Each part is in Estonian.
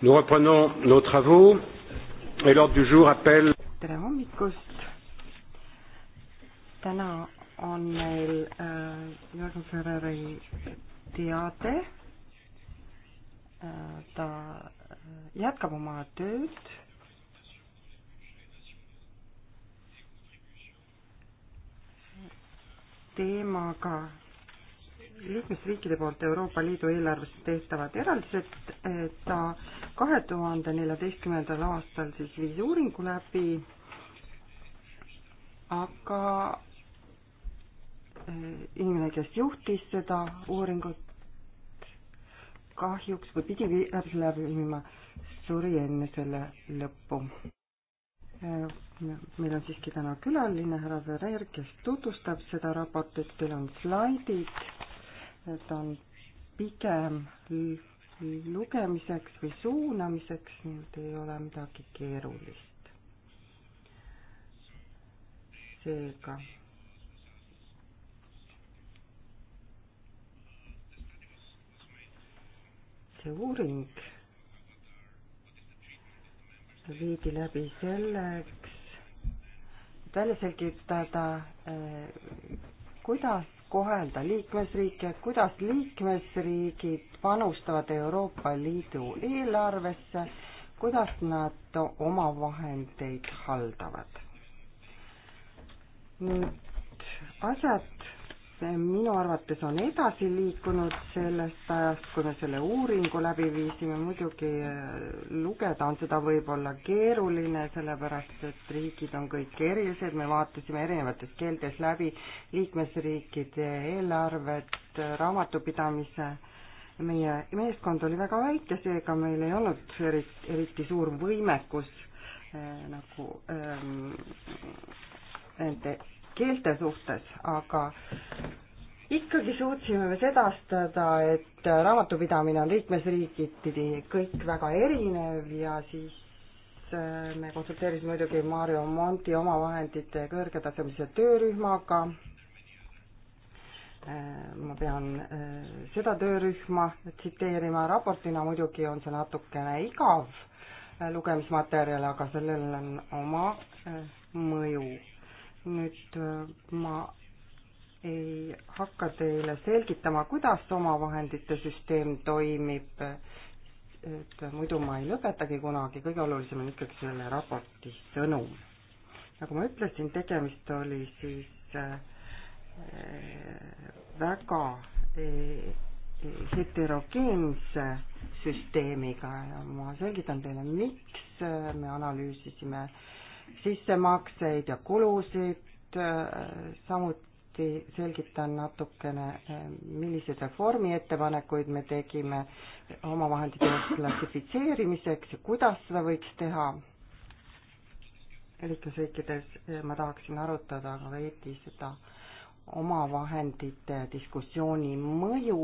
Nous reprenons nos travaux et l'ordre du jour appelle tere hommikust. täna on meil äh, Jürgen Ferreri teade äh,. ta äh, jätkab oma tööd. teemaga liikmesriikide poolt Euroopa Liidu eelarvesse tehtavad eraldised, ta kahe tuhande neljateistkümnendal aastal siis viis uuringu läbi, aga eh, inimene, kes juhtis seda uuringut, kahjuks või pidi läbi läbima, suri enne selle lõppu. Eh, meil on siiski täna külaline härra Verer, kes tutvustab seda raportit, teil on slaidid Need on pigem lugemiseks või suunamiseks, need ei ole midagi keerulist. seega see uuring viidi läbi selleks, et välja selgitada, eh, kuidas kohelda liikmesriike, kuidas liikmesriigid panustavad Euroopa Liidu eelarvesse, kuidas nad oma vahendeid haldavad. nüüd asjad minu arvates on edasi liikunud sellest ajast, kui me selle uuringu läbi viisime, muidugi äh, lugeda on seda võib-olla keeruline, sellepärast et riigid on kõik erilised, me vaatasime erinevates keeltes läbi liikmesriikide eelarved, raamatupidamise, meie meeskond oli väga väike, seega meil ei olnud eriti, eriti suur võimekus äh, nagu ähm, nende keelte suhtes, aga ikkagi suutsime me sedastada, et raamatupidamine on liikmesriigiti kõik väga erinev ja siis äh, me konsulteerisime muidugi Mario Monti omavahendite kõrgetasemelise töörühmaga. Äh, ma pean äh, seda töörühma tsiteerima, raportina muidugi on see natukene igav lugemismaterjal, aga sellel on oma mõju nüüd äh, ma ei hakka teile selgitama, kuidas omavahendite süsteem toimib, et muidu ma ei lõpetagi kunagi, kõige olulisem on ikkagi selle raporti sõnum. nagu ma ütlesin, tegemist oli siis äh, väga äh, heterogeense süsteemiga ja ma selgitan teile, miks me analüüsisime äh, sissemakseid ja kulusid, äh, samuti selgitan natukene, äh, milliseid reformiettepanekuid me tegime omavahendite klassifitseerimiseks ja kuidas seda võiks teha. liiklusriikides äh, ma tahaksin arutada ka veidi seda omavahendite diskussiooni mõju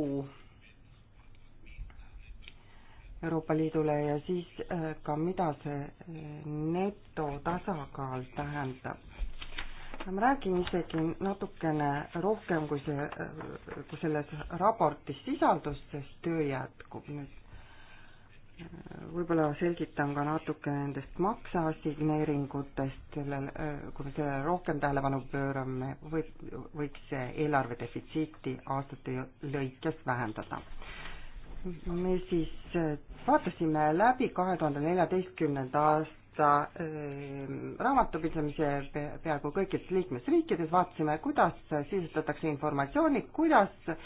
Euroopa Liidule ja siis äh, ka, mida see äh, netotasakaal tähendab. ma räägin isegi natukene rohkem, kui see, äh, kui selles raportis sisaldus, sest töö jätkub nüüd. võib-olla selgitan ka natuke nendest makseassigneeringutest, sellele, kui me sellele rohkem tähelepanu pöörame, võib, võiks see eelarve defitsiiti aastate lõikes vähendada me siis äh, vaatasime läbi kahe tuhande neljateistkümnenda aasta äh, raamatupidamise peaaegu kõikides liikmesriikides, vaatasime, kuidas sisestatakse informatsiooni, kuidas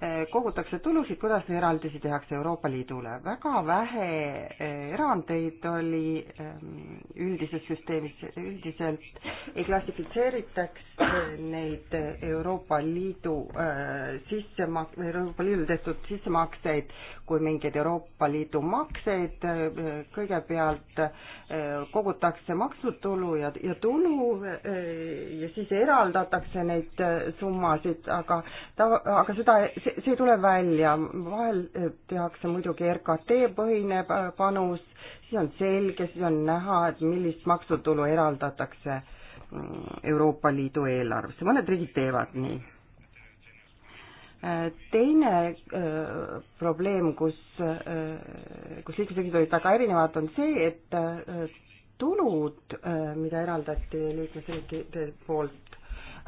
Eh, kogutakse tulusid, kuidas eraldisi tehakse Euroopa Liidule. väga vähe eh, erandeid oli ehm, üldises süsteemis, üldiselt ei klassifitseeritaks eh, neid Euroopa Liidu sissemak-, Euroopa Liidul tehtud sissemakseid kui mingeid Euroopa Liidu makseid, kõigepealt kogutakse maksutulu ja, ja tulu ja siis eraldatakse neid summasid, aga ta, aga seda, see, see ei tule välja, vahel eh, tehakse muidugi RKT põhine eh, panus, siis on selge, siis on näha, et millist maksutulu eraldatakse mm, Euroopa Liidu eelarvesse, mõned riigid teevad nii. Eh, teine öö, probleem, kus, kus liikmesriigid olid väga erinevad, on see, et tulud, mida eraldati liikmesriikide poolt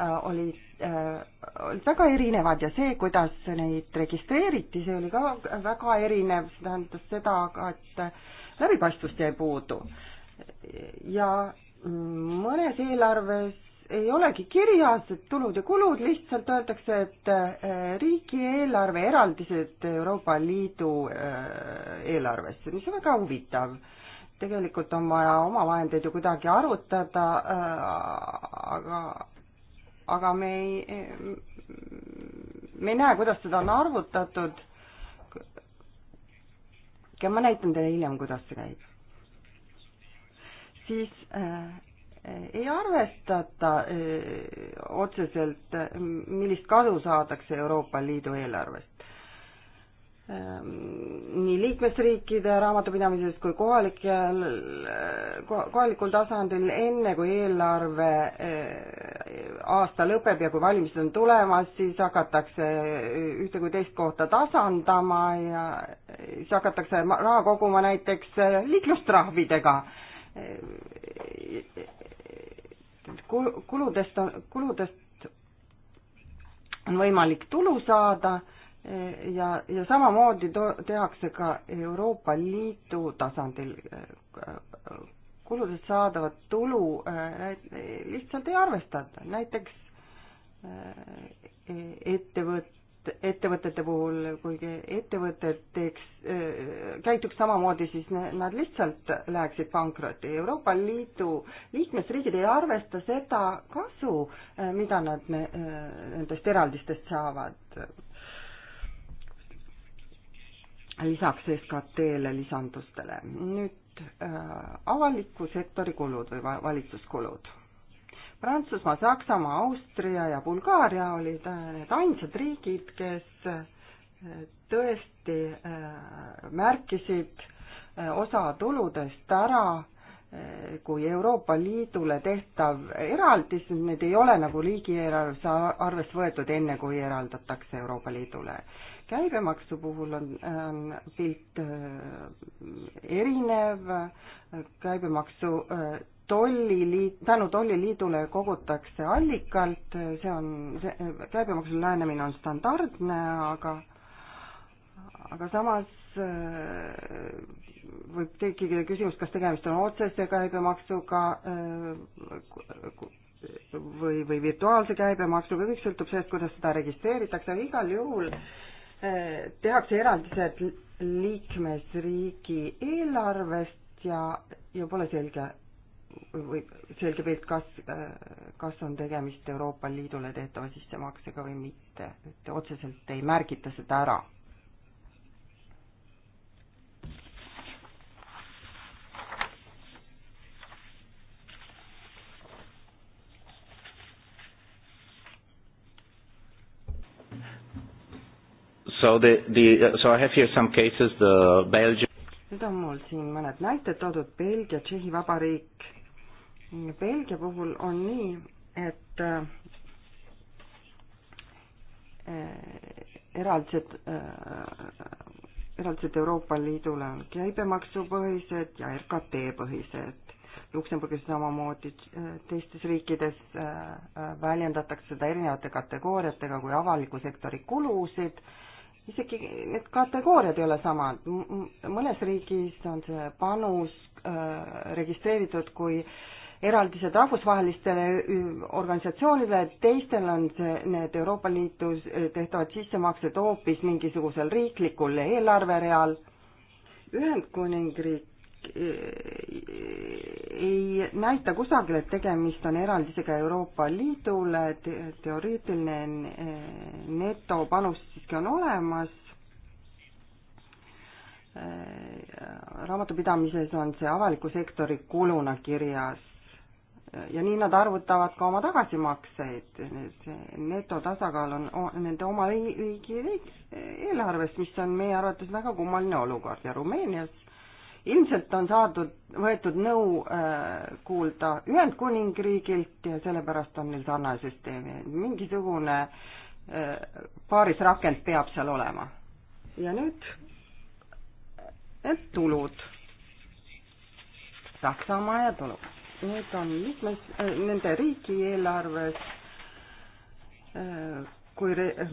Äh, olid, äh, olid väga erinevad ja see, kuidas neid registreeriti, see oli ka väga erinev, see tähendas seda ka, et läbipaistvust jäi puudu. ja mõnes eelarves ei olegi kirjas, et tulud ja kulud, lihtsalt öeldakse, et äh, riigieelarve eraldised Euroopa Liidu eelarvesse, mis on väga huvitav tegelikult on vaja omavahendeid ju kuidagi arutada, aga aga me ei, me ei näe, kuidas seda on arvutatud. ja ma näitan teile hiljem, kuidas see käib. siis äh, ei arvestata öö, äh, otseselt, äh, millist kasu saadakse Euroopa Liidu eelarvest. Ehm, nii liikmesriikide raamatupidamises kui kohalikel, eh, kohalikul tasandil, enne kui eelarve eh, aasta lõpeb ja kui valimised on tulemas, siis hakatakse ühte kui teist kohta tasandama ja siis hakatakse raha koguma näiteks eh, liiklustrahvidega. Ehm, kuludest, kuludest on võimalik tulu saada ja, ja samamoodi to-, tehakse ka Euroopa Liidu tasandil. kuludest saadavat tulu äh, lihtsalt ei arvestata, näiteks äh, ettevõt-, ettevõtete puhul, kuigi ettevõtted teeks, äh, käituks samamoodi, siis nad lihtsalt läheksid pankrotti. Euroopa Liidu liikmesriigid ei arvesta seda kasu, mida nad nendest eraldistest saavad lisaks SKT-le lisandustele. nüüd äh, avaliku sektori kulud või valitsuskulud. Prantsusmaa, Saksamaa, Austria ja Bulgaaria olid äh, need ainsad riigid, kes äh, tõesti äh, märkisid osa tuludest ära kui Euroopa Liidule tehtav eraldis, need ei ole nagu riigieelarves arvesse võetud, enne kui eraldatakse Euroopa Liidule käibemaksu puhul on, on pilt äh, erinev, käibemaksu äh, tolliliit, tänu tolliliidule kogutakse allikalt, äh, see on, see käibemaksu lähenemine on standardne, aga aga samas võib tekkida küsimus, kas tegemist on otsese käibemaksuga või, või virtuaalse käibemaksuga, kõik sõltub sellest, kuidas seda registreeritakse, aga igal juhul tehakse eraldised liikmesriigi eelarvest ja, ja pole selge või selge pilt, kas, kas on tegemist Euroopa Liidule tehtava sissemaksega või mitte, et otseselt ei märgita seda ära So the, the, so I have here some cases, the Belgium. nüüd on mul siin mõned näited toodud, Belgia, Tšehhi Vabariik. Belgia puhul on nii, et äh, eraldised äh, eraldised Euroopa Liidule on käibemaksupõhised ja RKT põhised. Luksemburgis samamoodi äh, teistes riikides äh, äh, väljendatakse seda erinevate kategooriatega kui avaliku sektori kulusid isegi need kategooriad ei ole samad, mõnes riigis on see panus äh, registreeritud kui eraldised rahvusvahelistele organisatsioonidele, teistel on see, need Euroopa Liidus äh, tehtavad sissemaksed hoopis mingisugusel riiklikul eelarvereal. Ühendkuningriik ei näita kusagil, et tegemist on eraldisega Euroopa Liidule te, teoreetiline eh, netopanus siiski on olemas. Eh, raamatupidamises on see avaliku sektori kuluna kirjas ja nii nad arvutavad ka oma tagasimakseid, see netotasakaal on nende oma riigi eelarves, mis on meie arvates väga kummaline olukord ja Rumeenias ilmselt on saadud, võetud nõu äh, kuulda Ühendkuningriigilt ja sellepärast on neil sarnane süsteem, mingisugune äh, paarisrakend peab seal olema. ja nüüd need äh, tulud. Saksamaa ja tulud. Need on mitmes äh,, nende riigieelarves äh, kui re, äh,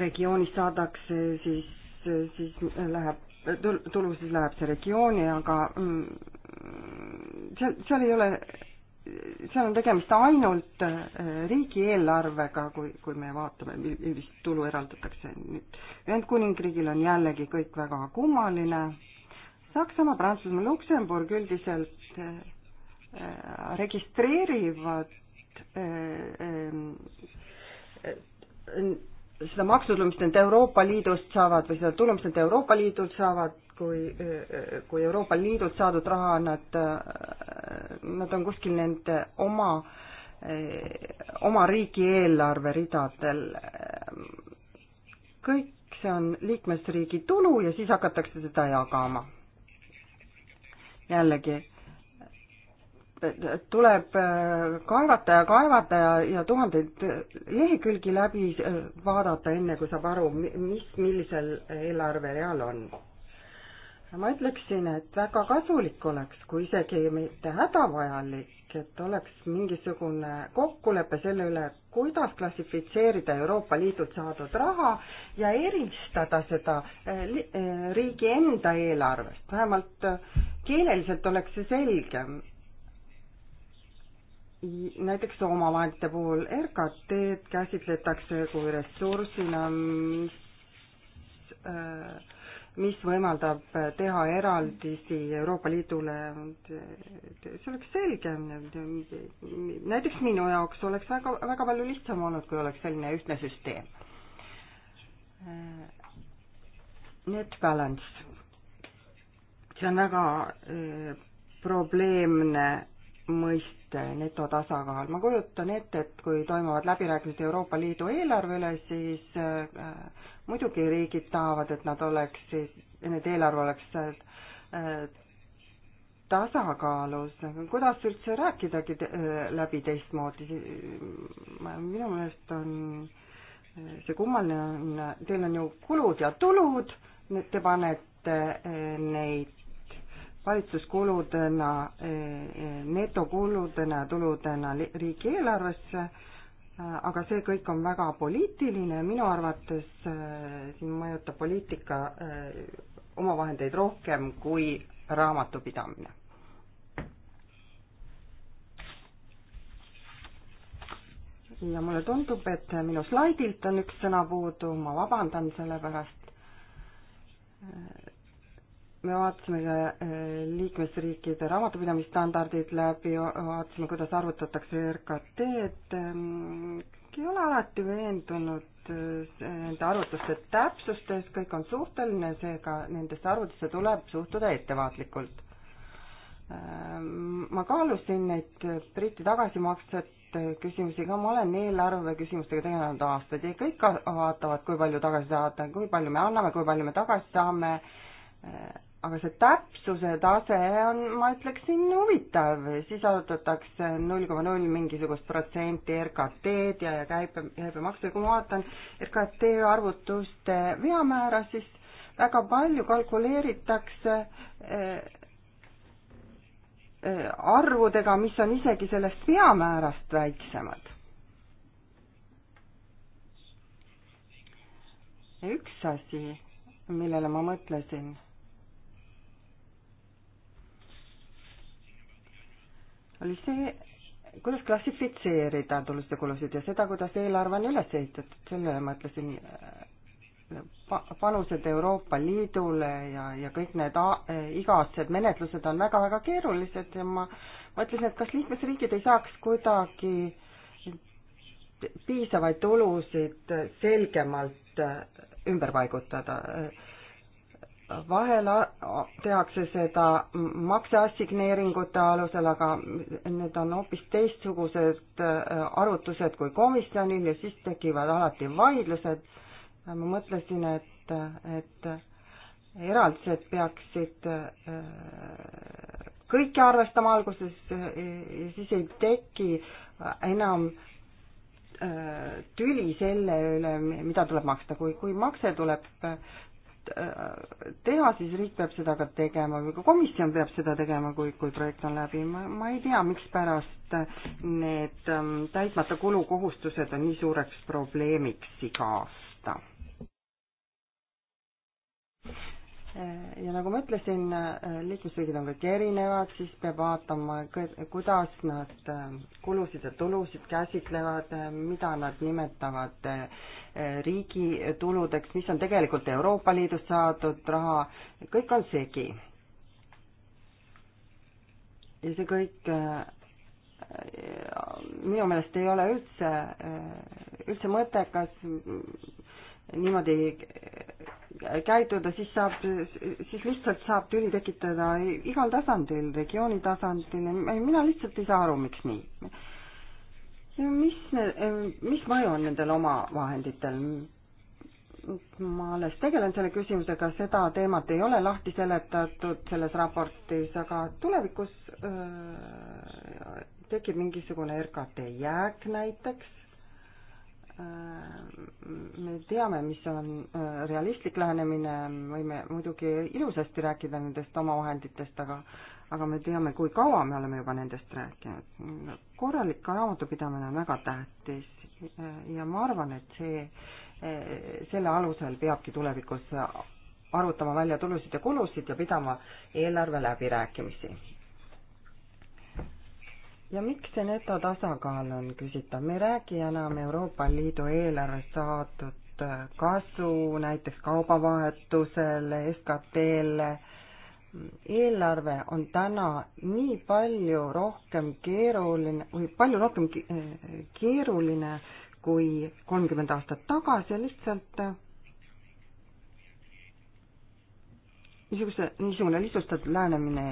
regioonis saadakse siis Äh, siis läheb, tulu siis läheb see regiooni, aga mm, seal, seal ei ole, seal on tegemist ainult äh, riigieelarvega, kui, kui me vaatame, millist tulu eraldatakse. Ühendkuningriigil on jällegi kõik väga kummaline. Saksamaa, Prantsusmaa, Luksemburg üldiselt äh, registreerivad seda maksutulu, mis nad Euroopa Liidust saavad või seda tulu, mis nad Euroopa Liidult saavad, kui, kui Euroopa Liidult saadud raha nad, nad on kuskil nende oma, oma riigi eelarve ridadel. kõik see on liikmesriigi tulu ja siis hakatakse seda jagama. jällegi tuleb äh, kaevata ja kaevata ja, ja tuhandeid lehekülgi läbi äh, vaadata, enne kui saab aru, mis, millisel eelarvereal on. ma ütleksin, et väga kasulik oleks, kui isegi mitte hädavajalik, et oleks mingisugune kokkulepe selle üle, kuidas klassifitseerida Euroopa Liidult saadud raha ja eristada seda äh, riigi enda eelarvest, vähemalt keeleliselt oleks see selgem näiteks omavahendite puhul RKT-d käsitletakse kui ressursina, mis äh, mis võimaldab teha eraldisi Euroopa Liidule, see oleks selgem. näiteks minu jaoks oleks väga, väga palju lihtsam olnud, kui oleks selline ühtne süsteem. Äh, net balance, see on väga äh, probleemne mõiste netotasakaal. ma kujutan ette, et kui toimuvad läbirääkimised Euroopa Liidu eelarve üle, siis äh, muidugi riigid tahavad, et nad oleksid, need eelarve oleks äh, tasakaalus, kuidas üldse rääkidagi te, äh, läbi teistmoodi, minu meelest on äh, see kummaline on, teil on ju kulud ja tulud, te panete äh, neid valitsuskuludena, e, e, netokuludena ja tuludena riigieelarvesse, aga see kõik on väga poliitiline, minu arvates e, siin mõjutab poliitika omavahendeid rohkem kui raamatupidamine. ja mulle tundub, et minu slaidilt on üks sõna puudu, ma vabandan selle pärast me vaatasime äh, liikmesriikide raamatupidamisstandardid läbi, vaatasime, kuidas arvutatakse RKT-d. Ähm, ei ole alati veendunud äh, nende arvutuste täpsustes, kõik on suhteline, seega nendesse arvutisse tuleb suhtuda ettevaatlikult. Ähm, ma kaalusin neid Briti tagasimaksete küsimusi ka, ma olen eelarve küsimustega tegelenud aastaid ja kõik vaatavad, kui palju tagasi saada, kui palju me anname, kui palju me tagasi saame äh, aga see täpsuse tase on, ma ütleksin, huvitav, siis arutatakse null koma null mingisugust protsenti RKT-d ja, ja käibe, käibemaksu ja kui ma vaatan RKT arvutuste veamäära, siis väga palju kalkuleeritakse eh, eh, arvudega, mis on isegi sellest veamäärast väiksemad. üks asi, millele ma mõtlesin oli see, kuidas klassifitseerida tulusid ja kulusid ja seda, kuidas eelarve on üles ehitatud, selle ma ütlesin äh, panused Euroopa Liidule ja, ja kõik need äh, igased menetlused on väga-väga keerulised ja ma mõtlesin, et kas liikmesriigid ei saaks kuidagi piisavaid tulusid selgemalt äh, ümber paigutada vahel tehakse seda makseassigneeringute alusel, aga need on hoopis teistsugused äh, arvutused kui komisjonil ja siis tekivad alati vaidlused. ma mõtlesin, et, et eraldised peaksid äh, kõike arvestama alguses äh, ja siis ei teki enam tüli selle üle, mida tuleb maksta, kui, kui makse tuleb Äh, teha, siis riik peab seda ka tegema või ka komisjon peab seda tegema, kui, kui projekt on läbi. ma, ma ei tea, mikspärast need ähm, täitmata kulukohustused on nii suureks probleemiks iga aasta. ja nagu ma ütlesin, äh, liikmesriigid on kõik erinevad, siis peab vaatama, kuidas nad äh, kulusid ja tulusid käsitlevad, äh, mida nad nimetavad riigi tuludeks, mis on tegelikult Euroopa Liidust saadud raha, kõik on segi. ja see kõik minu meelest ei ole üldse, üldse mõttekas niimoodi käituda, siis saab, siis lihtsalt saab tüli tekitada igal tasandil, regiooni tasandil, mina lihtsalt ei saa aru, miks nii. mis, mis mõju on nendel omavahenditel? ma alles tegelen selle küsimusega, seda teemat ei ole lahti seletatud selles raportis, aga tulevikus öö, äh, tekib mingisugune RKT jääk näiteks Äh, me teame, mis on äh, realistlik lähenemine, võime muidugi ilusasti rääkida nendest omavahenditest, aga aga me teame, kui kaua me oleme juba nendest rääkinud. korralik raamatupidamine on väga tähtis äh, ja ma arvan, et see, selle alusel peabki tulevikus arvutama välja tulusid ja kulusid ja pidama eelarve läbirääkimisi ja miks see netotasakaal on küsitav, me ei räägi enam Euroopa Liidu eelarvest saadud äh, kasu näiteks kaubavahetusele, SKT-le, eelarve on täna nii palju rohkem keeruline või palju rohkem äh, keeruline kui kolmkümmend aastat tagasi ja lihtsalt äh, niisuguse, niisugune lihtsustatud lähenemine,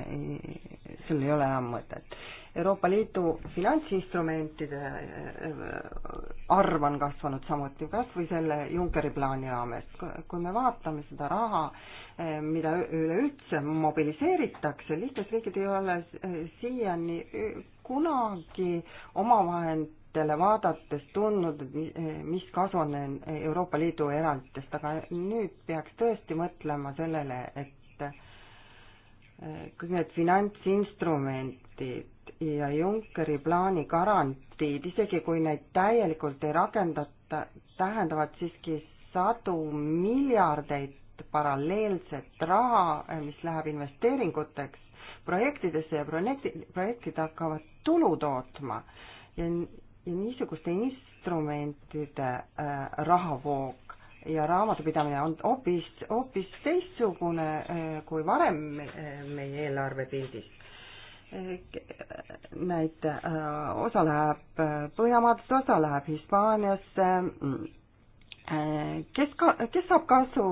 sellel ei ole enam mõtet Euroopa Liidu finantsinstrumentide äh, arv on kasvanud samuti, kas või selle Junckeri plaani raames. kui me vaatame seda raha, äh, mida üleüldse mobiliseeritakse, liikmesriigid ei ole äh, siiani kunagi omavahenditele vaadates tundnud, mis kasu on Euroopa Liidu eralditest, aga nüüd peaks tõesti mõtlema sellele, et kõik need finantsinstrumendid, ja Junckeri plaani garantiid, isegi kui neid täielikult ei rakendata, tähendavad siiski sadu miljardeid paralleelset raha, mis läheb investeeringuteks projektidesse ja projekti, projektid hakkavad tulu tootma. ja, ja niisuguste instrumentide äh, rahavoog ja raamatupidamine on hoopis, hoopis teistsugune äh, kui varem äh, meie eelarvepildis näite, äh, osa läheb äh, Põhjamaadesse, osa läheb Hispaaniasse. Äh, kes ka, kes saab kasu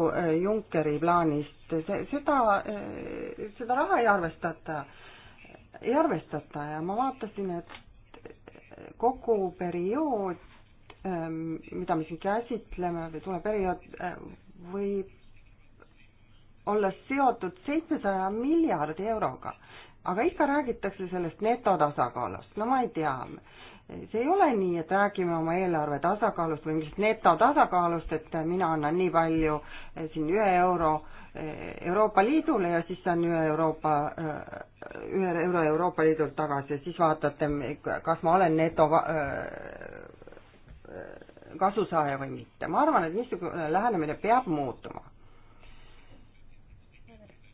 Junckeri plaanist, seda, seda raha ei arvestata, ei arvestata ja ma vaatasin, et kogu periood, ähm, mida me siin käsitleme või tuleb periood, võib olla seotud seitsmesaja miljardi euroga aga ikka räägitakse sellest netotasakaalust, no ma ei tea, see ei ole nii, et räägime oma eelarve tasakaalust või mingist netotasakaalust, et mina annan nii palju eh, siin ühe euro eh, Euroopa Liidule ja siis saan ühe Euroopa, eh, ühe euro Euroopa Liidult tagasi ja siis vaatate, kas ma olen neto kasusaaja või mitte. ma arvan, et niisugune lähenemine peab muutuma.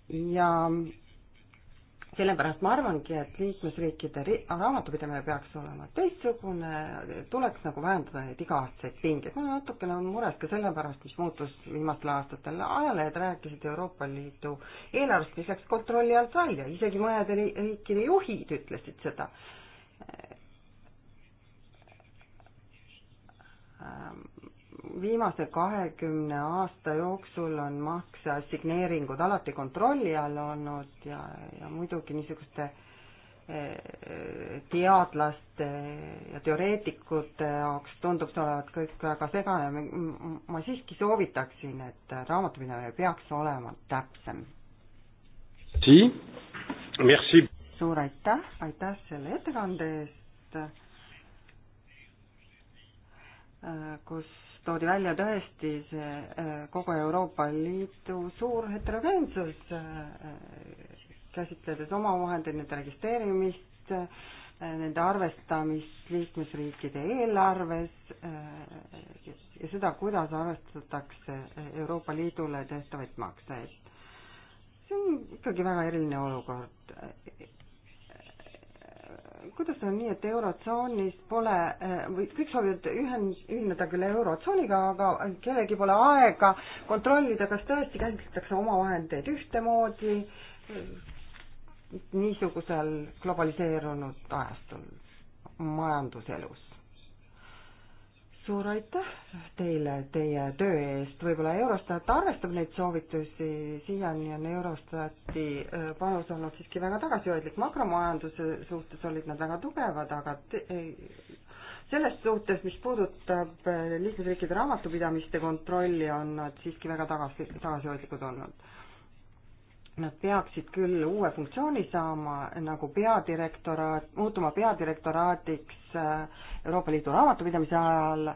ja sellepärast ma arvangi, et liikmesriikide raamatupidamine peaks olema teistsugune, tuleks nagu vähendada neid iga-aastaseid pingeid. ma olen natukene mures ka selle pärast, mis muutus viimastel aastatel. ajalehed rääkisid Euroopa Liidu eelarvest, mis läks kontrolli alt välja, isegi mõnede riikide juhid ütlesid seda ähm viimase kahekümne aasta jooksul on makseassigneeringud alati kontrolli all olnud ja, ja muidugi niisuguste eh, teadlaste ja teoreetikute jaoks tundub see olevat kõik väga segane. ma siiski soovitaksin, et raamatupidamine peaks olema täpsem. suur aitäh, aitäh selle ettekande eest, eh, kus toodi välja tõesti see äh, kogu Euroopa Liidu suur heterogeensus, äh, käsitledes omavahendite nende registreerimist, äh, nende arvestamist liikmesriikide eelarves ja seda, kuidas arvestatakse Euroopa Liidule tehtavaid makseid. see on ikkagi väga eriline olukord kuidas on nii, et Eurotsoonis pole eh, või kõik soovivad ühen-, ühineda küll Eurotsooniga, aga kellelgi pole aega kontrollida, kas tõesti käsitletakse omavahendeid ühtemoodi niisugusel globaliseerunud ajastul majanduselus suur aitäh teile teie töö eest, võib-olla Eurostat arvestab neid soovitusi, siiani on Eurostati äh, panus olnud siiski väga tagasihoidlik, makromajanduse suhtes olid nad väga tugevad, aga äh, selles suhtes, mis puudutab äh, liikmesriikide raamatupidamiste kontrolli, on nad siiski väga tagasi, tagasihoidlikud olnud nad peaksid küll uue funktsiooni saama nagu peadirektoraat, muutuma peadirektoraadiks äh, Euroopa Liidu raamatupidamise ajal,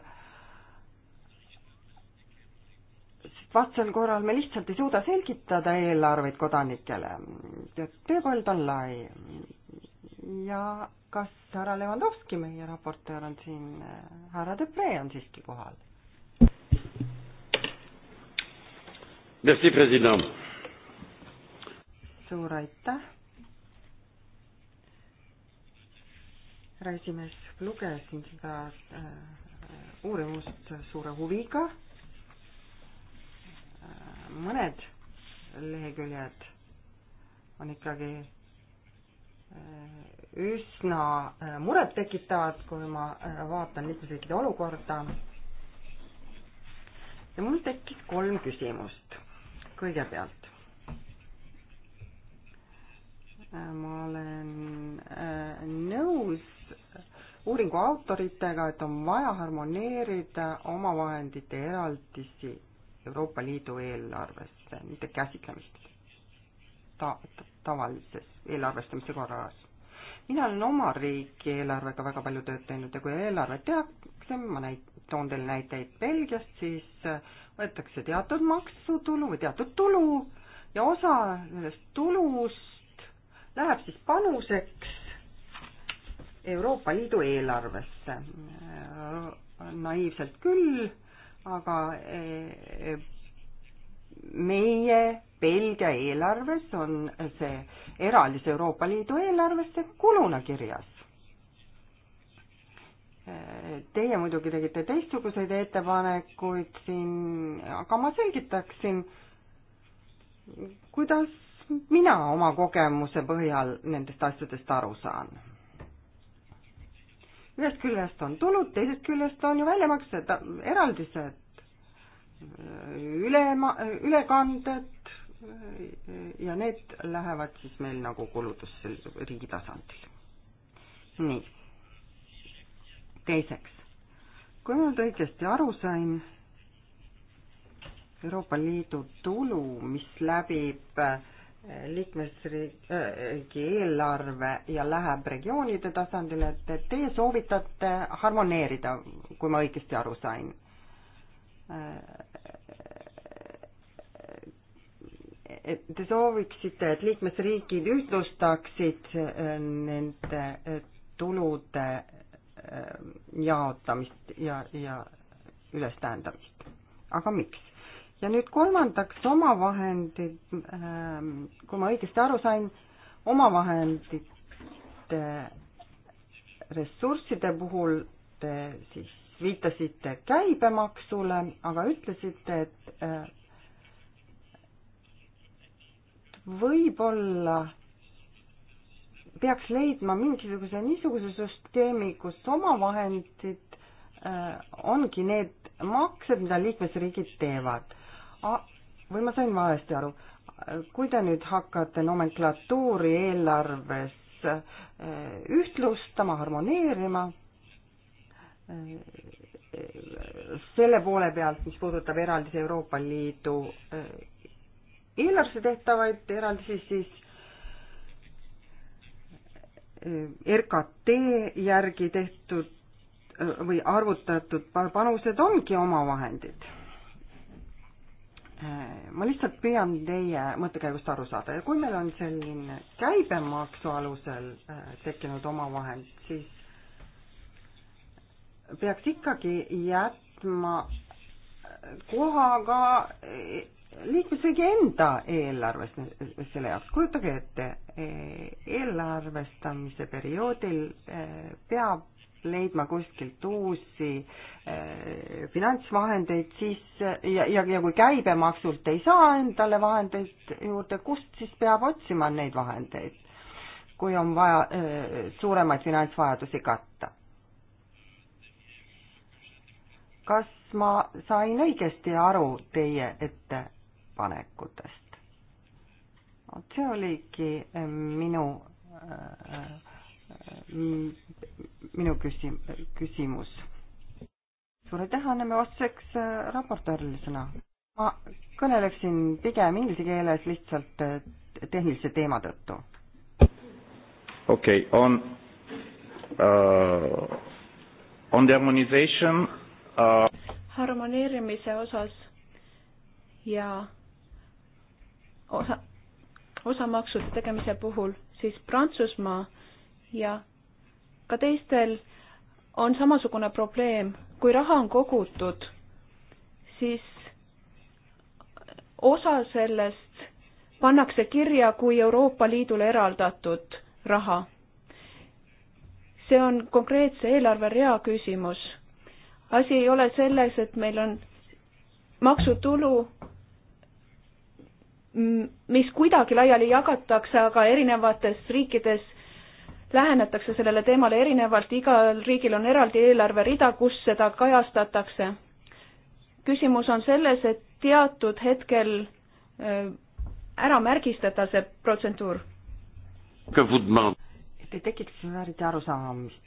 sest vastasel korral me lihtsalt ei suuda selgitada eelarveid kodanikele. tööpõld on lai. ja kas härra Levanovski, meie raportöör, on siin, äh, härra Depree on siiski kohal? Merci, president suur aitäh. härra esimees, lugesin seda äh, uurimust suure huviga. Äh, mõned leheküljed on ikkagi äh, üsna murettekitavad, kui ma vaatan liikmesriikide olukorda. ja mul tekkis kolm küsimust. kõigepealt, Äh, ma olen äh, nõus uuringu autoritega, et on vaja harmoneerida omavahendite eraldisi Euroopa Liidu eelarvesse, mitte käsitlemist ta-, tavalises eelarvestamise korras. mina olen oma riigi eelarvega väga palju tööd teinud ja kui eelarvet tehakse, ma näit-, toon teile näiteid Belgiast, siis äh, võetakse teatud maksutulu või teatud tulu ja osa sellest tulust läheb siis panuseks Euroopa Liidu eelarvesse. naiivselt küll, aga eh, meie Belgia eelarves on see eraldis Euroopa Liidu eelarvesse kuluna kirjas. Eh, teie muidugi tegite teistsuguseid ettepanekuid siin, aga ma selgitaksin, kuidas mina oma kogemuse põhjal nendest asjadest aru saan? ühest küljest on tulud, teisest küljest on ju väljamaksed, eraldised, ülema, ülekanded ja need lähevad siis meil nagu kulutusse riigi tasandil. nii. teiseks, kui ma nüüd õigesti aru sain, Euroopa Liidu tulu, mis läbib äh, liikmesriigi eelarve ja läheb regioonide tasandile, et teie soovitate harmoneerida, kui ma õigesti aru sain. et te sooviksite, et liikmesriigid ühtlustaksid äh, nende äh, tulude äh, jaotamist ja, ja ülestähendamist. aga miks? ja nüüd kolmandaks omavahendid, ähm, kui ma õigesti aru sain, omavahendite ressursside puhul te siis viitasite käibemaksule, aga ütlesite, et äh, võib-olla peaks leidma mingisuguse niisuguse süsteemi, kus omavahendid äh, ongi need maksed, mida liikmesriigid teevad või ma sain valesti aru, kui te nüüd hakkate nomenklatuuri eelarves eh, ühtlustama, harmoneerima, eh, selle poole pealt, mis puudutab eraldisi Euroopa Liidu eh, eelarvesse tehtavaid eraldisi, siis RKT järgi tehtud või arvutatud panused ongi omavahendid Äh, ma lihtsalt püüan teie mõttekäigust aru saada ja kui meil on selline käibemaksu alusel äh, tekkinud omavahend, siis peaks ikkagi jätma äh, koha ka liikmesriigi enda eelarvest selle jaoks. kujutage ette, eelarvestamise perioodil peab leidma kuskilt uusi äh, finantsvahendeid, siis ja, ja, ja kui käibemaksult ei saa endale vahendeid juurde, kust siis peab otsima neid vahendeid, kui on vaja äh, suuremaid finantsvajadusi katta? kas ma sain õigesti aru teie ettepanekutest? vot see oligi minu äh, Äh, minu küsim-, küsimus. suur aitäh, anname vastuseks äh, raportöörile sõna. ma kõneleksin pigem inglise keeles lihtsalt äh, tehnilise teema tõttu. okei okay,, on uh,, on the harmonization uh.... harmoneerimise osas ja osa, osamaksude tegemise puhul siis Prantsusmaa ja ka teistel on samasugune probleem. kui raha on kogutud, siis osa sellest pannakse kirja kui Euroopa Liidule eraldatud raha. see on konkreetse eelarverea küsimus. asi ei ole selles, et meil on maksutulu, mis kuidagi laiali jagatakse, aga erinevates riikides lähenetakse sellele teemale erinevalt, igal riigil on eraldi eelarverida, kus seda kajastatakse. küsimus on selles, et teatud hetkel äh, ära märgistada see protsentuur. et ei tekiks vääriti arusaamist.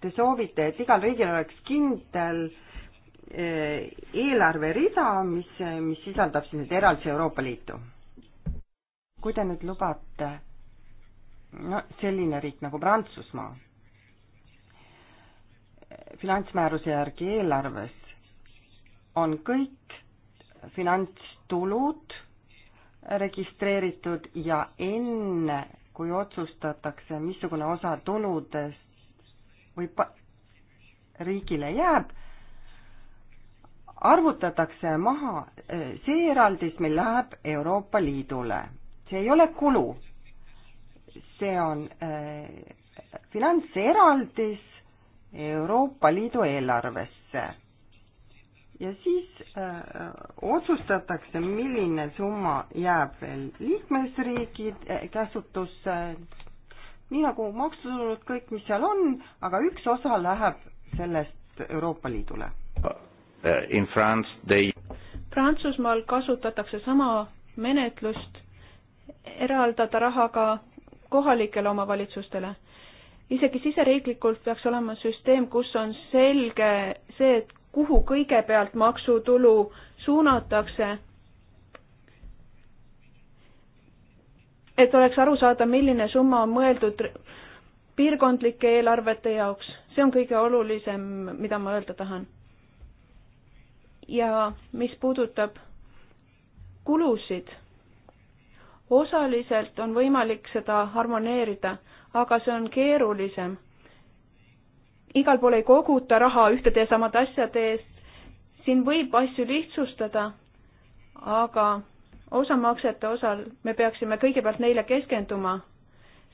Te soovite, et igal riigil oleks kindel äh, eelarverida, mis, mis sisaldab siis nüüd eraldi Euroopa Liitu. kui te nüüd lubate no selline riik nagu Prantsusmaa. finantsmääruse järgi eelarves on kõik finantstulud registreeritud ja enne, kui otsustatakse, missugune osa tuludest või riigile jääb, arvutatakse maha eh, see eraldis, mis läheb Euroopa Liidule. see ei ole kulu see on äh, finantseraldis Euroopa Liidu eelarvesse. ja siis öö, äh, otsustatakse, milline summa jääb veel liikmesriigi äh, käsutusse, nii nagu maksutulud, kõik, mis seal on, aga üks osa läheb sellest Euroopa Liidule. Uh, in France they Prantsusmaal kasutatakse sama menetlust, eraldada raha ka kohalikele omavalitsustele. isegi siseriiklikult peaks olema süsteem, kus on selge see, et kuhu kõigepealt maksutulu suunatakse, et oleks aru saada, milline summa on mõeldud piirkondlike eelarvete jaoks, see on kõige olulisem, mida ma öelda tahan. ja mis puudutab kulusid osaliselt on võimalik seda harmoneerida, aga see on keerulisem. igal pool ei koguta raha ühtede ja samade asjade eest, siin võib asju lihtsustada, aga osamaksete osal me peaksime kõigepealt neile keskenduma,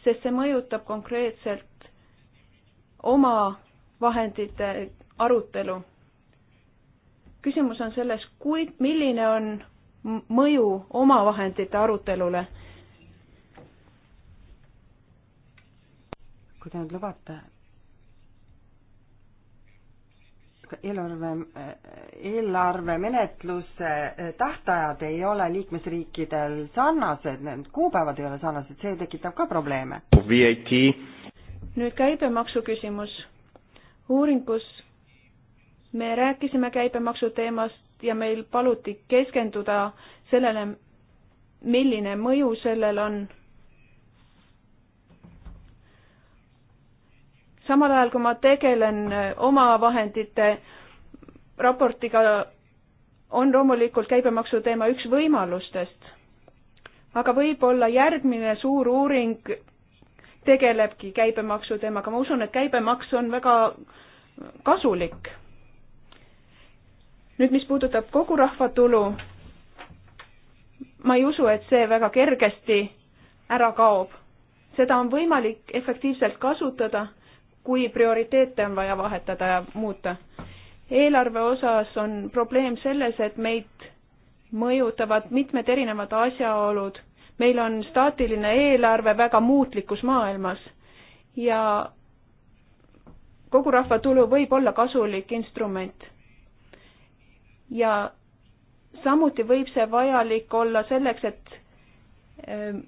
sest see mõjutab konkreetselt oma vahendite arutelu. küsimus on selles, kui, milline on mõju omavahendite arutelule. kui te nüüd lubate, eelarve, eh, eelarvemenetluse eh, tähtajad ei ole liikmesriikidel sarnased, need kuupäevad ei ole sarnased, see tekitab ka probleeme. nüüd käibemaksu küsimus. uuringus me rääkisime käibemaksu teemast ja meil paluti keskenduda sellele, milline mõju sellel on. samal ajal, kui ma tegelen äh, omavahendite raportiga, on loomulikult käibemaksu teema üks võimalustest. aga võib-olla järgmine suur uuring tegelebki käibemaksu teemaga, ma usun, et käibemaks on väga kasulik nüüd, mis puudutab kogu rahvatulu, ma ei usu, et see väga kergesti ära kaob. seda on võimalik efektiivselt kasutada, kui prioriteete on vaja vahetada ja muuta. eelarve osas on probleem selles, et meid mõjutavad mitmed erinevad asjaolud. meil on staatiline eelarve väga muutlikus maailmas ja kogu rahvatulu võib olla kasulik instrument ja samuti võib see vajalik olla selleks, et ähm,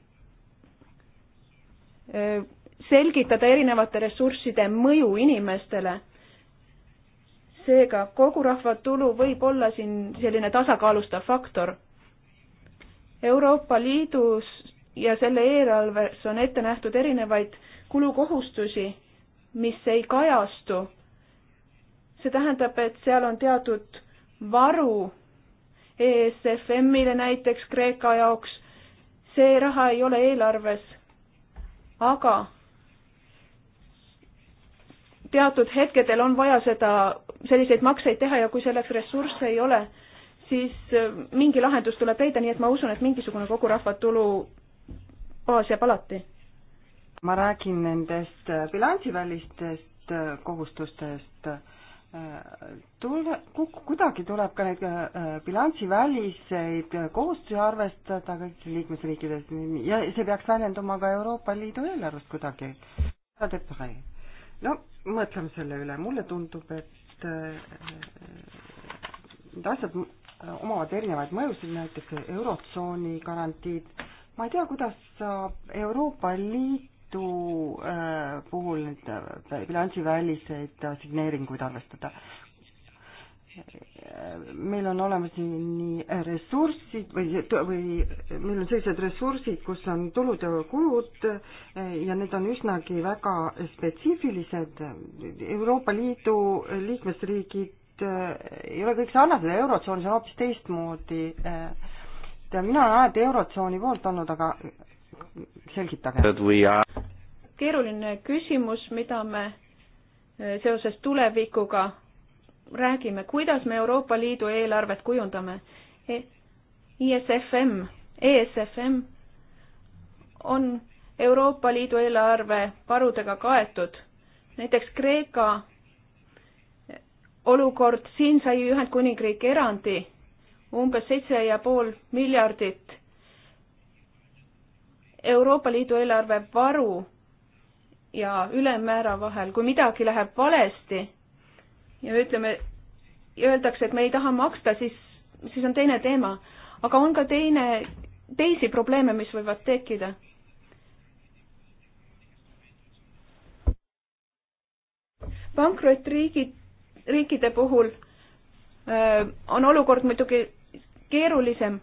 äh, selgitada erinevate ressursside mõju inimestele. seega kogu rahva tulu võib olla siin selline tasakaalustav faktor. Euroopa Liidus ja selle eelarves on ette nähtud erinevaid kulukohustusi, mis ei kajastu. see tähendab, et seal on teatud varu ESFM-ile näiteks Kreeka jaoks, see raha ei ole eelarves, aga teatud hetkedel on vaja seda, selliseid makseid teha ja kui selleks ressursse ei ole, siis äh, mingi lahendus tuleb leida, nii et ma usun, et mingisugune kogu rahva tulu baas jääb alati. ma räägin nendest bilansivälistest äh, kohustustest tule, kuidagi tuleb ka neid äh, bilansiväliseid äh, kohustusi arvestada kõikides liikmesriikides ja see peaks väljenduma ka Euroopa Liidu eelarvest kuidagi. no mõtleme selle üle, mulle tundub, et äh, need asjad omavad erinevaid mõjusid, näiteks Eurotsooni garantiid. ma ei tea, kuidas saab Euroopa Liit Liidu äh, puhul neid äh, bilansiväliseid signeeringuid arvestada. meil on olemas nii ressursid või, või meil on sellised ressursid, kus on tulud ja kulud äh, ja need on üsnagi väga spetsiifilised. Euroopa Liidu liikmesriigid ei ole kõik sarnased, Eurotsoonis on hoopis teistmoodi äh, ja mina olen alati Eurotsooni poolt olnud, aga selgitage. keeruline küsimus, mida me eh, seoses tulevikuga räägime, kuidas me Euroopa Liidu eelarvet kujundame e. ISFM, ESFM on Euroopa Liidu eelarve varudega kaetud. näiteks Kreeka eh, olukord, siin sai Ühendkuningriik erandi umbes seitse ja pool miljardit Euroopa Liidu eelarve varu ja ülemmäära vahel, kui midagi läheb valesti ja ütleme, öeldakse, et me ei taha maksta, siis, siis on teine teema. aga on ka teine, teisi probleeme, mis võivad tekkida. pankrotriigid, riikide puhul öö, äh, on olukord muidugi keerulisem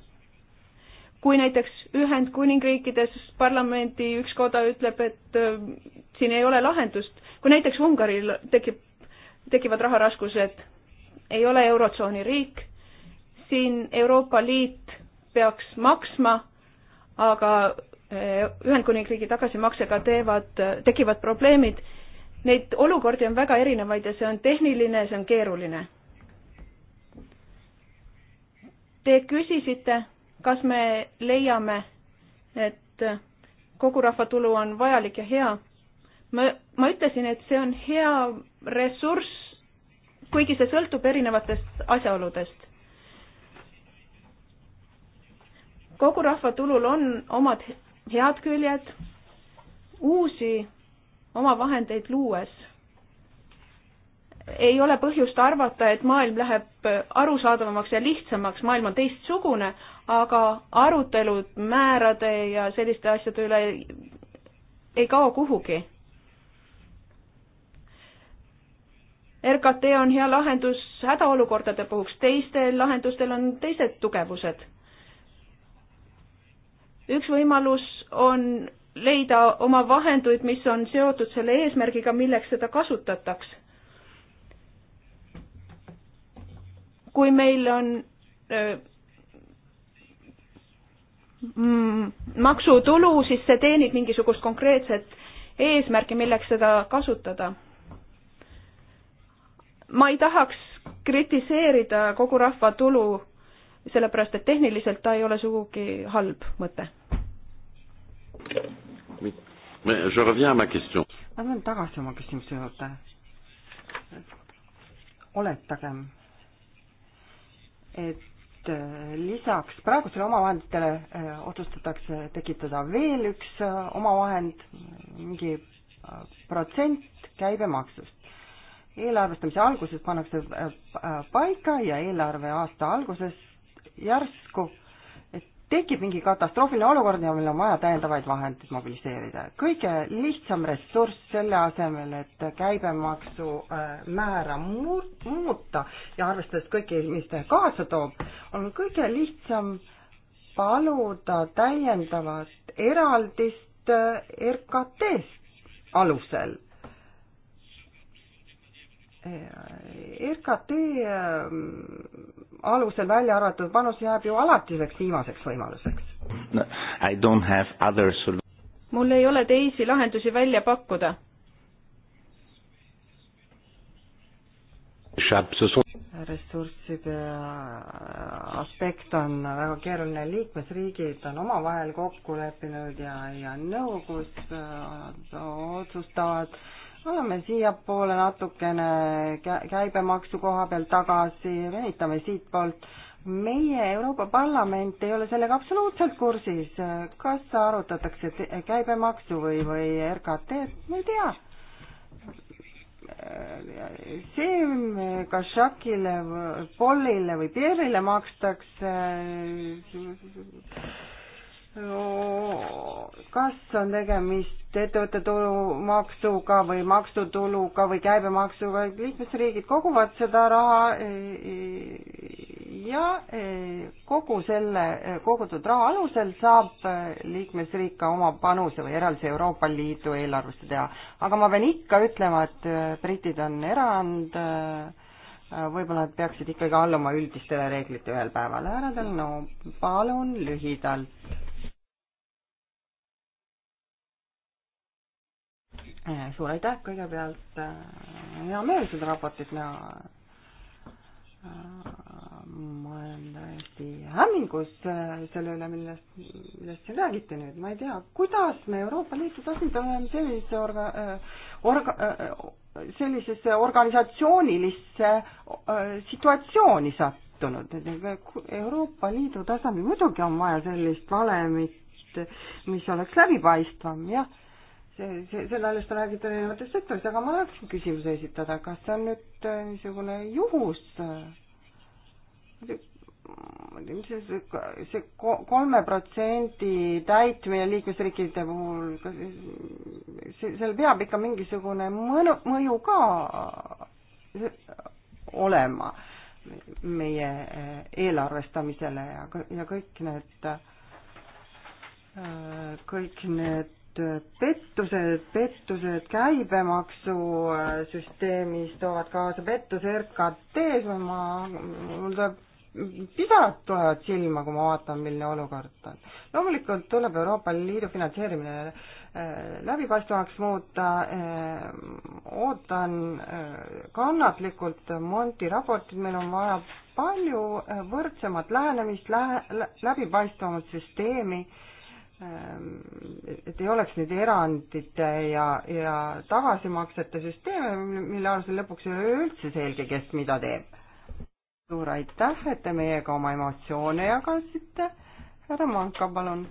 kui näiteks Ühendkuningriikides parlamendi üks koda ütleb, et äh, siin ei ole lahendust, kui näiteks Ungaril tekib, tekivad raharaskused, ei ole Eurotsooni riik, siin Euroopa Liit peaks maksma, aga äh, Ühendkuningriigi tagasimaksega teevad, äh, tekivad probleemid. Neid olukordi on väga erinevaid ja see on tehniline, see on keeruline. Te küsisite kas me leiame, et kogu rahvatulu on vajalik ja hea? ma, ma ütlesin, et see on hea ressurss, kuigi see sõltub erinevatest asjaoludest. kogu rahvatulul on omad head küljed, uusi omavahendeid luues ei ole põhjust arvata, et maailm läheb arusaadavamaks ja lihtsamaks, maailm on teistsugune, aga arutelud määrade ja selliste asjade üle ei kao kuhugi. RKT on hea lahendus hädaolukordade puhuks, teistel lahendustel on teised tugevused. üks võimalus on leida oma vahenduid, mis on seotud selle eesmärgiga, milleks seda kasutataks. kui meil on Mm, maksutulu, siis see teenib mingisugust konkreetset eesmärki, milleks seda kasutada. ma ei tahaks kritiseerida kogu rahva tulu, sellepärast et tehniliselt ta ei ole sugugi halb mõte. ma tulen tagasi oma küsimuse juurde. oletagem, et lisaks praegustele omavahenditele äh, otsustatakse tekitada veel üks äh, omavahend, mingi äh, protsent käibemaksust. eelarvestamise alguses pannakse paika ja eelarveaasta alguses järsku tekib mingi katastroofiline olukord ja meil on vaja täiendavaid vahendeid mobiliseerida. kõige lihtsam ressurss selle asemel, et käibemaksu äh, määra muuta ja arvestades kõike, mis ta kaasa toob, on kõige lihtsam paluda täiendavat eraldist äh, RKT alusel. Äh, RKT alusel välja arvatud panus jääb ju alatiseks viimaseks võimaluseks no,. I don't have other solution. mul ei ole teisi lahendusi välja pakkuda. ressursside äh, aspekt on väga keeruline, liikmesriigid on omavahel kokku leppinud ja, ja nõukogus äh, otsustavad äh, oleme siiapoole natukene käibemaksu koha peal tagasi, venitame siitpoolt. meie Euroopa Parlament ei ole sellega absoluutselt kursis, kas arutatakse käibemaksu või, või RKT-d, ma ei tea. see, kas Šakile, Pollile või Pierre'ile makstakse kas on tegemist ettevõtte tulumaksuga või maksutuluga või käibemaksuga, liikmesriigid koguvad seda raha e, e, ja e, kogu selle kogutud raha alusel saab liikmesriik ka oma panuse või eraldise Euroopa Liidu eelarvesse teha. aga ma pean ikka ütlema, et britid on erand, võib-olla nad peaksid ikkagi alluma üldistele reeglite ühel päeval. härra Tõnu, palun lühidalt Eh, suur aitäh kõigepealt, eh, hea meel seda raportit näha. Eh, ma olen täiesti hämmingus selle üle, millest, millest siin räägiti nüüd, ma ei tea, kuidas me Euroopa Liidu tasandil oleme sellisesse orga-, orga-, sellisesse organisatsioonilisse situatsiooni sattunud, et Euroopa Liidu tasandil muidugi on vaja sellist valemit, mis oleks läbipaistvam, jah see, see, sellest on räägitud erinevates sektoris, aga ma tahaksin küsimuse esitada, kas see on nüüd äh, niisugune juhus? see, see kolme protsendi täitmine liikmesriikide puhul, kas see, seal peab ikka mingisugune mõnu, mõju ka äh, olema meie äh, eelarvestamisele ja, ja kõik need kõik need pettused, pettused käibemaksusüsteemis äh, toovad kaasa pettuse RKT-s, ma, mul tuleb pisarad tulevad silma, kui ma vaatan, milline olukord on. loomulikult tuleb Euroopa Liidu finantseerimine äh, läbipaistvamaks muuta, äh, ootan kannatlikult Monti raportit, meil on vaja palju võrdsemat lähenemist, lähe-, läbipaistvamat süsteemi Ehm, et ei oleks neid erandite ja, ja tagasimaksete süsteeme, mille alusel lõpuks ei ole üldse selge, kes mida teeb. suur aitäh, et te meiega oma emotsioone jagasite. härra Manka, palun.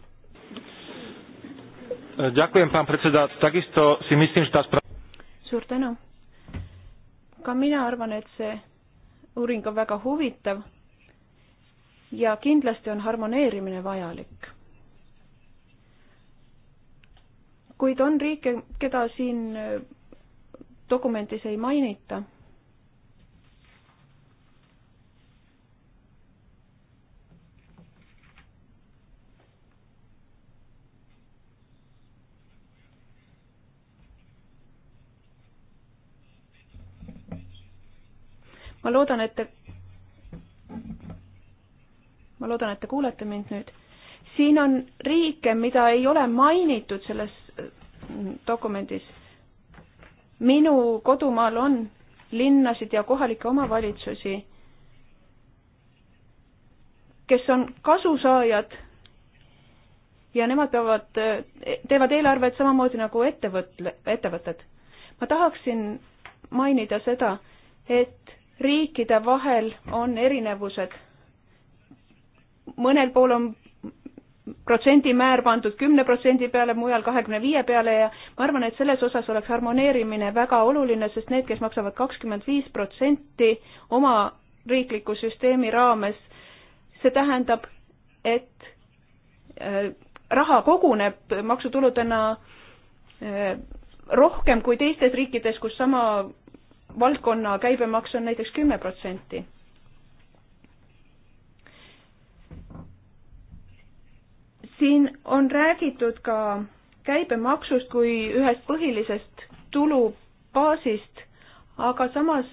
Äh, suur tänu. ka mina arvan, et see uuring on väga huvitav ja kindlasti on harmoneerimine vajalik kuid on riike, keda siin äh, dokumendis ei mainita. ma loodan, et te, ma loodan, et te kuulete mind nüüd. siin on riike, mida ei ole mainitud selles dokumendis. minu kodumaal on linnasid ja kohalikke omavalitsusi, kes on kasusaajad ja nemad peavad, teevad eelarvet samamoodi nagu ettevõtle, ettevõtted. ma tahaksin mainida seda, et riikide vahel on erinevused. mõnel pool on protsendimäär pandud kümne protsendi peale, mujal kahekümne viie peale ja ma arvan, et selles osas oleks harmoneerimine väga oluline, sest need, kes maksavad kakskümmend viis protsenti oma riikliku süsteemi raames, see tähendab, et äh, raha koguneb maksutuludena äh, rohkem kui teistes riikides, kus sama valdkonna käibemaks on näiteks kümme protsenti siin on räägitud ka käibemaksust kui ühest põhilisest tulubaasist, aga samas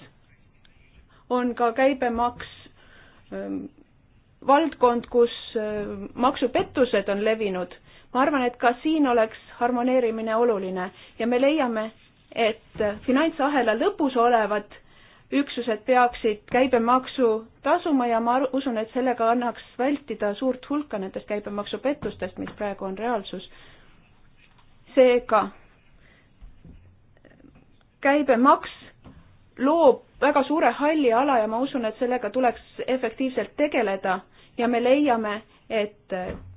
on ka käibemaks ähm, valdkond, kus äh, maksupettused on levinud. ma arvan, et ka siin oleks harmoneerimine oluline ja me leiame, et äh, finantsahela lõpus olevad üksused peaksid käibemaksu tasuma ja ma usun, et sellega annaks vältida suurt hulka nendest käibemaksupettustest, mis praegu on reaalsus. seega käibemaks loob väga suure halli ala ja ma usun, et sellega tuleks efektiivselt tegeleda ja me leiame, et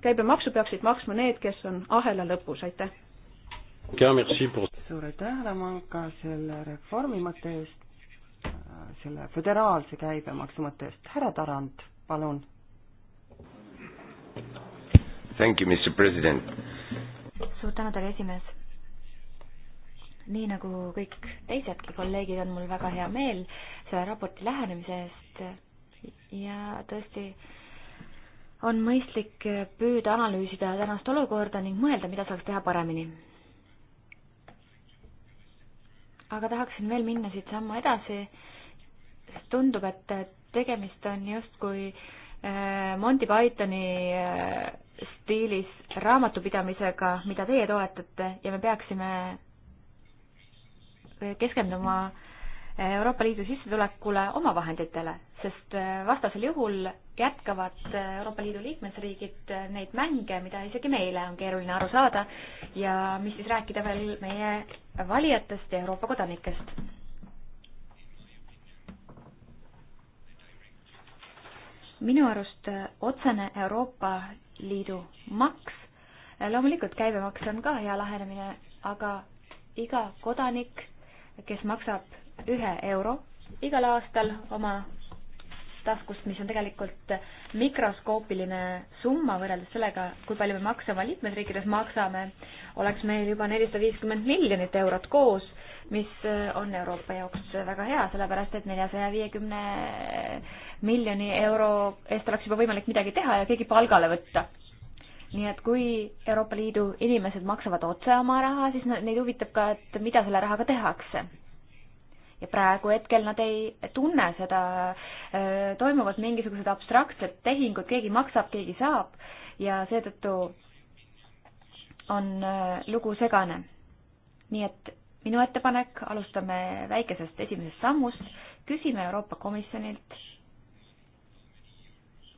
käibemaksu peaksid maksma need, kes on ahela lõpus, aitäh! suur aitäh, Raman, ka selle reformi mõtte eest selle föderaalse käibemaksu mõtte eest. härra Tarand, palun. Thank you, Mr President. suur tänu teile, esimees. nii nagu kõik teisedki kolleegid, on mul väga hea meel selle raporti lähenemise eest ja tõesti on mõistlik püüda analüüsida tänast olukorda ning mõelda, mida saaks teha paremini aga tahaksin veel minna siit sammu edasi tundub, et tegemist on justkui äh, Monty Pythoni äh, stiilis raamatupidamisega, mida teie toetate ja me peaksime äh, keskenduma Euroopa Liidu sissetulekule omavahenditele, sest vastasel juhul jätkavad Euroopa Liidu liikmesriigid neid mänge, mida isegi meile on keeruline aru saada ja mis siis rääkida veel meie valijatest ja Euroopa kodanikest minu arust äh, otsene Euroopa Liidu maks, äh, loomulikult käibemaks on ka hea lähenemine, aga iga kodanik, kes maksab ühe euro igal aastal oma taskust, mis on tegelikult äh, mikroskoopiline summa võrreldes sellega, kui palju me makse oma liikmesriikides maksame, oleks meil juba nelisada viiskümmend miljonit eurot koos mis äh, on Euroopa jaoks väga hea, sellepärast et neljasaja viiekümne miljoni euro eest oleks juba võimalik midagi teha ja keegi palgale võtta. nii et kui Euroopa Liidu inimesed maksavad otse oma raha, siis neid huvitab ka, et mida selle rahaga tehakse ja praegu hetkel nad ei tunne seda, äh, toimuvad mingisugused abstraktsed tehingud, keegi maksab, keegi saab ja seetõttu on äh, lugu segane. nii et minu ettepanek, alustame väikesest esimesest sammust, küsime Euroopa Komisjonilt,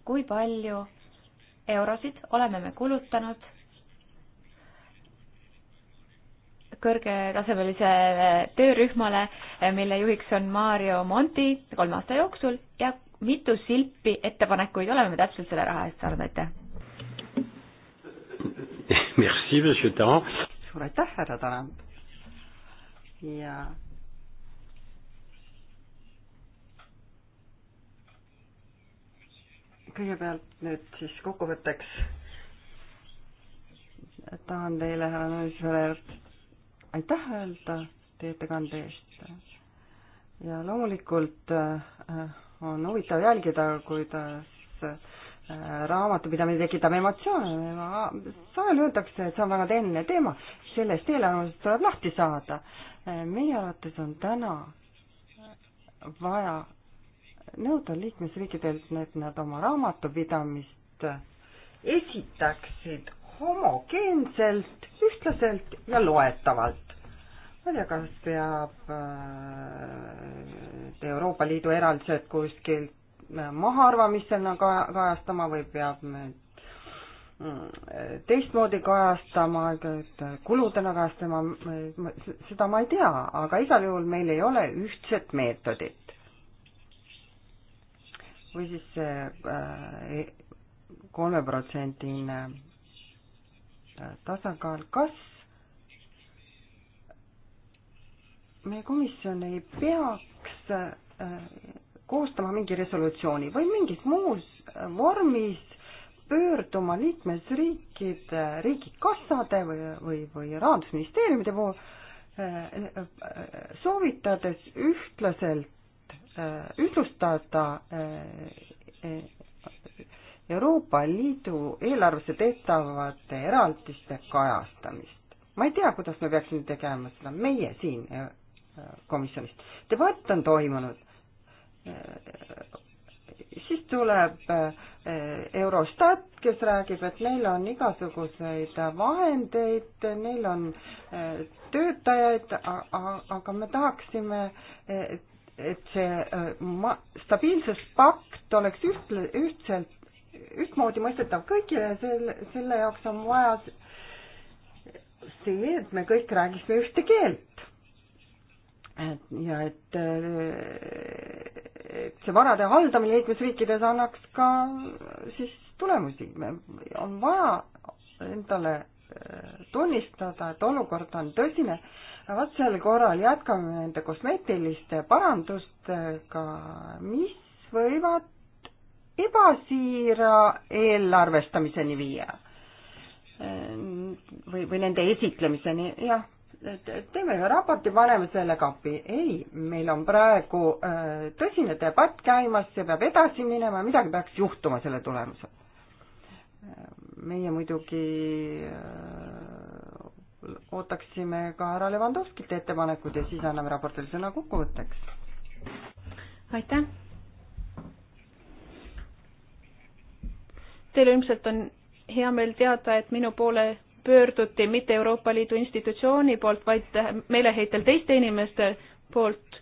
kui palju eurosid oleme me kulutanud kõrgetasemelisele töörühmale, mille juhiks on Mario Monti kolme aasta jooksul ja mitu silpi ettepanekuid oleme me täpselt selle raha eest saanud, aitäh! suur aitäh, härra Tarand! ja kõigepealt nüüd siis kokkuvõtteks tahan teile, härra Nõisveler, aitäh öelda teie ettekande eest. ja loomulikult äh, on huvitav jälgida, kuidas raamatupidamine tekitab emotsioone, sajal öeldakse, et see on väga tehniline teema, sellest eelarvamusest tuleb lahti saada. meie arvates on täna vaja nõuda liikmesriikidelt, et nad oma raamatupidamist esitaksid homogeenselt, ühtlaselt ja loetavalt. ma ei tea, kas peab äh, Euroopa Liidu eraldised kuskilt mahaarvamistena nagu ka-, kajastama või peab mm, teistmoodi kajastama, kuludena kajastama, seda ma ei tea, aga igal juhul meil ei ole ühtset meetodit. või siis see äh, kolmeprotsendine äh, tasakaal, kas meie komisjon ei peaks äh, koostama mingi resolutsiooni või mingis muus äh, vormis pöörduma liikmesriikide riigikassade või, või, või rahandusministeeriumide poole, äh, äh, soovitades ühtlaselt, ühtlustada Euroopa Liidu eelarvesse tehtavate eraldiste kajastamist. ma ei tea, kuidas me peaksime tegema seda meie siin komisjonis. debatt on toimunud, Äh, siis tuleb äh, Eurostat, kes räägib, et meil on igasuguseid vahendeid, meil on äh, töötajaid, aga me tahaksime, et see stabiilsuspakt oleks ühtle, ühtselt, ühtmoodi mõistetav kõigile ja selle, selle jaoks on vaja see, et me kõik räägiksime ühte keelt et ja et, äh, et see varade haldamine liikmesriikides annaks ka siis tulemusi. on vaja endale äh, tunnistada, et olukord on tõsine. vaat sel korral jätkame nende kosmeetiliste parandustega, mis võivad ebasiira eelarvestamiseni viia. Äh, või, või nende esitlemiseni, jah et teeme ühe raporti, paneme selle kapi. ei, meil on praegu äh, tõsine debatt käimas, see peab edasi minema, midagi peaks juhtuma selle tulemusel. Äh, meie muidugi äh, ootaksime ka härra Levandovskilt ettepanekud ja siis anname raportile sõna kokkuvõtteks. aitäh. Teil ilmselt on hea meel teada, et minu poole pöörduti mitte Euroopa Liidu institutsiooni poolt, vaid meeleheitel teiste inimeste poolt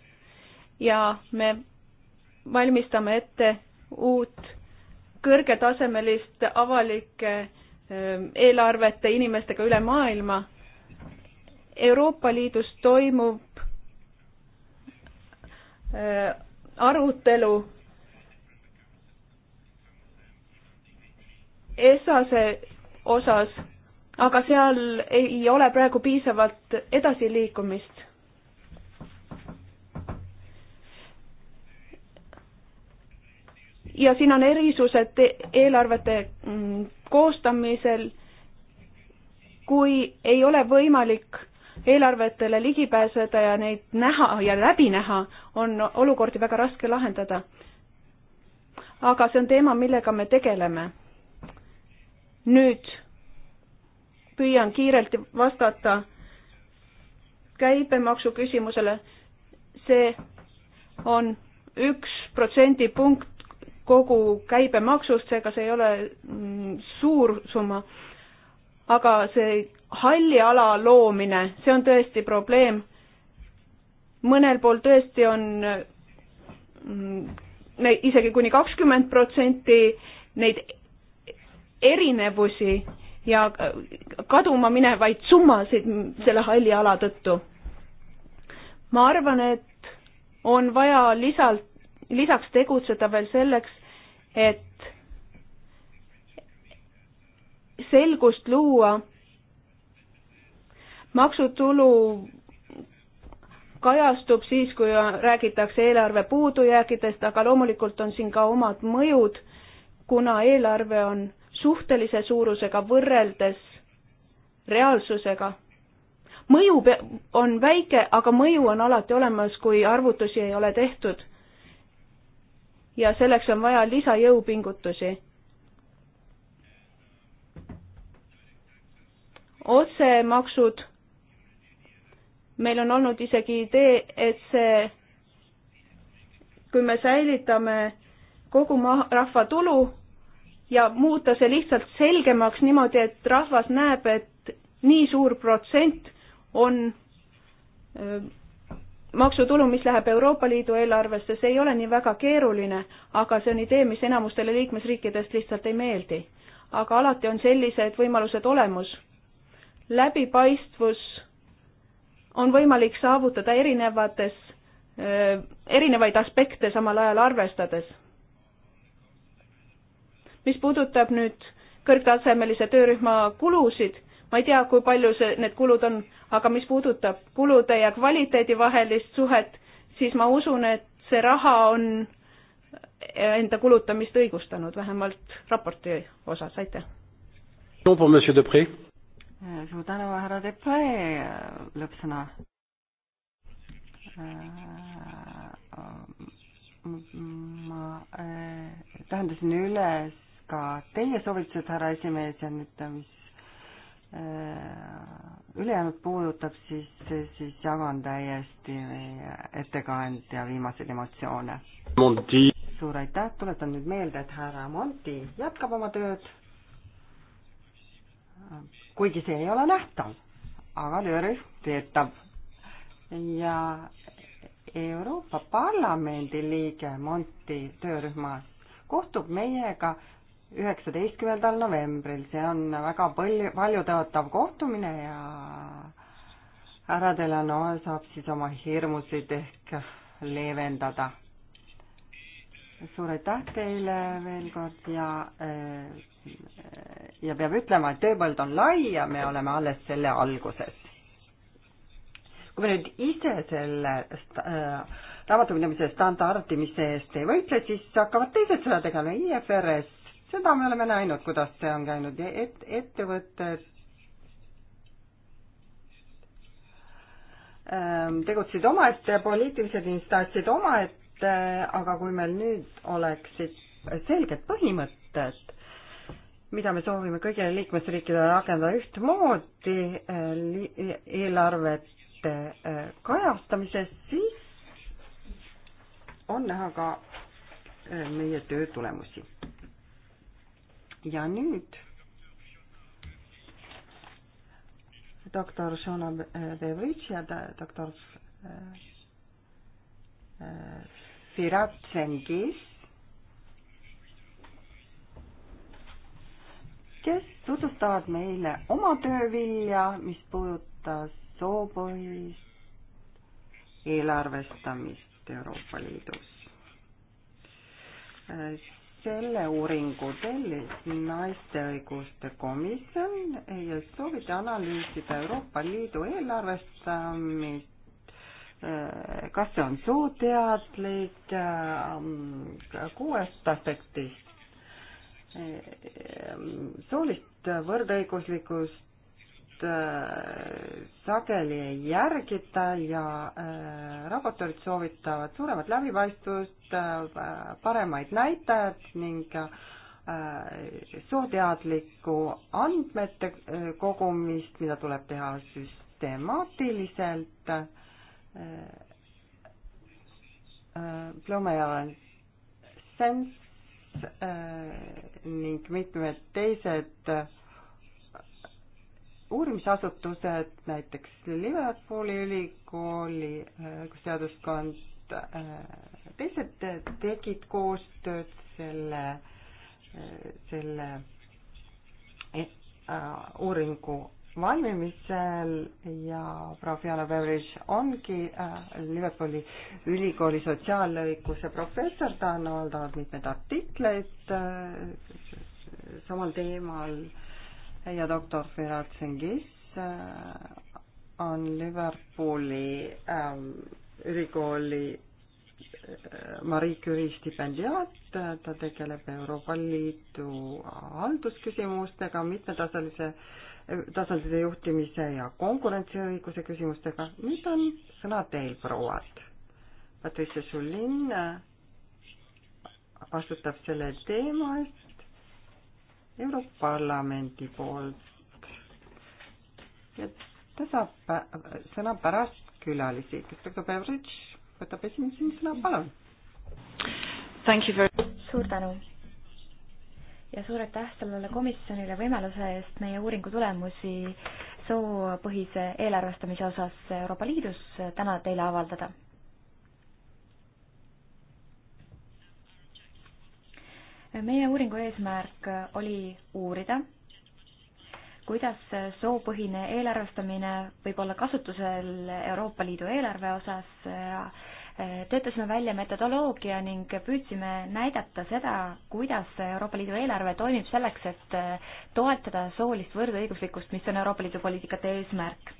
ja me valmistame ette uut kõrgetasemelist avalike ähm, eelarvete inimestega üle maailma. Euroopa Liidus toimub äh, arutelu esase osas aga seal ei ole praegu piisavalt edasiliikumist. ja siin on erisused e- eelarvete mm, koostamisel, kui ei ole võimalik eelarvetele ligi pääseda ja neid näha ja läbi näha, on olukordi väga raske lahendada. aga see on teema, millega me tegeleme. nüüd püüan kiirelt vastata käibemaksu küsimusele. see on üks protsendipunkt kogu käibemaksust, seega see ei ole mm, suur summa. aga see halli ala loomine, see on tõesti probleem. mõnel pool tõesti on mm, isegi kuni kakskümmend protsenti neid erinevusi ja kaduma minevaid summasid selle halli ala tõttu. ma arvan, et on vaja lisalt, lisaks tegutseda veel selleks, et selgust luua maksutulu kajastub siis, kui räägitakse eelarve puudujääkidest, aga loomulikult on siin ka omad mõjud, kuna eelarve on suhtelise suurusega võrreldes reaalsusega. mõju on väike, aga mõju on alati olemas, kui arvutusi ei ole tehtud. ja selleks on vaja lisajõupingutusi. otsemaksud, meil on olnud isegi idee, et see, kui me säilitame kogu ma-, rahva tulu, ja muuta see lihtsalt selgemaks niimoodi, et rahvas näeb, et nii suur protsent on maksutulu, mis läheb Euroopa Liidu eelarvesse, see ei ole nii väga keeruline, aga see on idee, mis enamustele liikmesriikidest lihtsalt ei meeldi. aga alati on sellised võimalused olemas. läbipaistvus on võimalik saavutada erinevates, erinevaid aspekte samal ajal arvestades mis puudutab nüüd kõrgtasemelise töörühma kulusid, ma ei tea, kui palju see, need kulud on, aga mis puudutab kulude ja kvaliteedi vahelist suhet, siis ma usun, et see raha on enda kulutamist õigustanud, vähemalt raporti osas, aitäh. Eh, suur tänu, härra Depre, lõppsõna eh, ma eh, tähendasin üles ka teie soovitused, härra esimees, ja nüüd mis äh, ülejäänud puudutab, siis, siis jagan täiesti meie ettekandja viimaseid emotsioone. suur aitäh, tuletan nüüd meelde, et härra Monti jätkab oma tööd, kuigi see ei ole nähtav, aga töörühm töötab ja Euroopa Parlamendi liige Monti töörühmas kohtub meiega üheksateistkümnendal novembril, see on väga palju, paljutõotav kohtumine ja härra Delano saab siis oma hirmusid ehk leevendada. suur aitäh teile veel kord ja eh, ja peab ütlema, et tööpõld on lai ja me oleme alles selle alguses. kui me nüüd ise selle äh, raamatupidamise standardimise eest ei võitle, siis hakkavad teised seda tegema, IFRS seda me oleme näinud, kuidas see on käinud ja et ettevõtted ähm, tegutsesid omaette, poliitilised instantsid omaette, aga kui meil nüüd oleksid selged põhimõtted, mida me soovime kõigile liikmesriikidele rakendada ühtmoodi äh, eelarvete äh, kajastamises, siis on näha ka äh, meie töö tulemusi ja nüüd doktor Shona Bevritš ja doktor äh, äh, Firat Tsengis, kes tutvustavad meile oma töövilja, mis puudutas soopõhist eelarvestamist Euroopa Liidus. Äh, selle uuringu tellis naiste õiguste komisjon ja sooviti analüüsida Euroopa Liidu eelarvestamist, äh, kas see on suuteadlik äh, kuuest aspektist, äh, soolist võrdõiguslikkust, Äh, sageli ei järgita ja äh, raportöörid soovitavad suuremat läbipaistvust, äh, paremaid näitajad ning sooteadlikku andmete kogumist, mida tuleb teha süstemaatiliselt. Blomeal Sense ning mitmed teised uurimisasutused, näiteks Liverpooli ülikooli õigusteaduskond, äh, äh, teised tegid koostööd selle, äh, selle uuringu valmimisel ja proua Fiona Beveridge ongi Liverpooli ülikooli sotsiaalõiguse professor, ta on avaldanud mitmeid artikleid samal teemal äh, ja doktor Firat Singis äh, on Liverpooli ähm, ülikooli äh, Marie Curie stipendiaat, ta tegeleb Euroopa Liidu haldusküsimustega, mitmetasalise, tasandise juhtimise ja konkurentsiõiguse küsimustega. nüüd on sõna teil, prouad. Patricia Šulin äh, vastutab selle teema eest Europarlamendi poolt. ja ta saab sõna pärast külalisi. doktor Beveridž võtab esimese sõna, palun. suur tänu ja suur aitäh sellele komisjonile võimaluse eest meie uuringu tulemusi soopõhise eelarvestamise osas Euroopa Liidus täna teile avaldada meie uuringu eesmärk oli uurida, kuidas soopõhine eelarvestamine võib olla kasutusel Euroopa Liidu eelarve osas. töötasime välja metodoloogia ning püüdsime näidata seda, kuidas Euroopa Liidu eelarve toimib selleks, et toetada soolist võrdõiguslikkust, mis on Euroopa Liidu poliitikate eesmärk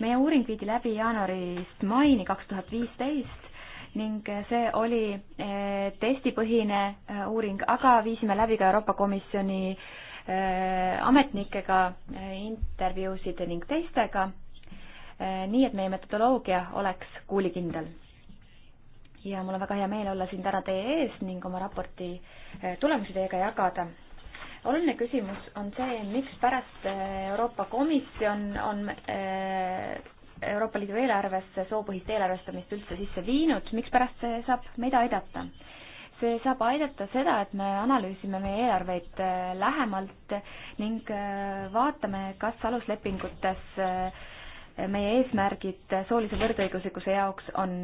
meie uuring viidi läbi jaanuarist maini kaks tuhat viisteist ning see oli eh, testipõhine eh, uuring, aga viisime läbi ka Euroopa Komisjoni eh, ametnikega intervjuusid ning teistega, nii et meie metodoloogia oleks kuulikindel. ja mul on väga hea meel olla siin täna teie ees ning oma raporti tulemusi teiega jagada oluline küsimus on see, mikspärast Euroopa Komisjon on Euroopa Liidu eelarvesse soopõhist eelarvestamist üldse sisse viinud, mikspärast see saab meid aidata? see saab aidata seda, et me analüüsime meie eelarveid äh, lähemalt ning äh, vaatame, kas aluslepingutes äh, meie eesmärgid soolise võrdõiguslikkuse jaoks on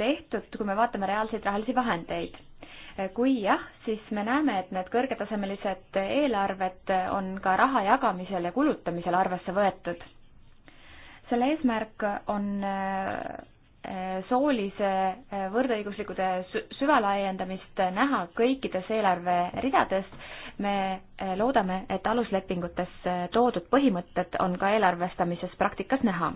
tehtud, kui me vaatame reaalseid rahalisi vahendeid. kui jah, siis me näeme, et need kõrgetasemelised eelarved on ka raha jagamisel ja kulutamisel arvesse võetud selle eesmärk on äh, soolise äh, võrdõiguslikkuse süvalaiendamist näha kõikides eelarveridades. me äh, loodame, et aluslepingutes toodud põhimõtted on ka eelarvestamises praktikas näha.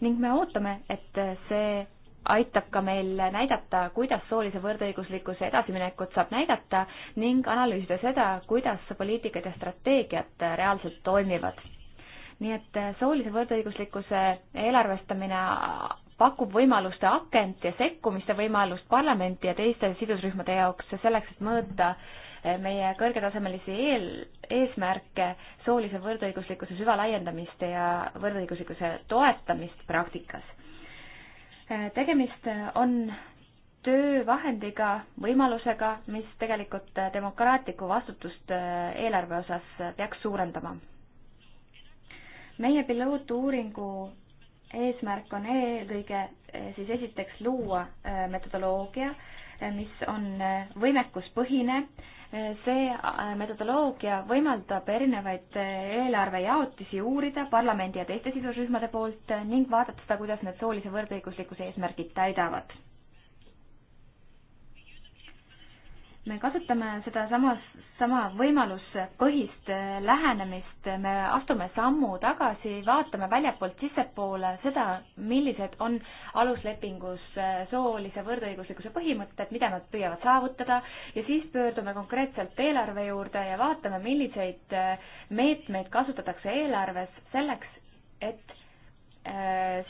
ning me ootame, et see aitab ka meil näidata, kuidas soolise võrdõiguslikkuse edasiminekut saab näidata ning analüüsida seda, kuidas poliitikad ja strateegiad reaalselt toimivad nii et eh, soolise võrdõiguslikkuse eelarvestamine pakub võimaluste akent ja sekkumiste võimalust parlamenti ja teiste sidusrühmade jaoks selleks, et mõõta eh, meie kõrgetasemelisi eel, eesmärke, soolise võrdõiguslikkuse süvalaiendamist ja võrdõiguslikkuse toetamist praktikas. Eh, tegemist on töövahendiga, võimalusega, mis tegelikult demokraatlikku vastutust eelarve osas peaks suurendama meie pilootuuringu eesmärk on eelkõige eh, siis esiteks luua eh, metodoloogia, eh, mis on võimekuspõhine. see metodoloogia võimaldab erinevaid eelarvejaotisi uurida parlamendi ja teiste sidusrühmade poolt ning vaadata seda, kuidas need soolise võrdõiguslikkuse eesmärgid täidavad me kasutame seda samas, sama võimaluspõhist äh, lähenemist, me astume sammu tagasi, vaatame väljapoolt sissepoole seda, millised on aluslepingus äh, soolise võrdõiguslikkuse põhimõtted, mida nad püüavad saavutada ja siis pöördume konkreetselt eelarve juurde ja vaatame, milliseid äh, meetmeid kasutatakse eelarves selleks, et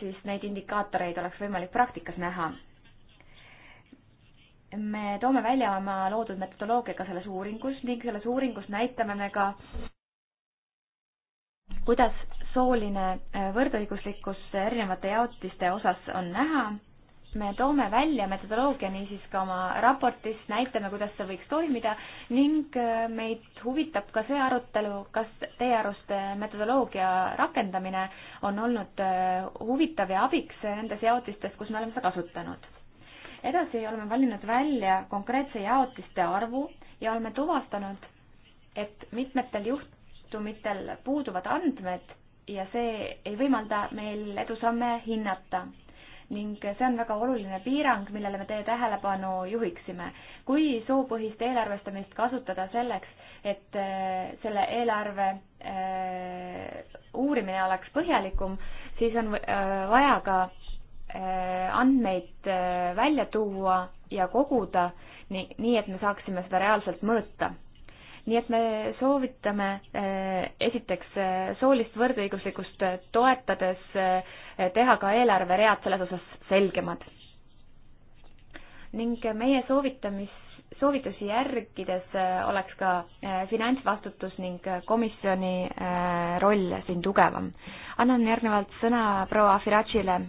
siis neid indikaatoreid oleks võimalik praktikas näha me toome välja oma loodud metodoloogiaga selles uuringus ning selles uuringus näitame me ka, kuidas sooline äh, võrdõiguslikkus erinevate jaotiste osas on näha. me toome välja metodoloogia niisiis ka oma raportis, näitame, kuidas see võiks toimida ning äh, meid huvitab ka see arutelu, kas teie arust äh, metodoloogia rakendamine on olnud huvitav ja abiks nendes jaotistes, kus me oleme seda kasutanud edasi oleme valinud välja konkreetse jaotiste arvu ja oleme tuvastanud, et mitmetel juhtumitel puuduvad andmed ja see ei võimalda meil edusamme hinnata ning see on väga oluline piirang, millele me teie tähelepanu juhiksime. kui soopõhist eelarvestamist kasutada selleks, et äh, selle eelarve äh, uurimine oleks põhjalikum, siis on äh, vaja ka Eh, andmeid eh, välja tuua ja koguda, nii, nii et me saaksime seda reaalselt mõõta. nii et me soovitame eh, esiteks soolist võrdõiguslikkust toetades teha ka eelarveread selles osas selgemad. ning meie soovitamis, soovitusi järgides oleks ka finantsvastutus ning komisjoni roll siin tugevam. annan järgnevalt sõna proua Firacile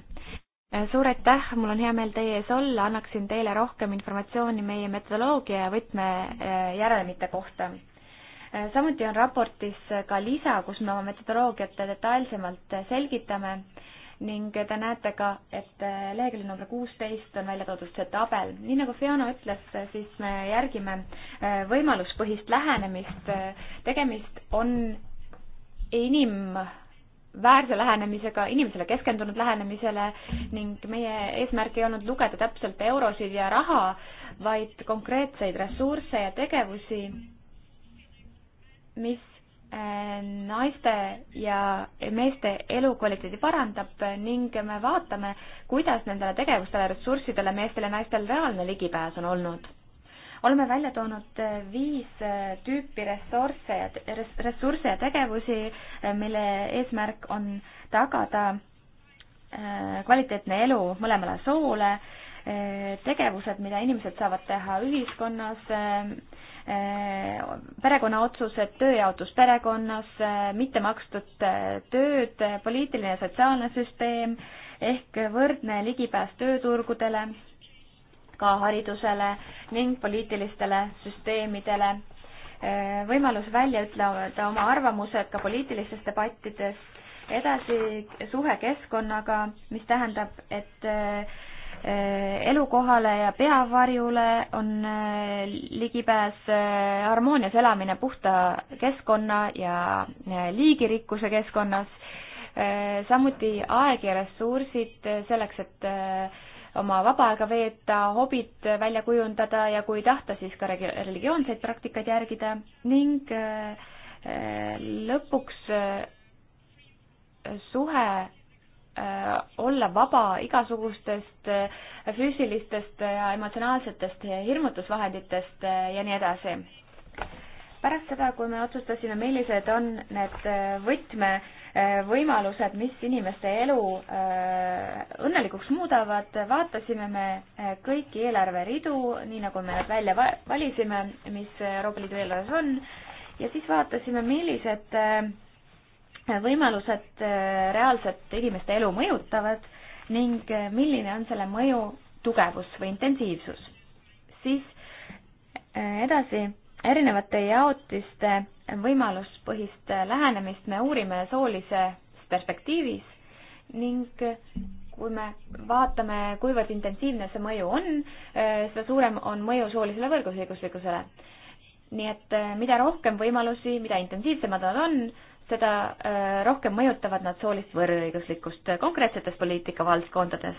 Äh, suur aitäh, mul on hea meel teie ees olla, annaksin teile rohkem informatsiooni meie metodoloogia ja võtmejärelmite äh, kohta. Äh, samuti on raportis ka lisa, kus me oma metodoloogiat detailsemalt selgitame ning te näete ka, et lehekülg number kuusteist on välja toodud see tabel. nii nagu Fiona ütles, siis me järgime võimaluspõhist lähenemist. tegemist on inim- väärse lähenemisega, inimesele keskendunud lähenemisele ning meie eesmärk ei olnud lugeda täpselt eurosid ja raha, vaid konkreetseid ressursse ja tegevusi, mis eh, naiste ja meeste elukvaliteedi parandab ning me vaatame, kuidas nendele tegevustele, ressurssidele meestel ja naistel reaalne ligipääs on olnud oleme välja toonud äh, viis äh, tüüpi ressursse ja ressursse ja tegevusi, äh, mille eesmärk on tagada kvaliteetne elu mõlemale soole, tegevused, mida inimesed saavad teha ühiskonnas, perekonnaotsused, tööjaotus perekonnas, mittemakstud tööd, poliitiline ja sotsiaalne süsteem ehk võrdne ligipääs tööturgudele ka haridusele ning poliitilistele süsteemidele, äh, võimalus välja ütleda oma arvamused ka poliitilistes debattides, edasi suhe keskkonnaga, mis tähendab, et äh, elukohale ja peavarjule on äh, ligipääs harmoonias elamine puhta keskkonna ja liigirikkuse keskkonnas, samuti aeg ja ressursid selleks, et oma vaba aega veeta, hobid välja kujundada ja kui tahta, siis ka religioonseid praktikaid järgida ning äh, äh, lõpuks äh, suhe olla vaba igasugustest füüsilistest ja emotsionaalsetest hirmutusvahenditest ja nii edasi. pärast seda, kui me otsustasime, millised on need võtme Äh, võimalused, mis inimeste elu äh, õnnelikuks muudavad, vaatasime me äh, kõiki eelarveridu, nii nagu me nad välja valisime, mis Euroopa Liidu eelarves on, ja siis vaatasime, millised võimalused reaalset inimeste elu mõjutavad ning milline on selle mõju tugevus või intensiivsus. siis edasi erinevate jaotiste võimaluspõhist lähenemist me uurime soolises perspektiivis ning kui me vaatame, kuivõrd intensiivne see mõju on, seda suurem on mõju soolisele võrgusõiguslikkusele. nii et eh, mida rohkem võimalusi, mida intensiivsemad nad on, seda eh, rohkem mõjutavad nad soolist võrdõiguslikkust konkreetsetes poliitikavaldkondades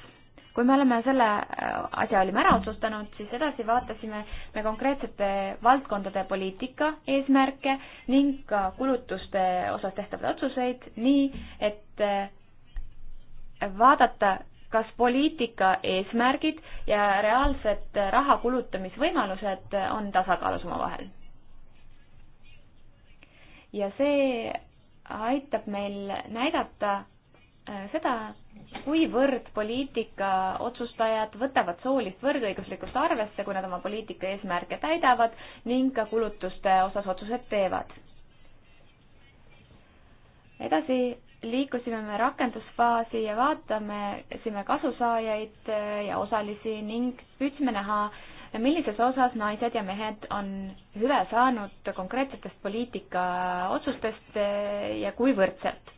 kui me oleme selle äh, asja olime ära otsustanud, siis edasi vaatasime me konkreetsete valdkondade poliitika eesmärke ning ka kulutuste osas tehtavaid otsuseid, nii et äh, vaadata, kas poliitika eesmärgid ja reaalsed raha kulutamisvõimalused on tasakaalus omavahel. ja see aitab meil näidata Äh, seda, kuivõrd poliitika otsustajad võtavad soolist võrdõiguslikkust arvesse, kui nad oma poliitika eesmärke täidavad ning ka kulutuste osas otsused teevad. edasi liikusime me rakendusfaasi ja vaatasime kasusaajaid äh, ja osalisi ning püüdsime näha, millises osas naised ja mehed on hüve saanud konkreetsetest poliitika otsustest äh, ja kui võrdselt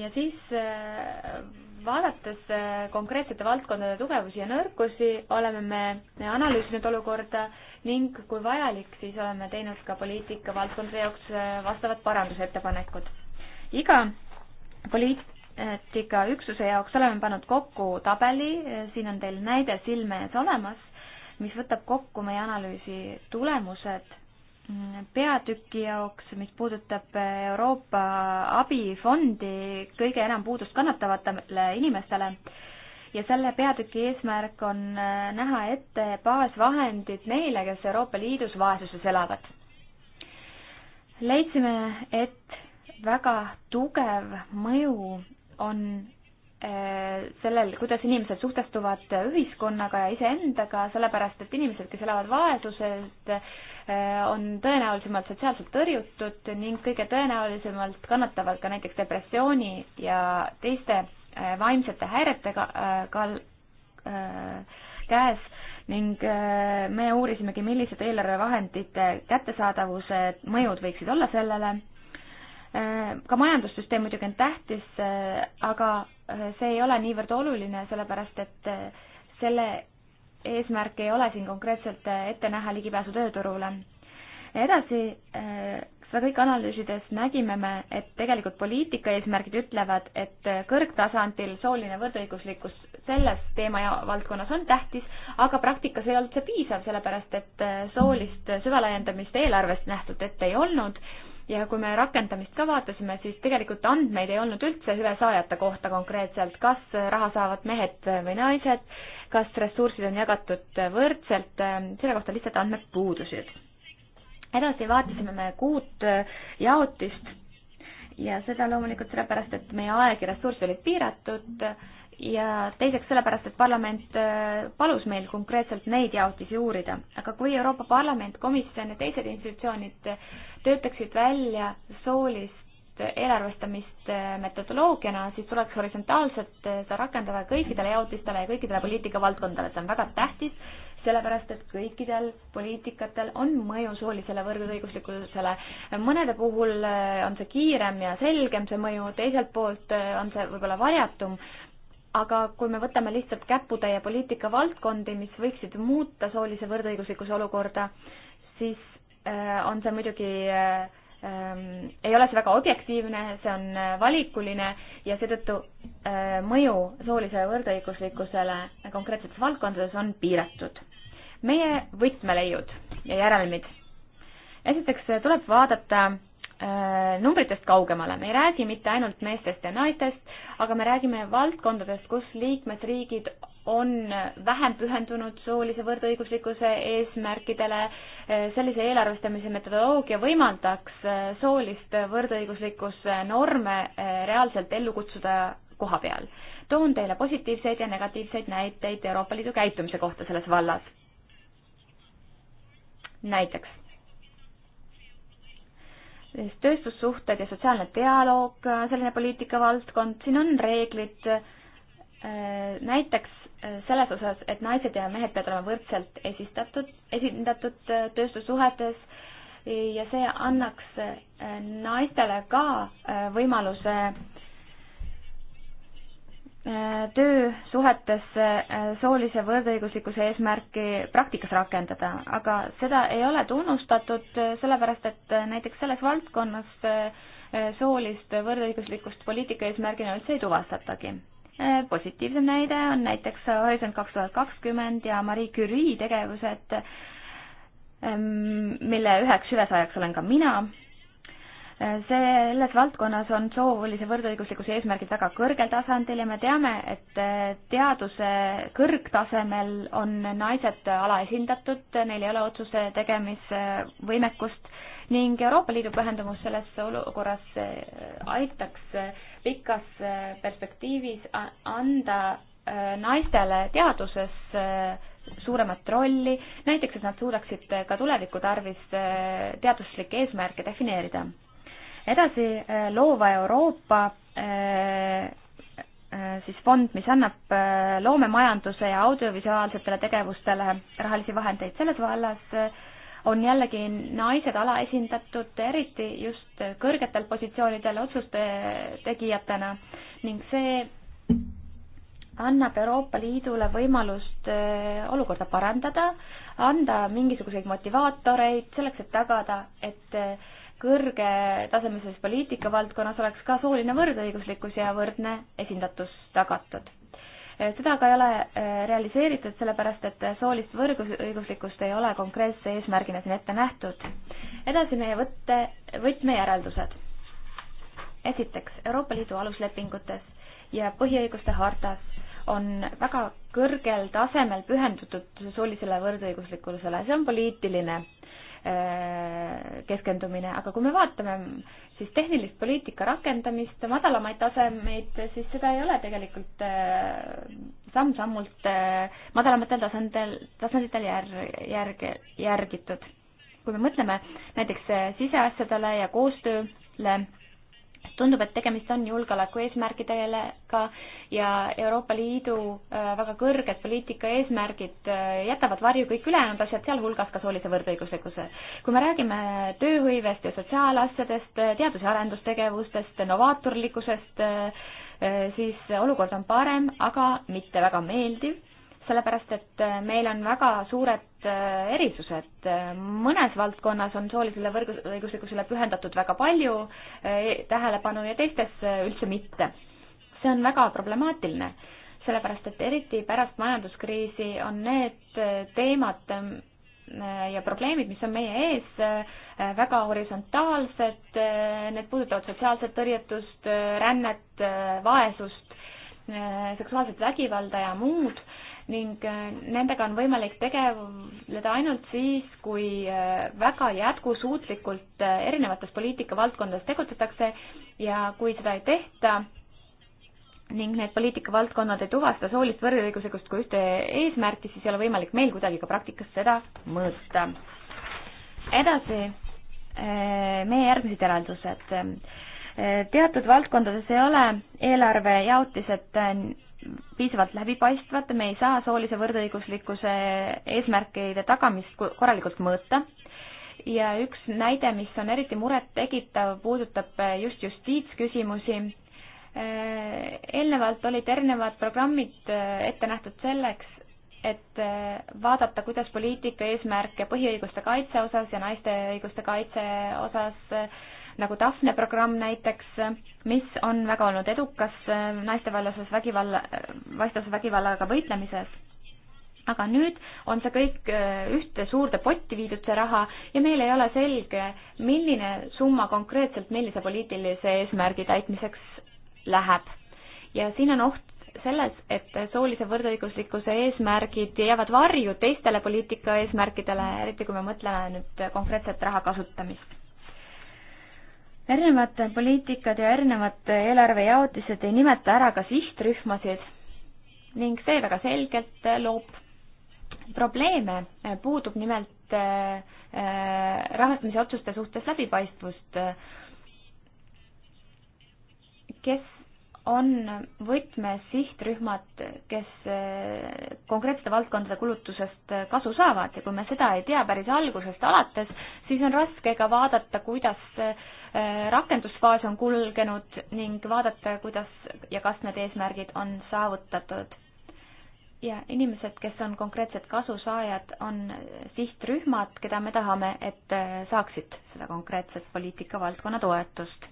ja siis äh, vaadates äh, konkreetsete valdkondade tugevusi ja nõrkusi, oleme me analüüsinud olukorda ning kui vajalik, siis oleme teinud ka poliitika valdkondade jaoks äh, vastavad parandusettepanekud. iga poliitika üksuse jaoks oleme pannud kokku tabeli, siin on teil näide silme ees olemas, mis võtab kokku meie analüüsi tulemused peatüki jaoks, mis puudutab Euroopa abifondi kõige enam puudust kannatavatele inimestele ja selle peatüki eesmärk on äh, näha ette baasvahendid neile, kes Euroopa Liidus vaesuses elavad. leidsime, et väga tugev mõju on Äh, sellel, kuidas inimesed suhtestuvad ühiskonnaga ja iseendaga, sellepärast et inimesed, kes elavad vaesuses, äh, on tõenäolisemalt sotsiaalselt tõrjutud ning kõige tõenäolisemalt kannatavad ka näiteks depressiooni ja teiste äh, vaimsete häiretega kal-, käes ning me uurisimegi, millised eelarvevahendite kättesaadavuse mõjud võiksid olla sellele Äh, ka majandussüsteem muidugi on tähtis, äh, aga äh, see ei ole niivõrd oluline, sellepärast et selle eesmärk ei ole siin konkreetselt ette näha ligipääsu tööturule. edasi, seda kõike analüüsides nägime me, et tegelikult poliitika eesmärgid ütlevad, et kõrgtasandil sooline võrdõiguslikkus selles teema ja valdkonnas on tähtis, aga praktikas ei olnud see piisav, sellepärast et soolist süvalaiendamist eelarvest nähtud ette ei olnud ja kui me rakendamist ka vaatasime, siis tegelikult andmeid ei olnud üldse hüvesaajate kohta konkreetselt, kas raha saavad mehed või naised, kas ressursid on jagatud võrdselt, selle kohta lihtsalt andmed puudusid. edasi vaatasime me kuut jaotist ja seda loomulikult sellepärast, et meie aeg ja ressurss olid piiratud ja teiseks sellepärast, et parlament äh, palus meil konkreetselt neid jaotisi uurida. aga kui Euroopa Parlament, komisjon ja teised institutsioonid töötaksid välja soolist eelarvestamist äh, metodoloogiana, siis tuleks horisontaalselt äh, seda rakendada kõikidele jaotistele ja kõikidele poliitikavaldkondadele, see on väga tähtis, sellepärast et kõikidel poliitikatel on mõju soolisele võrdõiguslikkusele. mõnede puhul on see kiirem ja selgem, see mõju, teiselt poolt on see võib-olla varjatum, aga kui me võtame lihtsalt käputäie poliitikavaldkondi, mis võiksid muuta soolise võrdõiguslikkuse olukorda, siis äh, on see muidugi ähm, ei ole see väga objektiivne, see on äh, valikuline ja seetõttu äh, mõju soolise võrdõiguslikkusele konkreetsetes valdkondades on piiratud. meie võtmeleiud ja järelmid. esiteks äh, tuleb vaadata Äh, numbritest kaugemale, me ei räägi mitte ainult meestest ja naistest, aga me räägime valdkondadest, kus liikmesriigid on vähem pühendunud soolise võrdõiguslikkuse eesmärkidele, äh, sellise eelarvestamise metodoloogia võimaldaks äh, soolist võrdõiguslikkuse norme reaalselt ellu kutsuda koha peal. toon teile positiivseid ja negatiivseid näiteid Euroopa Liidu käitumise kohta selles vallas. näiteks siis tööstussuhted ja sotsiaalne dialoog, äh, selline poliitikavaldkond, siin on reeglid äh, näiteks äh, selles osas, et naised ja mehed peavad olema võrdselt esistatud, esindatud tööstussuhetes ja see annaks naistele ka võimaluse Äh, töösuhetes äh, soolise võrdõiguslikkuse eesmärki praktikas rakendada, aga seda ei ole tunnustatud, äh, sellepärast et näiteks selles valdkonnas soolist võrdõiguslikkust poliitika eesmärgina üldse ei tuvastatagi. positiivsem näide on näiteks Horisont kaks tuhat kakskümmend ja Marie Curie tegevused, ähm, mille üheks hüvesaajaks olen ka mina selles valdkonnas on soolise võrdõiguslikkuse eesmärgid väga kõrgel tasandil ja me teame, et eh, teaduse kõrgtasemel on naised alaesindatud, neil ei ole otsuse tegemisvõimekust ning Euroopa Liidu pühendumus selles olukorras eh, aitaks eh, pikas perspektiivis anda naistele teaduses suuremat rolli, näiteks et nad suudaksid ka tuleviku tarvis teaduslikke eesmärke defineerida edasi, äh, Loova Euroopa äh, äh, siis fond, mis annab loomemajanduse ja audiovisuaalsetele tegevustele rahalisi vahendeid selles vallas, on jällegi naised alaesindatud, eriti just kõrgetel positsioonidel otsuste tegijatena ning see annab Euroopa Liidule võimalust olukorda parandada, anda mingisuguseid motivaatoreid selleks, et tagada, et kõrgetasemelises poliitikavaldkonnas oleks ka sooline võrdõiguslikkus ja võrdne esindatus tagatud. seda aga ei ole eh, realiseeritud, sellepärast et soolist võrdõiguslikkust ei ole konkreetse eesmärgina siin ette nähtud. edasi meie võtte, võtmejäreldused. esiteks, Euroopa Liidu aluslepingutes ja põhiõiguste hartas on väga kõrgel tasemel pühendutud soolisele võrdõiguslikkusele, see on poliitiline Äh, keskendumine, aga kui me vaatame siis tehnilist poliitika rakendamist, madalamaid tasemeid, siis seda ei ole tegelikult äh, samm-sammult äh, madalamatel tasandil, tasanditel järg, järg, järgitud. kui me mõtleme näiteks siseasjadele ja koostööle, tundub, et tegemist on julgeoleku eesmärkidega ja Euroopa Liidu äh, väga kõrged poliitika eesmärgid äh, jätavad varju kõik ülejäänud asjad, sealhulgas ka soolise võrdõiguslikkuse. kui me räägime tööhõivest ja sotsiaalasjadest, äh, teadus- ja arendustegevustest, novaatorlikkusest, siis olukord on parem, aga mitte väga meeldiv sellepärast et äh, meil on väga suured äh, erisused. mõnes valdkonnas on soolisele võrdõiguslikkusele pühendatud väga palju äh, e-, tähelepanu ja teistes üldse mitte. see on väga problemaatiline, sellepärast et eriti pärast majanduskriisi on need teemad ähm, ja probleemid, mis on meie ees, väga horisontaalsed, need puudutavad sotsiaalset tõrjetust, rännet, vaesust, seksuaalset vägivalda ja muud ning äh, nendega on võimalik tegeleda ainult siis, kui äh, väga jätkusuutlikult äh, erinevates poliitikavaldkondades tegutsetakse ja kui seda ei tehta, ning need poliitikavaldkonnad ei tuvasta soolist võrdõiguslikkust kui ühte eesmärki, siis ei ole võimalik meil kuidagi ka praktikas seda mõõta. edasi, meie järgmised järeldused. teatud valdkondades ei ole eelarvejaotised piisavalt läbipaistvad, me ei saa soolise võrdõiguslikkuse eesmärkide tagamist korralikult mõõta ja üks näide, mis on eriti murettekitav, puudutab äh, just justiitsküsimusi. Äh, eelnevalt olid erinevad programmid äh, ette nähtud selleks, et vaadata, kuidas poliitika eesmärke põhiõiguste kaitse osas ja naiste õiguste kaitse osas nagu Daphne programm näiteks, mis on väga olnud edukas äh, naistevallases vägivalla, äh, vastase vägivallaga võitlemises. aga nüüd on see kõik äh, ühte suurde potti viidud, see raha, ja meil ei ole selge, milline summa konkreetselt millise poliitilise eesmärgi täitmiseks läheb. ja siin on oht selles, et soolise võrdõiguslikkuse eesmärgid jäävad varju teistele poliitika eesmärkidele, eriti kui me mõtleme nüüd konkreetset raha kasutamist erinevad poliitikad ja erinevad eelarvejaotised ei nimeta ära ka sihtrühmasid ning see väga selgelt loob probleeme, puudub nimelt äh, äh, rahastamise otsuste suhtes läbipaistvust. kes on võtmes sihtrühmad, kes äh, konkreetsete valdkondade kulutusest kasu saavad ja kui me seda ei tea päris algusest alates, siis on raske ka vaadata, kuidas rakendusfaas on kulgenud ning vaadata, kuidas ja kas need eesmärgid on saavutatud. ja inimesed, kes on konkreetsed kasusaajad, on sihtrühmad, keda me tahame, et äh, saaksid seda konkreetset poliitikavaldkonna toetust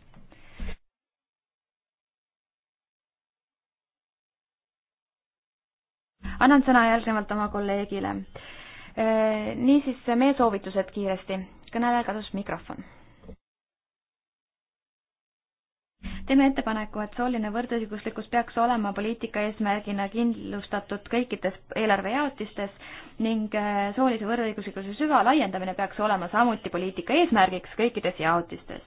annan sõna järgnevalt oma kolleegile. Äh, niisiis, meie soovitused kiiresti. kõnele kadus mikrofon teeme ettepaneku, et sooline võrdõiguslikkus peaks olema poliitika eesmärgina kindlustatud kõikides eelarvejaotistes ning äh, soolise võrdõiguslikkuse süva laiendamine peaks olema samuti poliitika eesmärgiks kõikides jaotistes.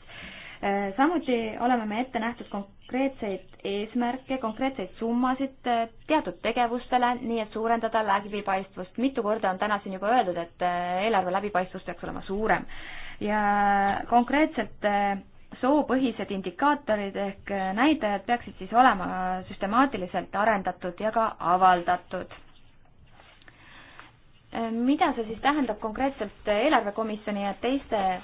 Äh, samuti oleme me ette nähtud konkreetseid eesmärke, konkreetseid summasid äh, teatud tegevustele, nii et suurendada läbipaistvust. mitu korda on täna siin juba öeldud, et eelarve läbipaistvus peaks olema suurem ja konkreetselt soopõhised indikaatorid ehk näitajad peaksid siis olema süstemaatiliselt arendatud ja ka avaldatud. mida see siis tähendab konkreetselt eelarvekomisjoni ja teiste äh,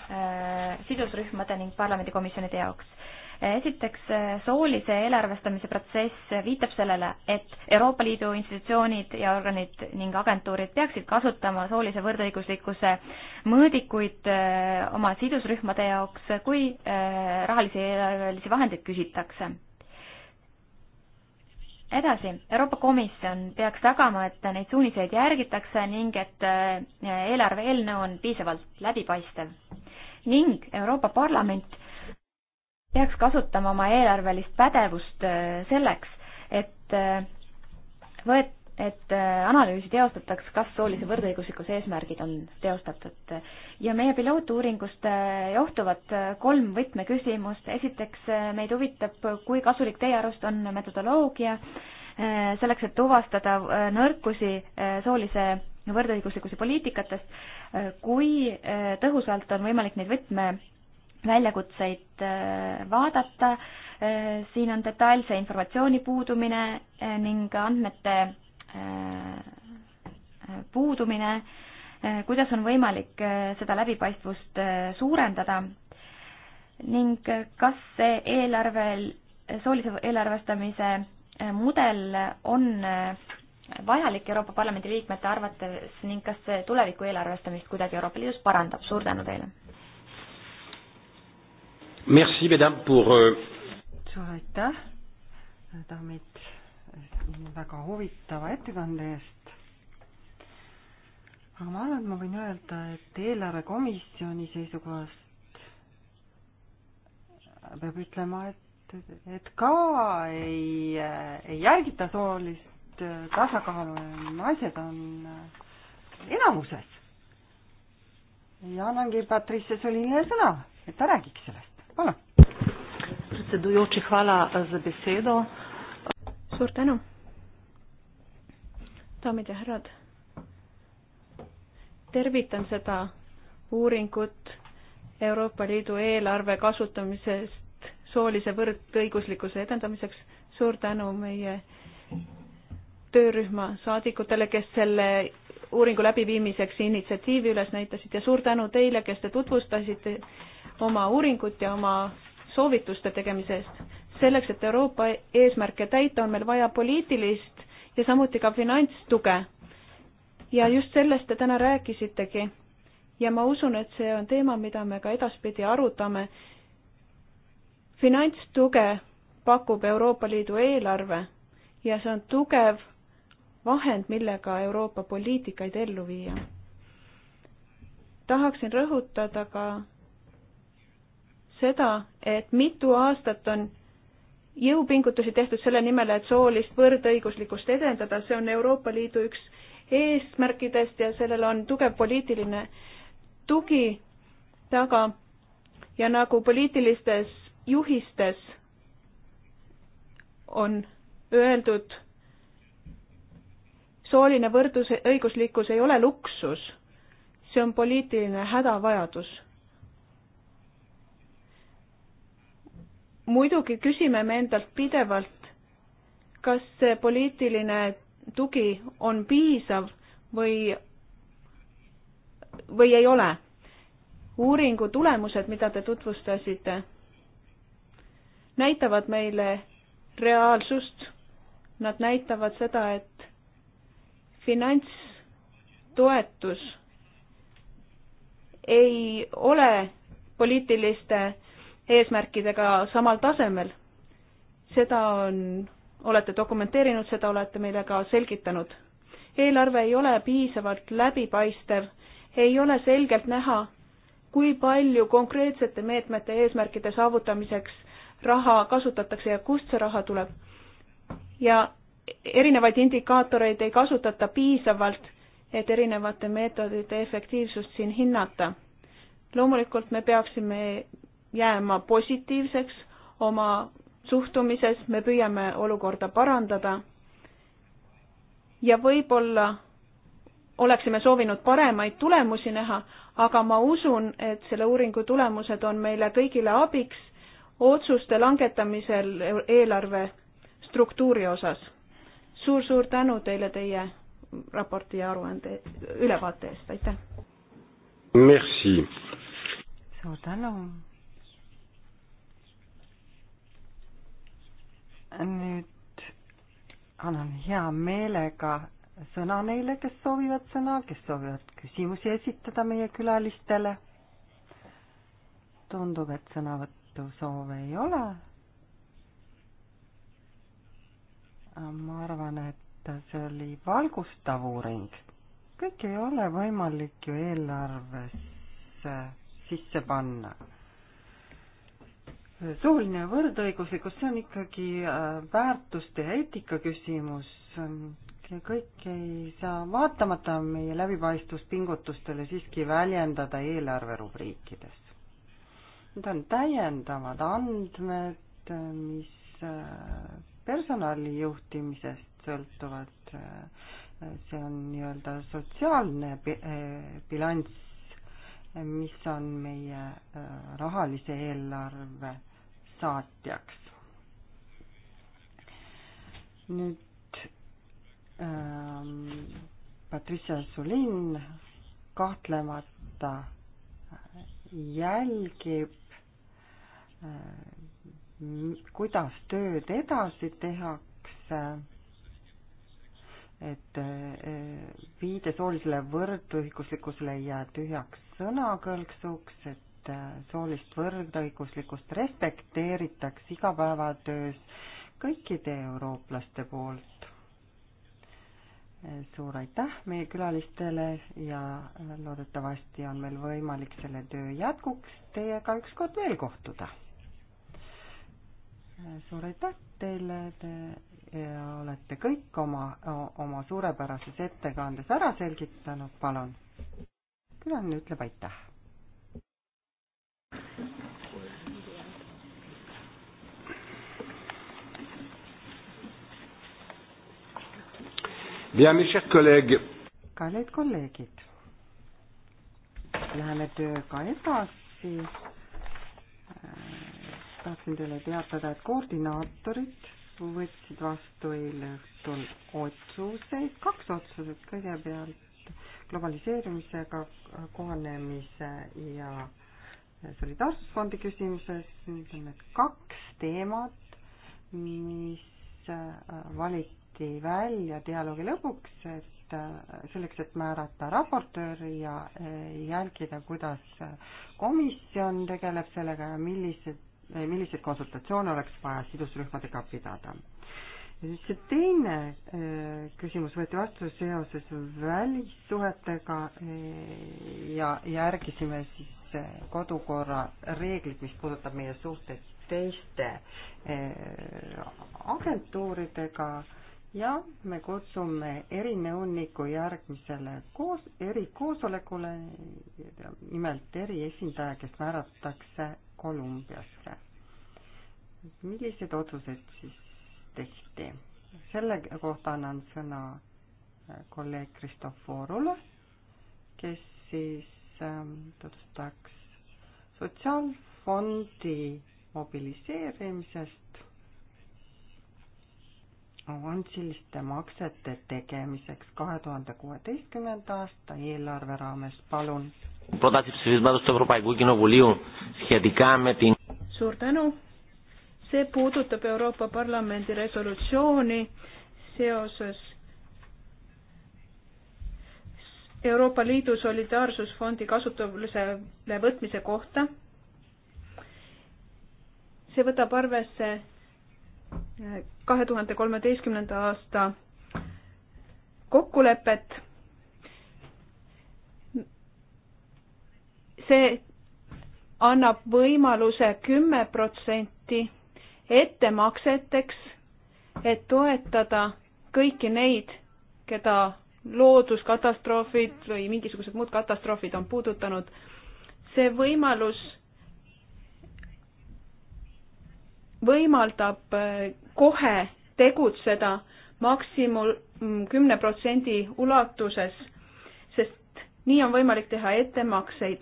sidusrühmade ning parlamendikomisjonide jaoks? Eh, esiteks, eh, soolise eelarvestamise protsess viitab sellele, et Euroopa Liidu institutsioonid ja organid ning agentuurid peaksid kasutama soolise võrdõiguslikkuse mõõdikuid eh, oma sidusrühmade jaoks, kui rahalisi eelarvelisi vahendeid küsitakse. edasi, Euroopa Komisjon peaks tagama, et neid suuniseid järgitakse ning et eelarve eelnõu on piisavalt läbipaistev. ning Euroopa Parlament peaks kasutama oma eelarvelist pädevust äh, selleks, et äh, võet-, et äh, analüüsi teostataks, kas soolise võrdõiguslikkuse eesmärgid on teostatud. ja meie pilootuuringust johtuvad kolm võtmeküsimust, esiteks meid huvitab, kui kasulik teie arust on metodoloogia selleks, et tuvastada nõrkusi soolise võrdõiguslikkuse poliitikatest, kui tõhusalt on võimalik neid võtme väljakutseid äh, vaadata. Äh, siin on detailse informatsiooni puudumine äh, ning andmete puudumine, kuidas on võimalik seda läbipaistvust suurendada ning kas see eelarvel, soolise eelarvestamise mudel on vajalik Euroopa Parlamendi liikmete arvates ning kas see tuleviku eelarvestamist kuidagi Euroopa Liidus parandab? suur tänu teile! Merci, mesdames, pour euh, suur aitäh, daamid, väga huvitava ettekande eest. aga ma arvan, et ma võin öelda, et eelarvekomisjoni seisukohast peab ütlema, et, et ka ei, ei jälgita soolist tasakaalu, naised on enamuses. ja annangi Patrice Solinile sõna, et ta räägiks sellest. Hvala. Predsedujoči, hvala eh, za besedo. Suur tänu. daamid ja härrad. tervitan seda uuringut Euroopa Liidu eelarve kasutamisest soolise võrdõiguslikkuse edendamiseks. suur tänu meie töörühma saadikutele, kes selle uuringu läbiviimiseks initsiatiivi üles näitasid ja suur tänu teile, kes te tutvustasite oma uuringut ja oma soovituste tegemise eest. selleks, et Euroopa eesmärke täita, on meil vaja poliitilist ja samuti ka finantstuge. ja just sellest te täna rääkisitegi. ja ma usun, et see on teema, mida me ka edaspidi arutame. finantstuge pakub Euroopa Liidu eelarve ja see on tugev vahend, millega Euroopa poliitikaid ellu viia. tahaksin rõhutada ka seda, et mitu aastat on jõupingutusi tehtud selle nimel, et soolist võrdõiguslikkust edendada, see on Euroopa Liidu üks eesmärkidest ja sellel on tugev poliitiline tugi taga ja nagu poliitilistes juhistes on öeldud, sooline võrdus, õiguslikkus ei ole luksus, see on poliitiline hädavajadus muidugi küsime me endalt pidevalt, kas see poliitiline tugi on piisav või, või ei ole. uuringu tulemused, mida te tutvustasite, näitavad meile reaalsust. Nad näitavad seda, et finantstoetus ei ole poliitiliste eesmärkidega samal tasemel. seda on, olete dokumenteerinud, seda olete meile ka selgitanud. eelarve ei ole piisavalt läbipaistev, ei ole selgelt näha, kui palju konkreetsete meetmete eesmärkide saavutamiseks raha kasutatakse ja kust see raha tuleb. ja erinevaid indikaatoreid ei kasutata piisavalt, et erinevate meetodite efektiivsust siin hinnata. loomulikult me peaksime jääma positiivseks oma suhtumises, me püüame olukorda parandada ja võib-olla oleksime soovinud paremaid tulemusi näha, aga ma usun, et selle uuringu tulemused on meile kõigile abiks otsuste langetamisel eelarve struktuuri osas suur,. suur-suur tänu teile teie raporti ja aruande, ülevaate eest, aitäh! Merci! suur tänu! nüüd annan hea meelega sõna neile, kes soovivad sõna, kes soovivad küsimusi esitada meie külalistele. tundub, et sõnavõtusoove ei ole. ma arvan, et see oli valgustav uuring. kõik ei ole võimalik ju eelarvesse sisse panna sooline võrdõiguslikkus, see on ikkagi äh, väärtuste ja eetika küsimus. kõik ei saa, vaatamata meie läbipaistvuspingutustele, siiski väljendada eelarverubriikides. Need on täiendavad andmed, äh, mis äh, personali juhtimisest sõltuvad. see on nii-öelda sotsiaalne bilanss, mis on meie rahalise eelarve saatjaks. nüüd ähm, Patricia Sulin kahtlemata äh, jälgib äh, kuidas tööd edasi tehakse, et äh, viide soolisele võrdõiguslikkusele ei jää tühjaks sõnakõlksuks, et et äh, soolist võrdõiguslikkust respekteeritaks igapäevatöös kõikide eurooplaste poolt. suur aitäh meie külalistele ja äh, loodetavasti on meil võimalik selle töö jätkuks teiega ükskord veel kohtuda. Äh, suur aitäh teile, te olete kõik oma, oma suurepärases ettekandes ära selgitanud, palun. külaline ütleb aitäh kallid kolleegid, läheme tööga edasi. Äh, tahtsin teile teatada, et koordinaatorid võtsid vastu eile õhtul otsuseid, kaks otsused, kõigepealt globaliseerimisega kohanemise ja solidaarsusfondi küsimuses, need on need kaks teemat, mis äh, valiti välja dialoogi lõpuks, et äh, selleks, et määrata raportööri ja äh, jälgida, kuidas komisjon tegeleb sellega ja millised, milliseid konsultatsioone oleks vaja sidusrühmadega pidada. ja nüüd see teine küsimus võeti vastu seoses välissuhetega ja järgisime siis kodukorra reeglid, mis puudutab meie suhteid teiste eh, agentuuridega ja me kutsume erinõuniku järgmisele koos, erikoosolekule, nimelt eriesindaja, kes määratakse Kolumbiasse. millised otsused siis tehti? selle kohta annan sõna eh, kolleeg Kristoforule, kes siis Ähm, tutvustaks sotsiaalfondi mobiliseerimisest avansiliste maksete tegemiseks kahe tuhande kuueteistkümnenda aasta eelarve raames, palun. suur tänu. see puudutab Euroopa Parlamendi resolutsiooni seoses Euroopa Liidu solidaarsusfondi kasutusele võtmise kohta. see võtab arvesse äh, kahe tuhande kolmeteistkümnenda aasta kokkulepet. see annab võimaluse kümme protsenti ettemakseteks, et toetada kõiki neid, keda looduskatastroofid või mingisugused muud katastroofid on puudutanud. see võimalus võimaldab äh, kohe tegutseda maksimum mm, kümne protsendi ulatuses, sest nii on võimalik teha ettemakseid.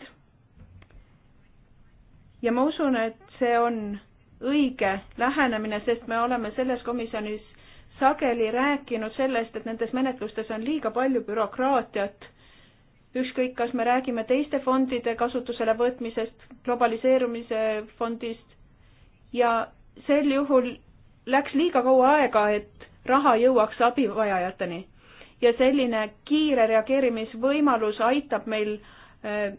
ja ma usun, et see on õige lähenemine, sest me oleme selles komisjonis sageli rääkinud sellest, et nendes menetlustes on liiga palju bürokraatiat, ükskõik, kas me räägime teiste fondide kasutusele võtmisest, globaliseerumise fondist ja sel juhul läks liiga kaua aega, et raha jõuaks abivajajateni. ja selline kiire reageerimisvõimalus aitab meil äh,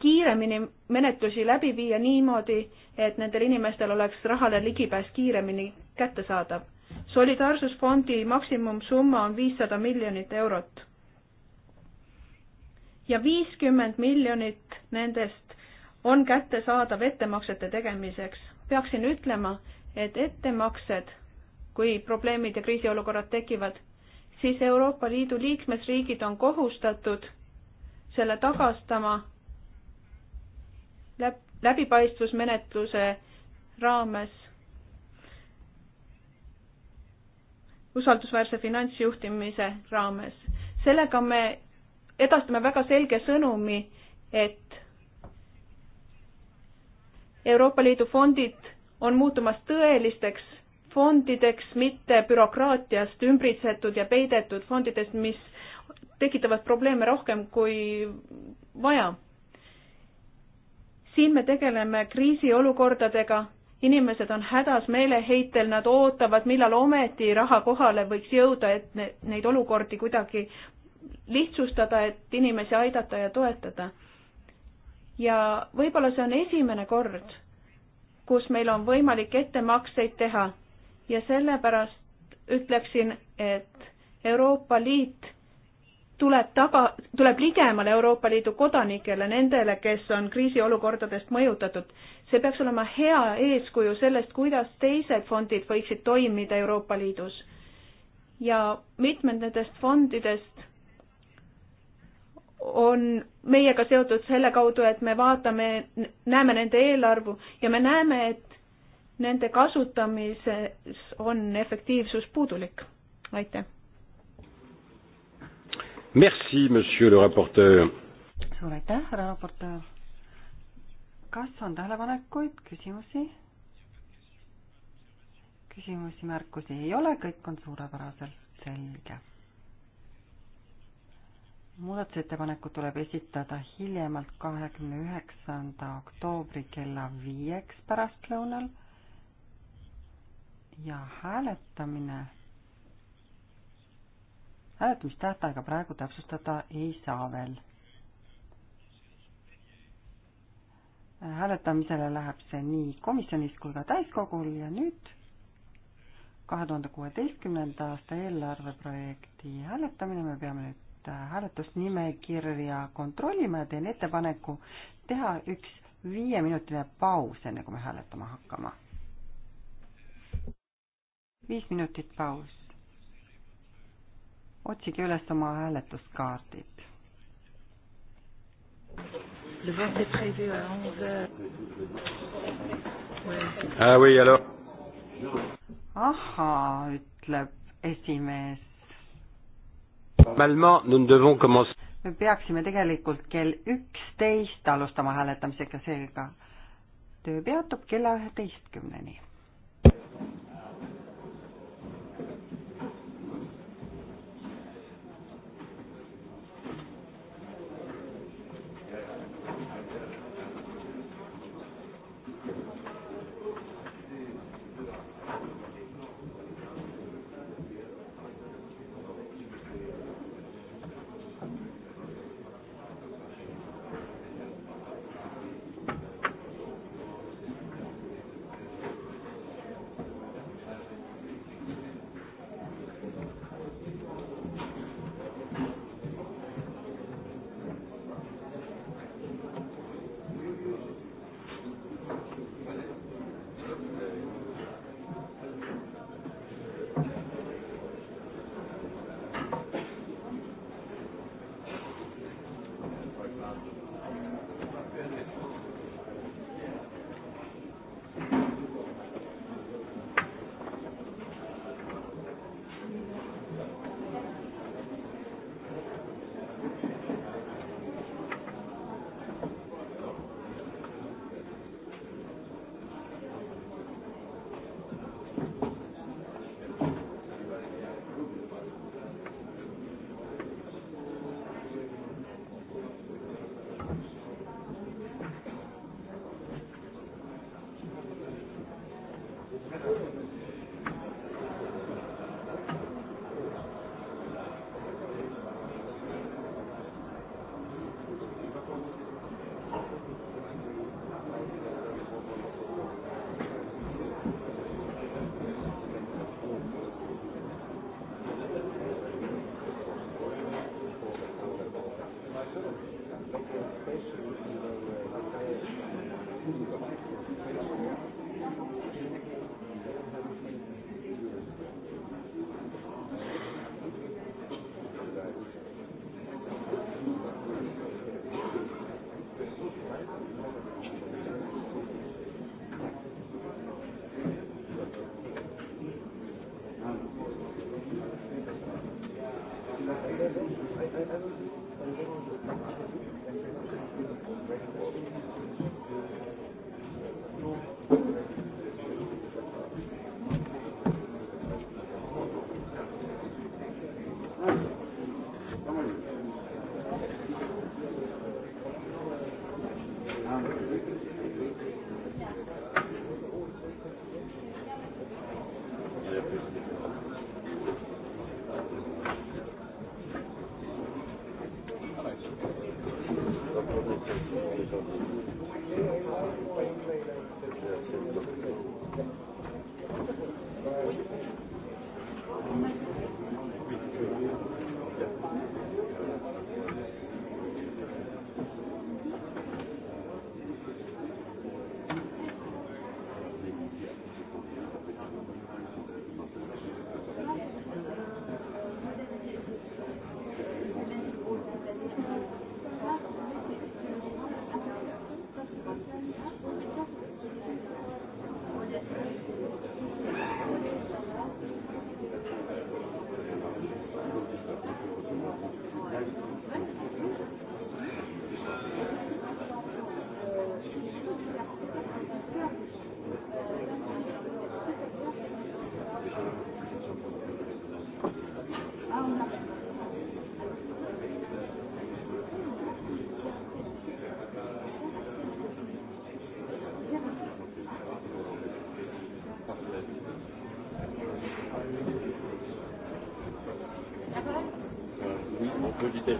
kiiremini menetlusi läbi viia niimoodi, et nendel inimestel oleks rahale ligipääs kiiremini kättesaadav solidaarsusfondi maksimumsumma on viissada miljonit eurot. ja viiskümmend miljonit nendest on kättesaadav ettemaksete tegemiseks. peaksin ütlema, et ettemaksed, kui probleemid ja kriisiolukorrad tekivad, siis Euroopa Liidu liikmesriigid on kohustatud selle tagastama läbipaistvusmenetluse raames usaldusväärse finantsjuhtimise raames. sellega me edastame väga selge sõnumi, et Euroopa Liidu fondid on muutumas tõelisteks fondideks, mitte bürokraatiast ümbritsetud ja peidetud fondidest, mis tekitavad probleeme rohkem kui vaja. siin me tegeleme kriisiolukordadega inimesed on hädas meeleheitel, nad ootavad, millal ometi raha kohale võiks jõuda, et neid olukordi kuidagi lihtsustada, et inimesi aidata ja toetada. ja võib-olla see on esimene kord, kus meil on võimalik ettemakseid teha ja sellepärast ütleksin, et Euroopa Liit tuleb taga, tuleb ligemale Euroopa Liidu kodanikele, nendele, kes on kriisiolukordadest mõjutatud. see peaks olema hea eeskuju sellest, kuidas teised fondid võiksid toimida Euroopa Liidus. ja mitmed nendest fondidest on meiega seotud selle kaudu, et me vaatame, näeme nende eelarvu ja me näeme, et nende kasutamises on efektiivsus puudulik. aitäh! Merci, monsieur le raporteur. suur aitäh, härra raportöör. kas on tähelepanekuid, küsimusi? küsimusi, märkusi ei ole, kõik on suurepäraselt selge. muudatusettepanekud tuleb esitada hiljemalt kahekümne üheksanda oktoobri kella viieks pärastlõunal ja hääletamine hääletustähtaega praegu täpsustada ei saa veel. hääletamisele läheb see nii komisjonis kui ka täiskogul ja nüüd kahe tuhande kuueteistkümnenda aasta eelarveprojekti hääletamine, me peame nüüd hääletusnimekirja kontrollima ja teen ettepaneku teha üks viieminutine paus, enne kui me hääletama hakkame. viis minutit paus otsige üles oma hääletuskaardid. ahhaa, ütleb esimees. me peaksime tegelikult kell üksteist alustama hääletamisega, seega töö peatub kella üheteistkümneni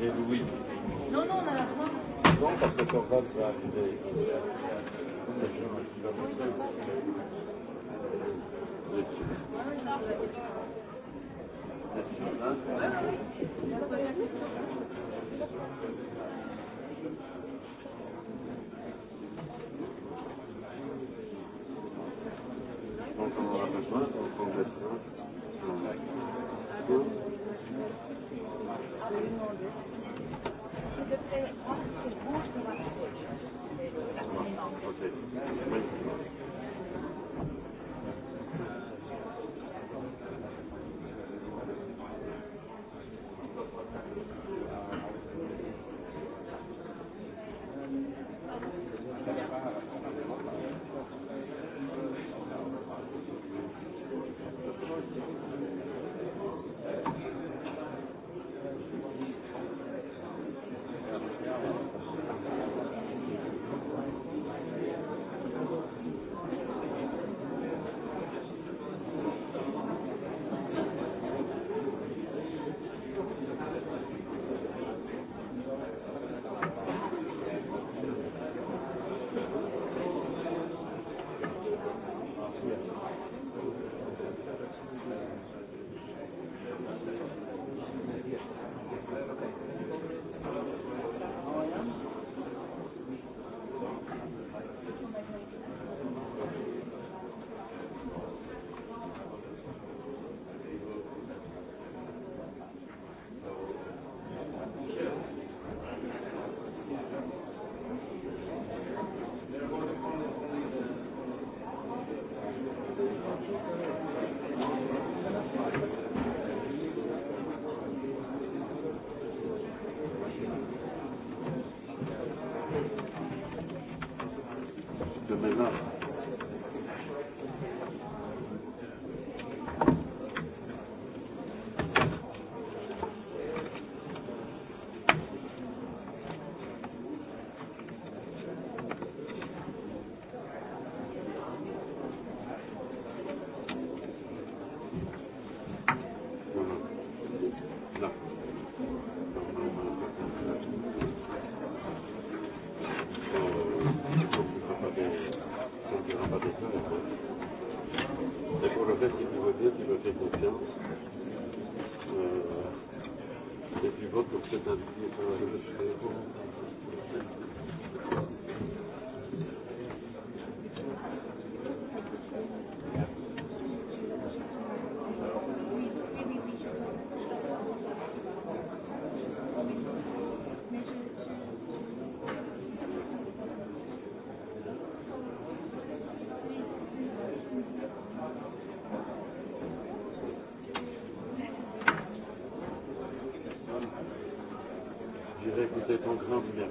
avez vous, oui. Non, non, on a la fin. Non, parce que ton vote va.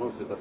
после того,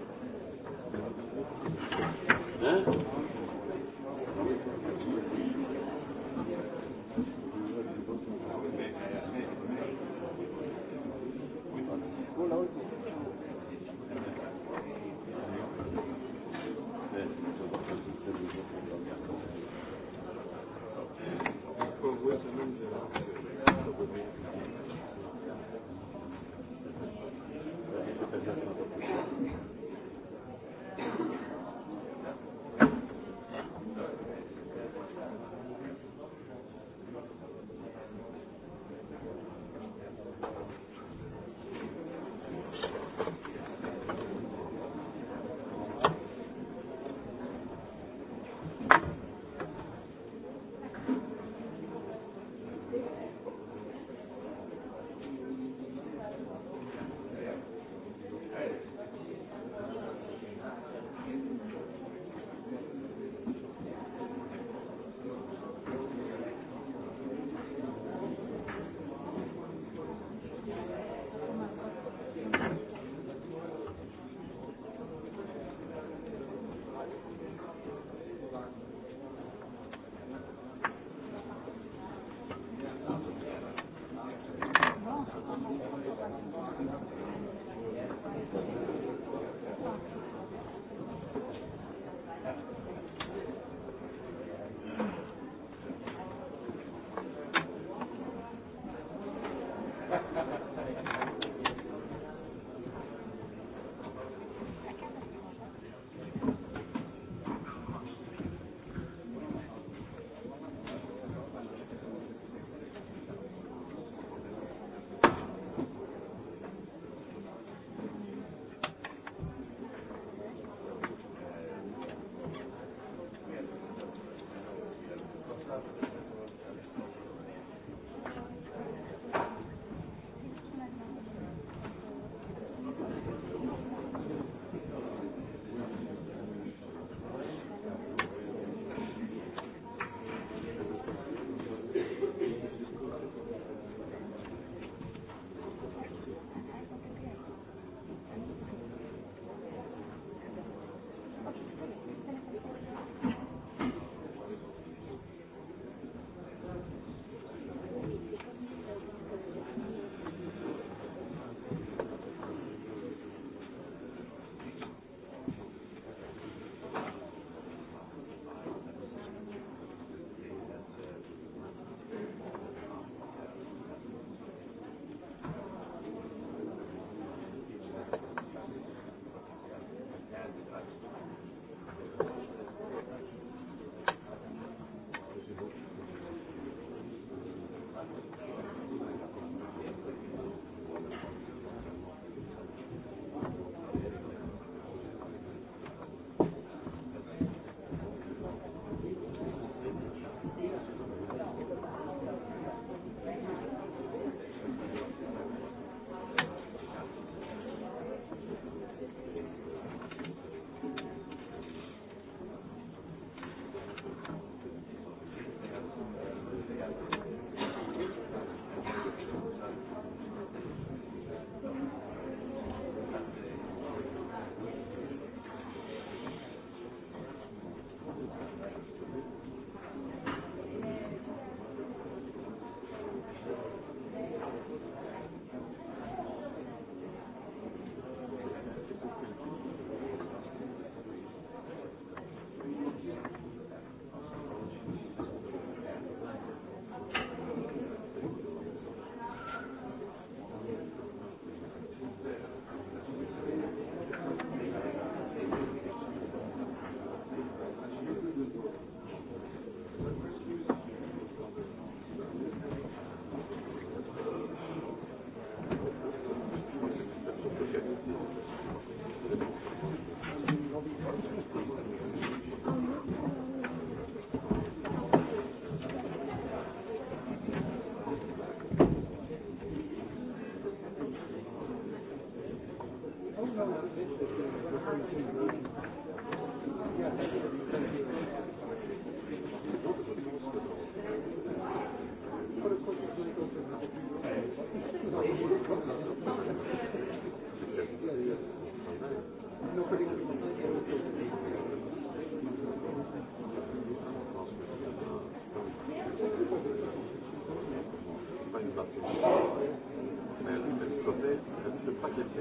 c'est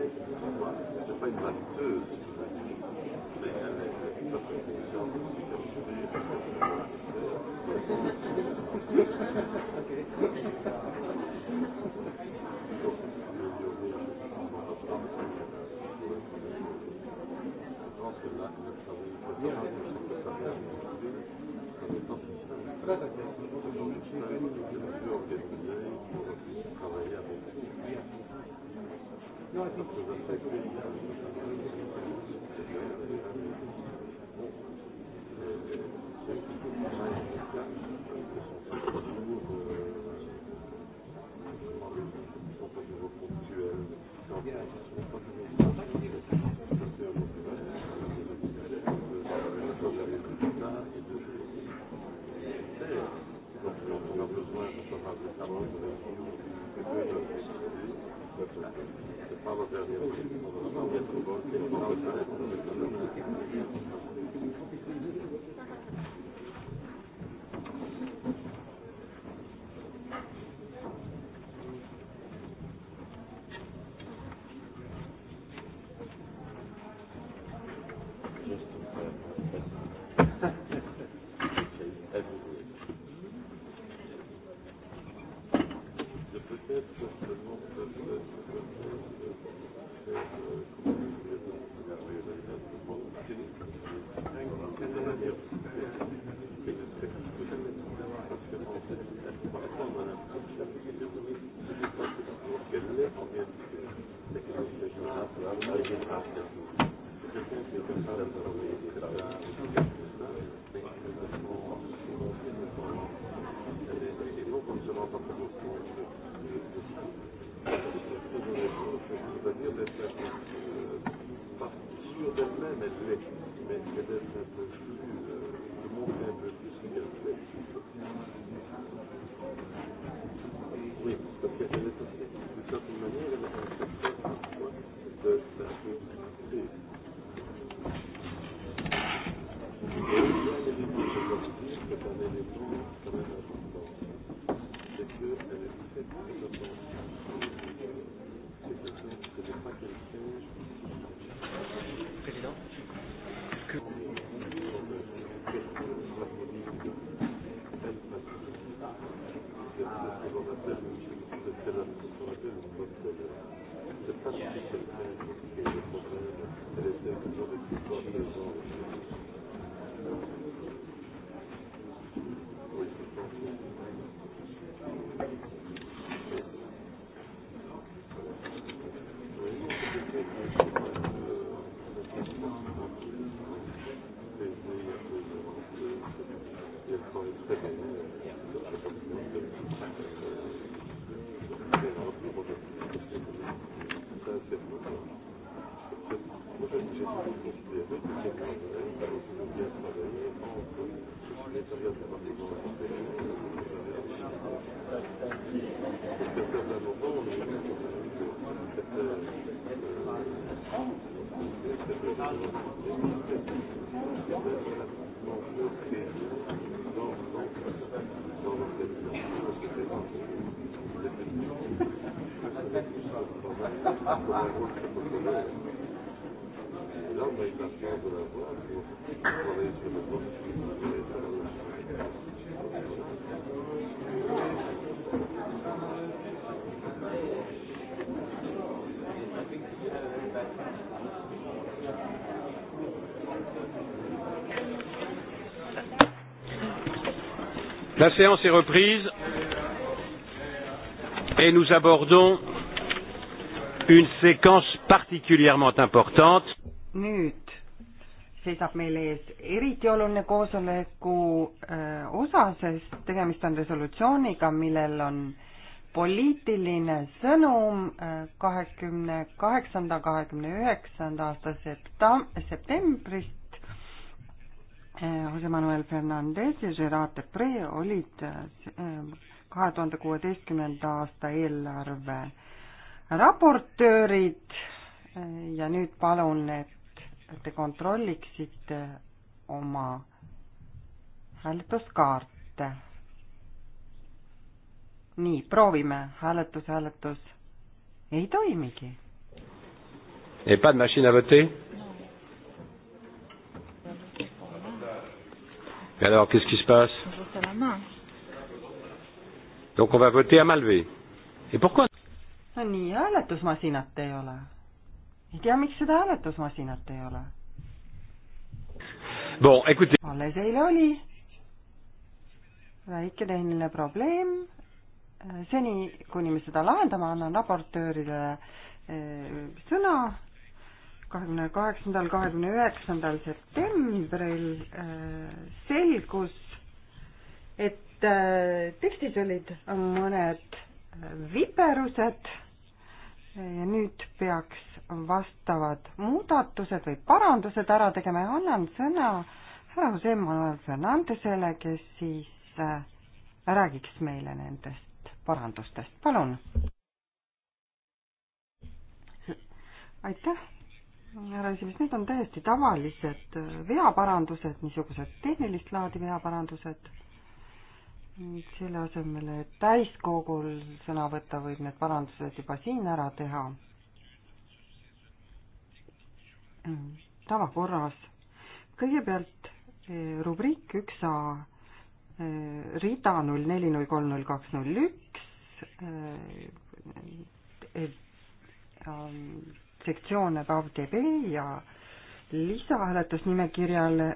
pas une batteuse, mais elle est tout à fait intelligente. Je pense que là, le travail, il faut bien, ça dépend. dazu, dass der Krieg Probably on the other, on the other, on the other side. La séance est reprise et nous abordons une séquence particulièrement importante. Nüüd seisab meil ees eriti oluline koosoleku äh, osa, sest tegemist on resolutsiooniga, millel on poliitiline sõnum äh, kahekümne kaheksanda, kahekümne üheksanda aasta septembrist Eh, Jose Manuel Fernandez ja Gerard Depre olid eh, kahe tuhande kuueteistkümnenda aasta eelarve raportöörid eh, ja nüüd palun, et te kontrolliksite oma hääletuskaarte. nii, proovime, hääletus, hääletus ei toimigi. ei panna sinna võtta? Et alors, qu'est-ce qui se passe On vote à la main. Donc on va voter à Malvé. Et pourquoi no nii, hääletusmasinat ei ole. ei tea, miks seda hääletusmasinat ei ole. Bon, écoutez. alles eile oli väike tehniline probleem. seni, kuni me seda lahendame, annan raportöörile eh, sõna kahekümne kaheksandal, kahekümne üheksandal septembril äh, selgus, et äh, tekstis olid mõned äh, viperused ja nüüd peaks vastavad muudatused või parandused ära tegema ja annan sõna härra Jose Manuel Fernandesele, kes siis räägiks meile nendest parandustest, palun. aitäh härra esimees, need on täiesti tavalised äh, veaparandused, niisugused tehnilist laadi veaparandused. selle asemel, et täiskogul sõna võtta, võib need parandused juba siin ära teha. tavakorras. kõigepealt äh, rubriik üks A, äh, rida null neli null kolm null kaks null üks ähm, sektsioon Rav TV ja lisahääletusnimekirjale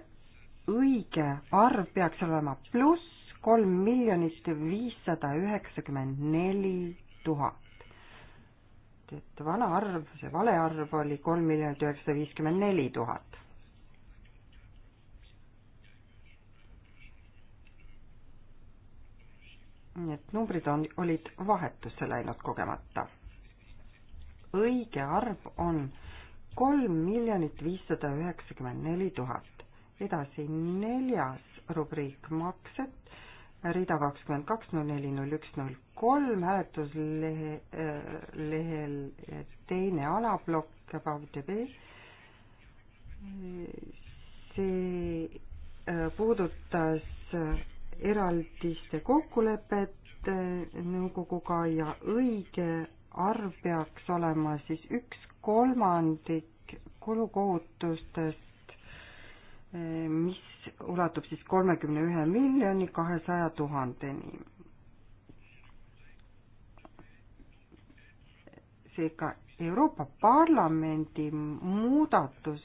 õige arv peaks olema pluss kolm miljonit viissada üheksakümmend neli tuhat. et vana arv, see vale arv oli kolm miljonit üheksasada viiskümmend neli tuhat. nii et numbrid on, olid vahetusse läinud kogemata õige arv on kolm miljonit viissada üheksakümmend neli tuhat. edasi neljas rubriik maksed, rida kakskümmend kaks, null neli, null üks, null kolm, hääletuslehe, äh, lehel teine alaplokk About the Bay. see äh, puudutas äh, eraldiste kokkulepet nõukoguga ja õige arv peaks olema siis üks kolmandik kulukohutustest, mis ulatub siis kolmekümne ühe miljoni kahesaja tuhandeni. seega Euroopa Parlamendi muudatus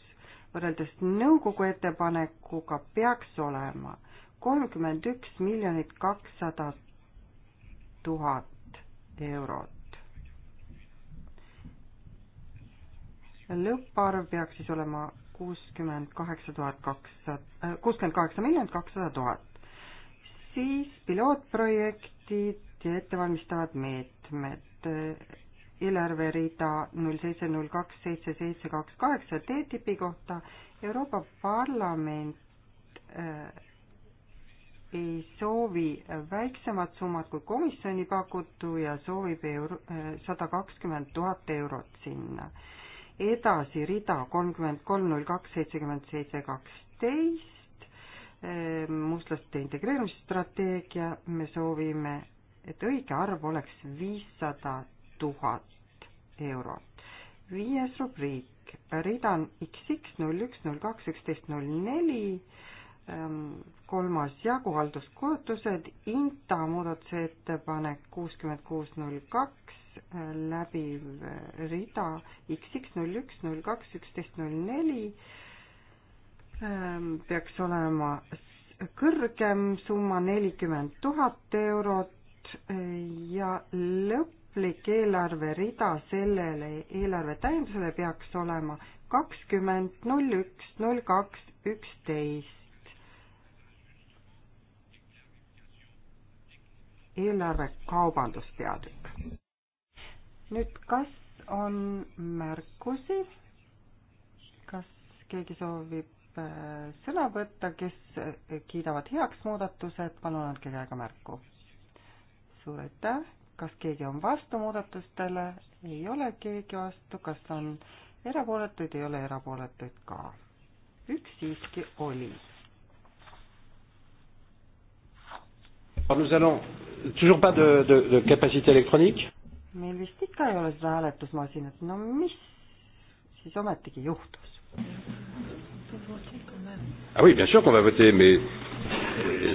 võrreldes nõukogu ettepanekuga peaks olema kolmkümmend üks miljonit kakssada tuhat eurot. lõpparv peaks siis olema kuuskümmend kaheksa tuhat kakssada, äh, kuuskümmend kaheksa miljonit kakssada tuhat. siis pilootprojektid ja ettevalmistavad meetmed, eelarve rida null seitse null kaks seitse seitse kaks kaheksa TTIP-i kohta Euroopa Parlament äh, ei soovi väiksemat summat kui komisjoni pakutu ja soovib euro, äh, sada kakskümmend tuhat eurot sinna äh, edasi rida kolmkümmend kolm null kaks seitsekümmend seitse kaksteist, ehm, mustlaste integreerimisstrateegia, me soovime, et õige arv oleks viissada tuhat eurot. viies rubriik, rida on XX null üks null kaks üksteist null neli, ehm, kolmas jagu halduskulutused, INTA muudatusettepanek kuuskümmend kuus null kaks, läbiv rida XX null üks null kaks üksteist null neli ähm, peaks olema kõrgem summa nelikümmend tuhat eurot ja lõplik eelarverida sellele eelarve täiendusele peaks olema kakskümmend null üks null kaks üksteist eelarve kaubandusteadlik. nüüd, kas on märkusi? kas keegi soovib äh, sõna võtta, kes äh, kiidavad heaks muudatused, palun andke käega märku. suur aitäh, kas keegi on vastu muudatustele, ei ole keegi vastu, kas on erapooletuid, ei ole erapooletuid ka. üks siiski oli Nous allons toujours pas de, de, de capacité électronique. meil vist ikka ei ole seda hääletusmasinat, no mis siis ometigi juhtus? Ah oui, bien sûr qu'on va voter, mais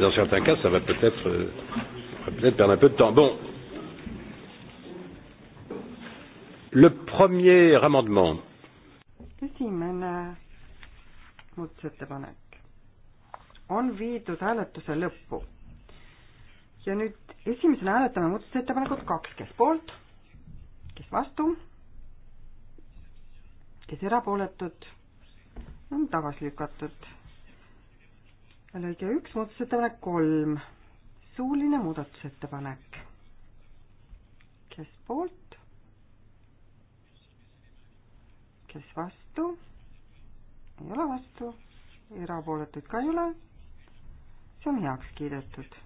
dans certains cas, ça va peut-être euh, peut-être perdre un peu de temps. Bon, le premier amendement. esimene muudatusettepanek on viidud hääletuse lõppu ja nüüd esimesena hääletame muudatusettepanekut kaks, kes poolt, kes vastu, kes erapooletud, on tagasi lükatud. lõige üks, muudatusettepanek kolm, suuline muudatusettepanek. kes poolt, kes vastu, ei ole vastu, erapooletuid ka ei ole, see on heaks kiidetud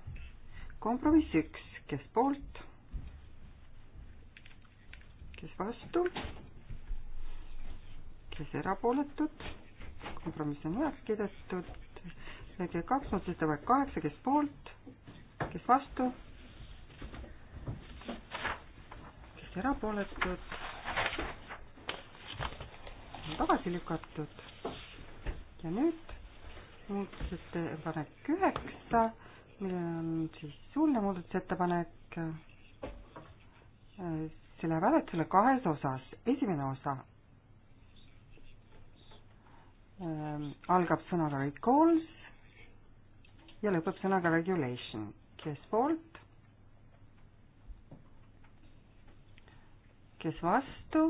kompromiss üks, kes poolt, kes vastu, kes erapooletud, kompromiss on heaks kiidetud, lõige kaks, muudatusettepanek kaheksa, kes poolt, kes vastu, kes erapooletud, tagasi lükatud ja nüüd muudatusettepanek üheksa millel on siis suuline muudatusettepanek. see läheb hääletusele kahes osas. esimene osa ähm, algab sõnaga recalls ja lõpeb sõnaga regulation. kes poolt? kes vastu?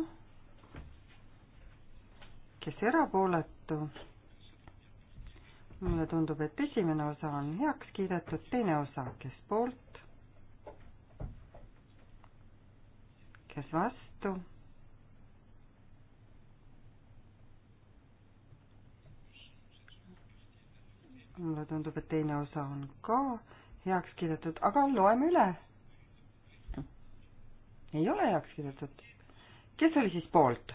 kes erapooletu? mulle tundub, et esimene osa on heaks kiidetud, teine osa, kes poolt, kes vastu. mulle tundub, et teine osa on ka heaks kiidetud, aga loeme üle. ei ole heaks kiidetud. kes oli siis poolt?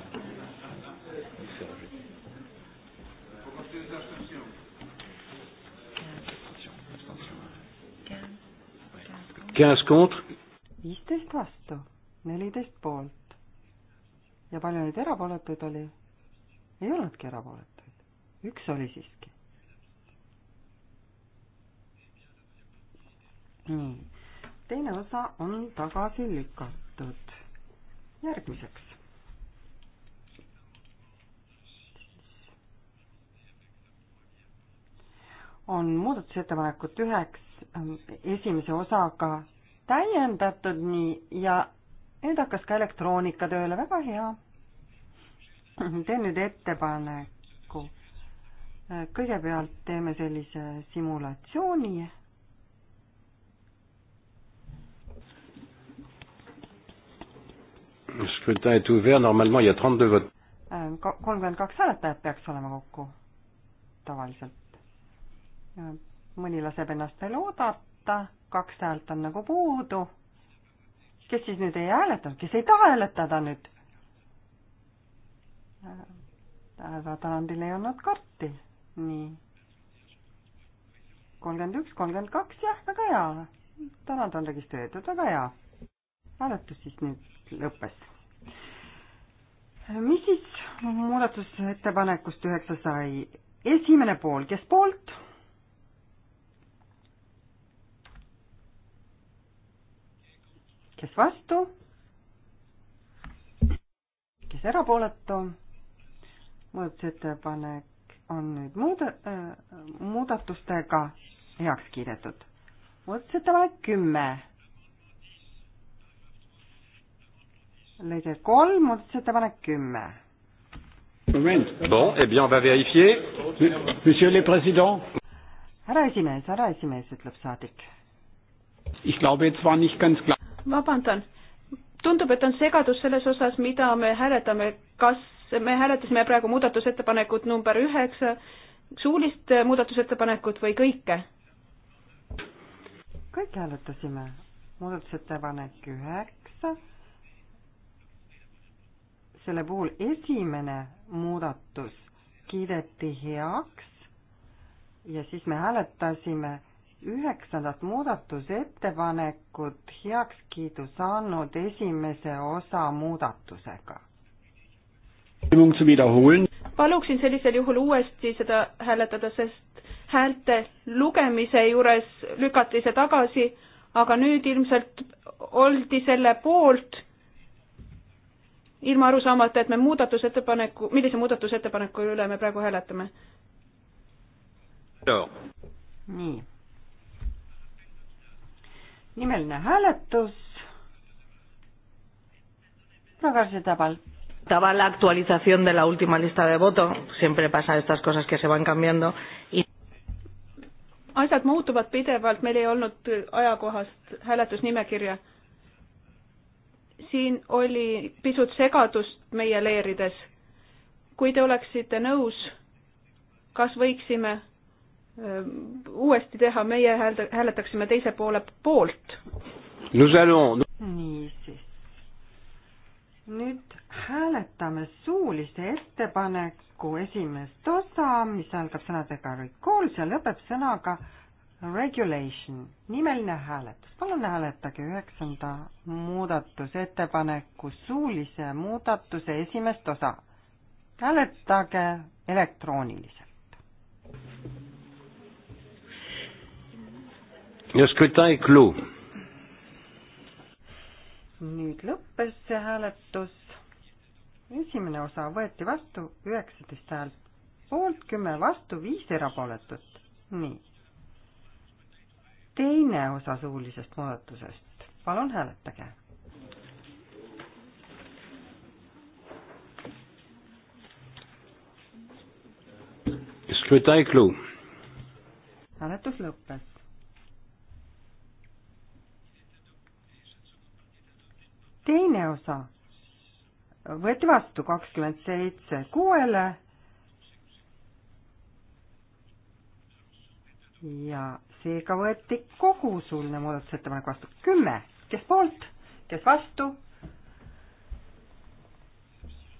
viisteist vastu, neliteist poolt. ja palju neid erapooletuid oli? ei olnudki erapooletuid, üks oli siiski. nii, teine osa on tagasi lükatud. järgmiseks. on muudatusettepanekut üheks ehm, esimese osaga täiendatud nii ja nüüd hakkas ka elektroonika tööle, väga hea. teen nüüd ettepaneku. kõigepealt teeme sellise simulatsiooni. scrutin est ouvert, normalement il y a 32 votes. 32 äh, hääletajat peaks olema kokku tavaliselt. Äh, mõni laseb ennast veel oodata võtta, kaks häält on nagu puudu. kes siis nüüd ei hääletanud, kes ei taha hääletada nüüd? härra Tarandil ei olnud karti, nii. kolmkümmend üks, kolmkümmend kaks, jah, väga hea. Tarand on registreeritud, väga hea. hääletus siis nüüd lõppes. mis siis muudatusettepanekust üheksa sai? esimene pool, kes poolt? kes vastu, kes erapooletu. muudatusettepanek on nüüd muuda- äh,, muudatustega heaks kiidetud. muudatusettepanek kümme. lõige kolm, muudatusettepanek kümme. Bon, eh bien, on va vérifier. Monsieur le Président. härra esimees, härra esimees, ütleb saadik. Ich glaube, jetzt war nicht ganz klar vabandan, tundub, et on segadus selles osas, mida me hääletame, kas me hääletasime praegu muudatusettepanekut number üheksa, suulist muudatusettepanekut või kõike? kõik hääletasime, muudatusettepanek üheksa, selle puhul esimene muudatus kiideti heaks ja siis me hääletasime üheksandat muudatusettepanekut heakskiidu saanud esimese osa muudatusega. paluksin sellisel juhul uuesti seda hääletada, sest häälte lugemise juures lükati see tagasi, aga nüüd ilmselt oldi selle poolt ilma aru saamata, et me muudatusettepaneku, millise muudatusettepaneku üle me praegu hääletame. nii nimeline hääletus. Progressive Tabal. Estaba la actualización de la última lista de voto, siempre pasa estas cosas que se van cambiando y asjad muutuvad pidevalt, meil ei olnud ajakohast hääletusnimekirja. siin oli pisut segadust meie leerides. kui te oleksite nõus, kas võiksime Ehm, uuesti teha, meie häälda, hääletaksime teise poole poolt. niisiis. nüüd hääletame suulise ettepaneku esimest osa, mis algab sõnadega recalls ja lõpeb sõnaga regulation, nimeline hääletus. palun hääletage üheksanda muudatusettepaneku suulise muudatuse esimest osa. hääletage elektrooniliselt. Le scrutin est clos. nüüd lõppes see hääletus. esimene osa võeti vastu üheksateist häält poolt, kümme vastu, viis erapooletut. nii. teine osa suulisest muudatusest, palun hääletage. hääletus lõppes teine osa võeti vastu kakskümmend seitse kuuele ja seega võeti kogu suuline muudatusettepanek vastu kümme, kes poolt, kes vastu,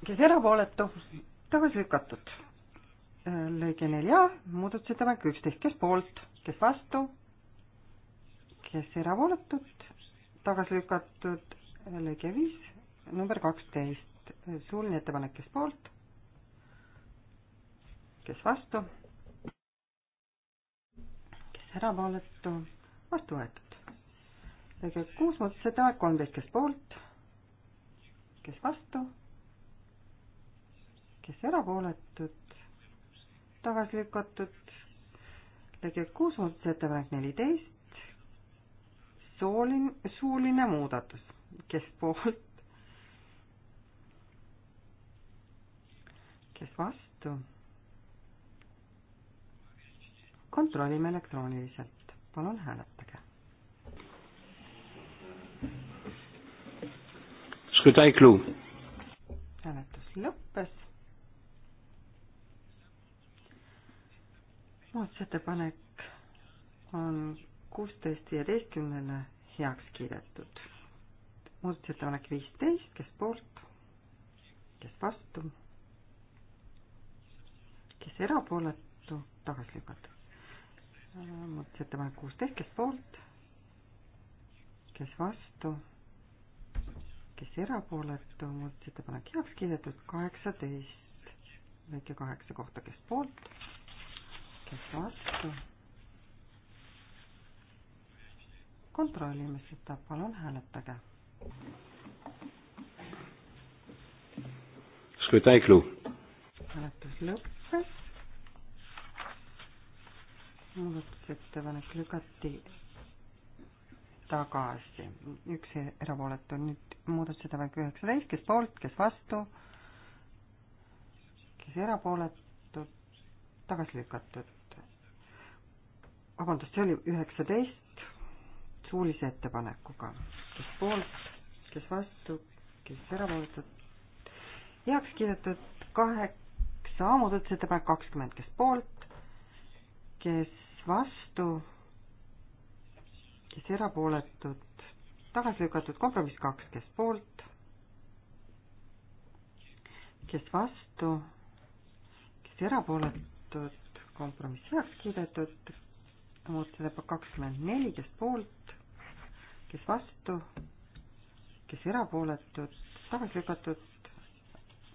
kes erapooletu, tagasi lükatud. lõige neli A, muudatusettepanek üksteist, kes poolt, kes vastu, kes erapooletud, tagasi lükatud lõige viis, number kaksteist, suuline ettepanek, kes poolt, kes vastu, kes erapooletu, vastu võetud. lõige kuus, muudatusettepanek kolmteist, kes poolt, kes vastu, kes erapooletud, tagasi lükatud, lõige kuus, muudatusettepanek neliteist, soolin-, suuline muudatus kes poolt, kes vastu. kontrollime elektrooniliselt, palun hääletage. hääletus lõppes. muudatusettepanek on kuusteist viieteistkümnele heaks kiidetud muudatusettepanek viisteist, kes poolt, kes vastu, kes erapooletu, tagasi lükata. muudatusettepanek kuusteist, kes poolt, kes vastu, kes erapooletu, muudatusettepanek heaks kiidetud, kaheksateist, lõike kaheksa kohta, kes poolt, kes vastu kontrollime seda, palun hääletage Scrutin clos. hääletus lõppes. muudatusettepanek lükati tagasi, üks erapooletu, nüüd muudatusettepanek üheksateist, kes poolt, kes vastu, kes erapooletud, tagasi lükatud. vabandust, see oli üheksateist suulise ettepanekuga, kes poolt kes vastu, kes erapooletud. heaks kiidetud kaheksa muudatusettepanek kakskümmend, kes poolt, kes vastu, kes erapooletud, tagasi lükatud kompromiss kaks, kes poolt, kes vastu, kes erapooletud, kompromiss heaks kiidetud, muudatusettepanek kakskümmend neli, kes poolt, kes vastu, kes erapooletud, tagasi lükatud.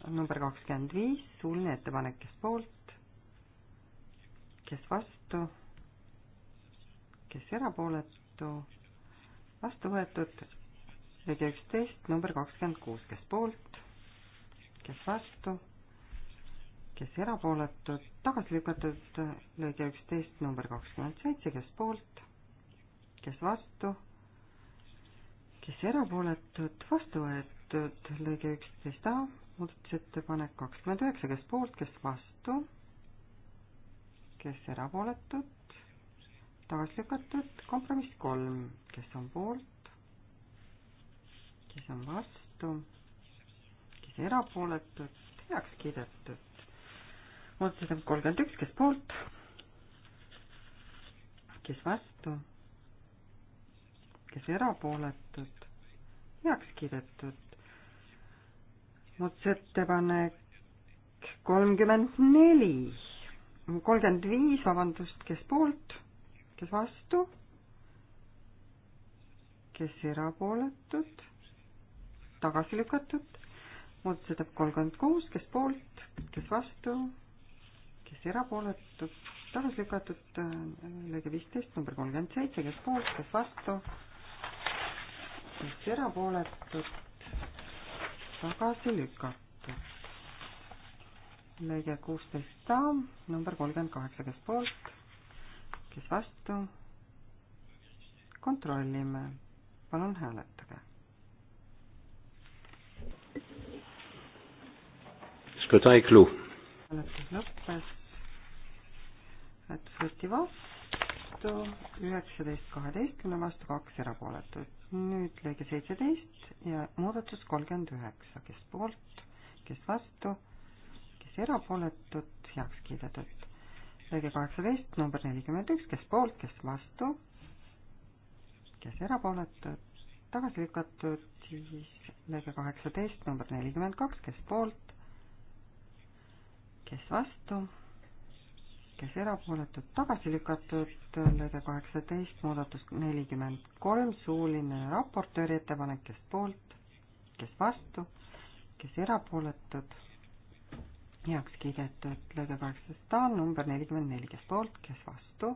number kakskümmend viis, suuline ettepanek, kes poolt, kes vastu, kes erapooletu, vastu võetud. lõige üksteist, number kakskümmend kuus, kes poolt, kes vastu, kes erapooletud, tagasi lükatud. lõige üksteist, number kakskümmend seitse, kes poolt, kes vastu kes erapooletud, vastu võetud, lõige üksteist A, muudatusettepanek kakskümmend üheksa, kes poolt, kes vastu, kes erapooletud, tagasi lükatud, kompromiss kolm, kes on poolt, kes on vastu, kes erapooletud, heaks kiidetud. muudatusettepanek kolmkümmend üks, kes poolt, kes vastu, kes erapooletud, heaks kiidetud. muudatusettepanek kolmkümmend neli, kolmkümmend viis, vabandust, kes poolt, kes vastu, kes erapooletud, tagasi lükatud, muudatusettepanek kolmkümmend kuus, kes poolt, kes vastu, kes erapooletud, tagasi lükatud, lõige viisteist, number kolmkümmend seitse, kes poolt, kes vastu üks erapooletut, tagasi lükatud. lõige kuusteist A, number kolmkümmend kaheksa, kes poolt, kes vastu. kontrollime, palun hääletage. hääletus lõppes, hääletus võeti vastu vastu, üheksateist kaheteistkümne vastu kaks erapooletut nüüd lõige seitseteist ja muudatus kolmkümmend üheksa, kes poolt, kes vastu, kes erapooletud, heaks kiidetud. lõige kaheksateist, number nelikümmend üks, kes poolt, kes vastu, kes erapooletud, tagasi lükatud, siis lõige kaheksateist, number nelikümmend kaks, kes poolt, kes vastu kes erapooletud, tagasi lükatud, lõige kaheksateist, muudatus nelikümmend kolm, suuline raportööri ettepanek, kes poolt, kes vastu, kes erapooletud, heaks kiidetud, lõige kaheksateist A, number nelikümmend neli, kes poolt, kes vastu,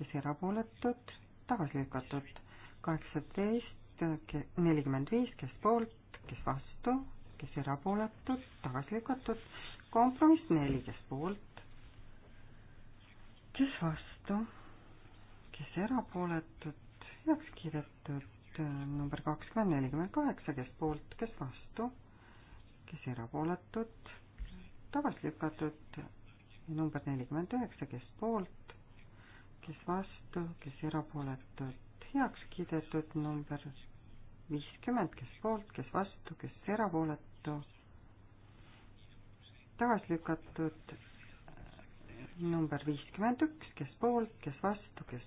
kes erapooletud, tagasi lükatud, kaheksateist, nelikümmend viis, kes poolt, kes vastu, kes erapooletud, tagasi lükatud, kompromiss neli, kes poolt, kes vastu, kes erapooletud, heaks kiidetud number kakskümmend nelikümmend kaheksa, kes poolt, kes vastu, kes erapooletud, tagasi lükatud number nelikümmend üheksa, kes poolt, kes vastu, kes erapooletud, heaks kiidetud number viiskümmend, kes poolt, kes vastu, kes erapooletu, tagasi lükatud number viiskümmend üks, kes poolt, kes vastu, kes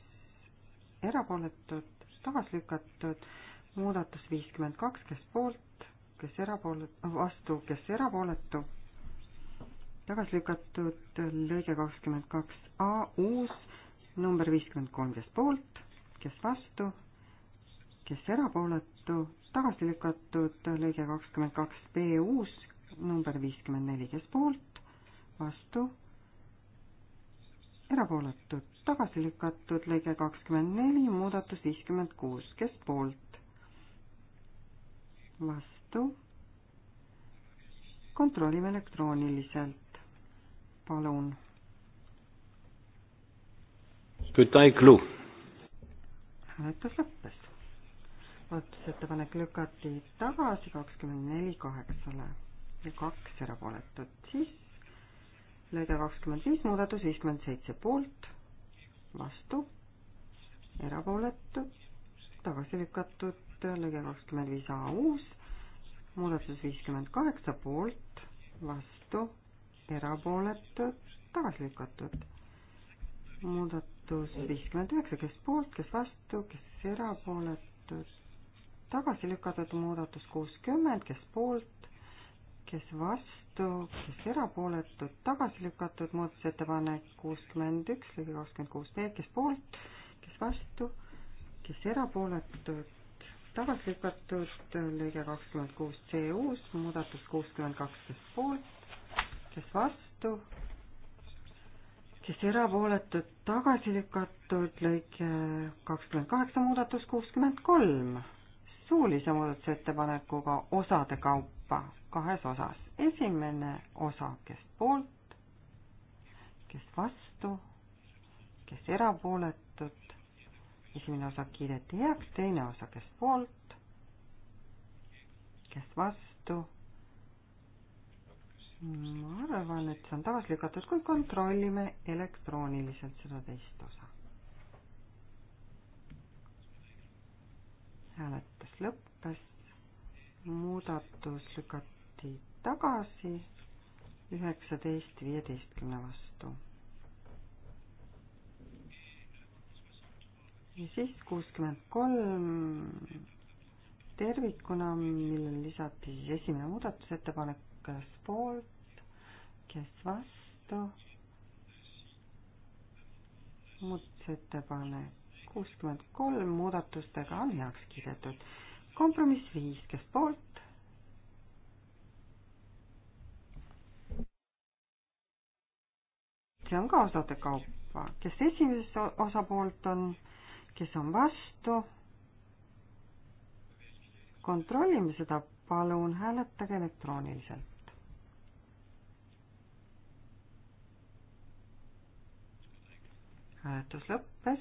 erapooletud, tagasi lükatud, muudatus viiskümmend kaks, kes poolt, kes erapoolet-, vastu, kes erapooletu, tagasi lükatud, lõige kakskümmend kaks A uus, number viiskümmend kolm, kes poolt, kes vastu, kes erapooletu, tagasi lükatud, lõige kakskümmend kaks B uus, number viiskümmend neli, kes poolt, vastu erapooletud, tagasi lükatud, lõige kakskümmend neli, muudatus viiskümmend kuus, kes poolt? vastu. kontrollime elektrooniliselt, palun. hääletus lõppes. otsusettepanek lükati tagasi kakskümmend neli kaheksale ja kaks erapooletut, siis lõige kakskümmend viis, muudatus viiskümmend seitse poolt, vastu, erapooletud, tagasi lükatud, lõige kakskümmend viis A uus, muudatus viiskümmend kaheksa poolt, vastu, erapooletud, tagasi lükatud. muudatus viiskümmend üheksa, kes poolt, kes vastu, kes erapooletud, tagasi lükatud muudatus kuuskümmend, kes poolt, kes vastu, kes erapooletud, tagasi lükatud, muudatusettepanek kuuskümmend üks, lõige kakskümmend kuus B, kes poolt, kes vastu, kes erapooletud, tagasi lükatud, lõige kakskümmend kuus C uus, muudatus kuuskümmend kaks, kes poolt, kes vastu, kes erapooletud, tagasi lükatud, lõige kakskümmend kaheksa, muudatus kuuskümmend kolm, suulise muudatusettepanekuga osade kaupa kahes osas. esimene osa, kes poolt, kes vastu, kes erapooletud, esimene osa kiideti heaks, teine osa, kes poolt, kes vastu. ma arvan, et see on tagasi lükatud, kui kontrollime elektrooniliselt seda teist osa. hääletus lõppes, muudatus lükat-, lükati tagasi üheksateist viieteistkümne vastu. ja siis kuuskümmend kolm tervikuna, millele lisati siis esimene muudatusettepanek, kes poolt, kes vastu. muudatusettepanek kuuskümmend kolm muudatustega on heaks kiidetud. kompromiss viis, kes poolt, see on ka osade kaupa, kes esimeses osapoolt on, kes on vastu. kontrollime seda, palun hääletage elektrooniliselt. hääletus lõppes.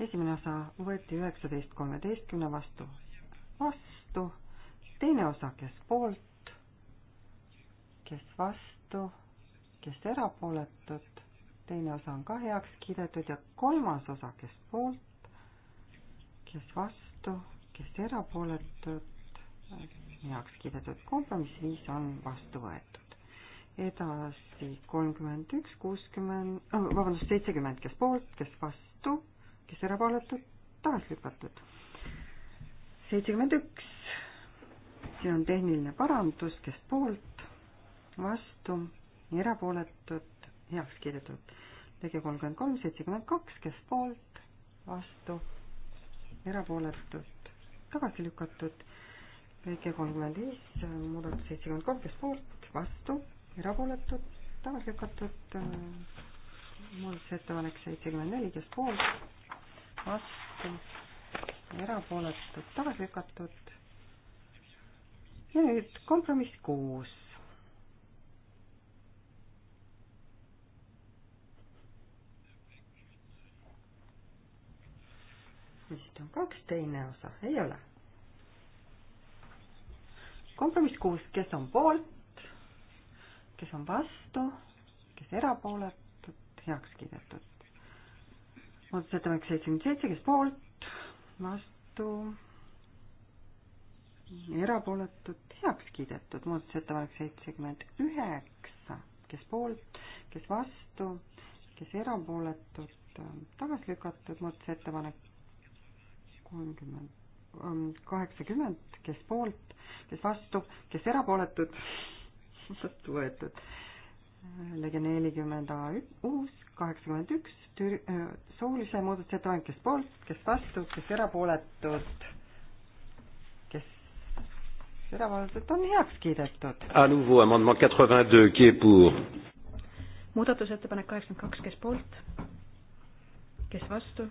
esimene osa võeti üheksateist kolmeteistkümne vastu, vastu, teine osa, kes poolt, kes vastu, kes erapooletud, teine osa on ka heaks kiidetud ja kolmas osa, kes poolt, kes vastu, kes erapooletud, heaks kiidetud kompromiss viis on vastu võetud. edasi kolmkümmend üks, kuuskümmend, oh, vabandust, seitsekümmend, kes poolt, kes vastu, kes erapooletud, tagasi lükatud. seitsekümmend üks, siin on tehniline parandus, kes poolt vastu, erapooletud, heaks kiidetud. lõige kolmkümmend kolm, seitsekümmend kaks, kes poolt, vastu, erapooletud, tagasi lükatud. lõige kolmkümmend viis, muudatus seitsekümmend kolm, kes poolt, vastu, erapooletud, tagasi lükatud. muudatusettepanek seitsekümmend neli, kes poolt, vastu, erapooletud, tagasi lükatud. ja nüüd kompromiss kuus ja siit on kaks, teine osa, ei ole. kompromiss kuus, kes on poolt, kes on vastu, kes erapooletud, heaks kiidetud. muudatusettepanek seitsekümmend seitse, kes poolt, vastu, erapooletud, heaks kiidetud. muudatusettepanek seitsekümmend üheksa, kes poolt, kes vastu, kes erapooletud, tagasi lükatud. muudatusettepanek kolmkümmend, ähm, kaheksakümmend, kes poolt, kes vastu, kes erapooletud, vastu võetud. lõige nelikümmend A uus, kaheksakümmend üks, äh, soolise muudatusettepanek, kes poolt, kes vastu, kes erapooletud, kes erapooletud, on heaks kiidetud. muudatusettepanek kaheksakümmend kaks, kes poolt, kes vastu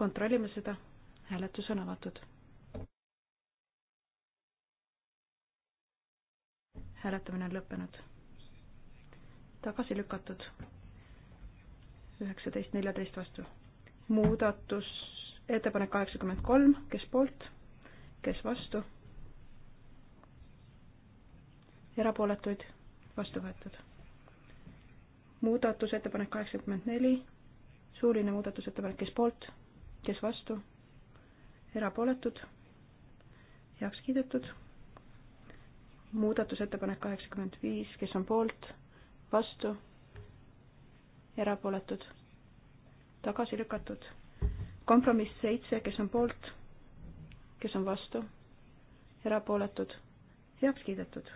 kontrollime seda, hääletus on avatud. hääletamine on lõppenud. tagasi lükatud. üheksateist, neljateist vastu. muudatus, ettepanek kaheksakümmend kolm, kes poolt, kes vastu? erapooletuid, vastu võetud. muudatusettepanek kaheksakümmend neli, suuline muudatusettepanek, kes poolt kes vastu, erapooletud, heaks kiidetud. muudatusettepanek kaheksakümmend viis, kes on poolt, vastu, erapooletud, tagasi lükatud. kompromiss seitse, kes on poolt, kes on vastu, erapooletud, heaks kiidetud.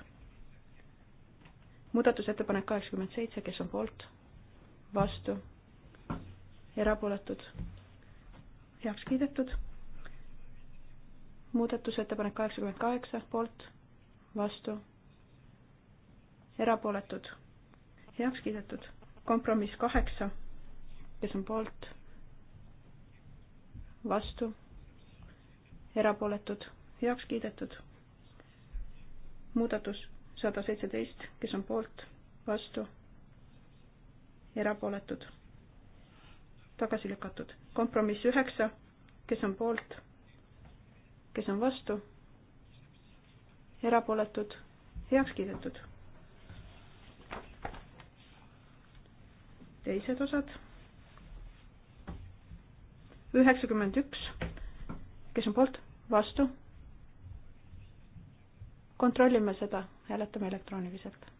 muudatusettepanek kaheksakümmend seitse, kes on poolt, vastu, erapooletud heaks kiidetud. muudatusettepanek kaheksakümmend kaheksa, poolt, vastu, erapooletud, heaks kiidetud. kompromiss kaheksa, kes on poolt, vastu, erapooletud, heaks kiidetud. muudatus sada seitseteist, kes on poolt, vastu, erapooletud, tagasi lükatud kompromiss üheksa, kes on poolt, kes on vastu, erapooletud, heaks kiidetud. teised osad. üheksakümmend üks, kes on poolt, vastu. kontrollime seda, hääletame elektrooniliselt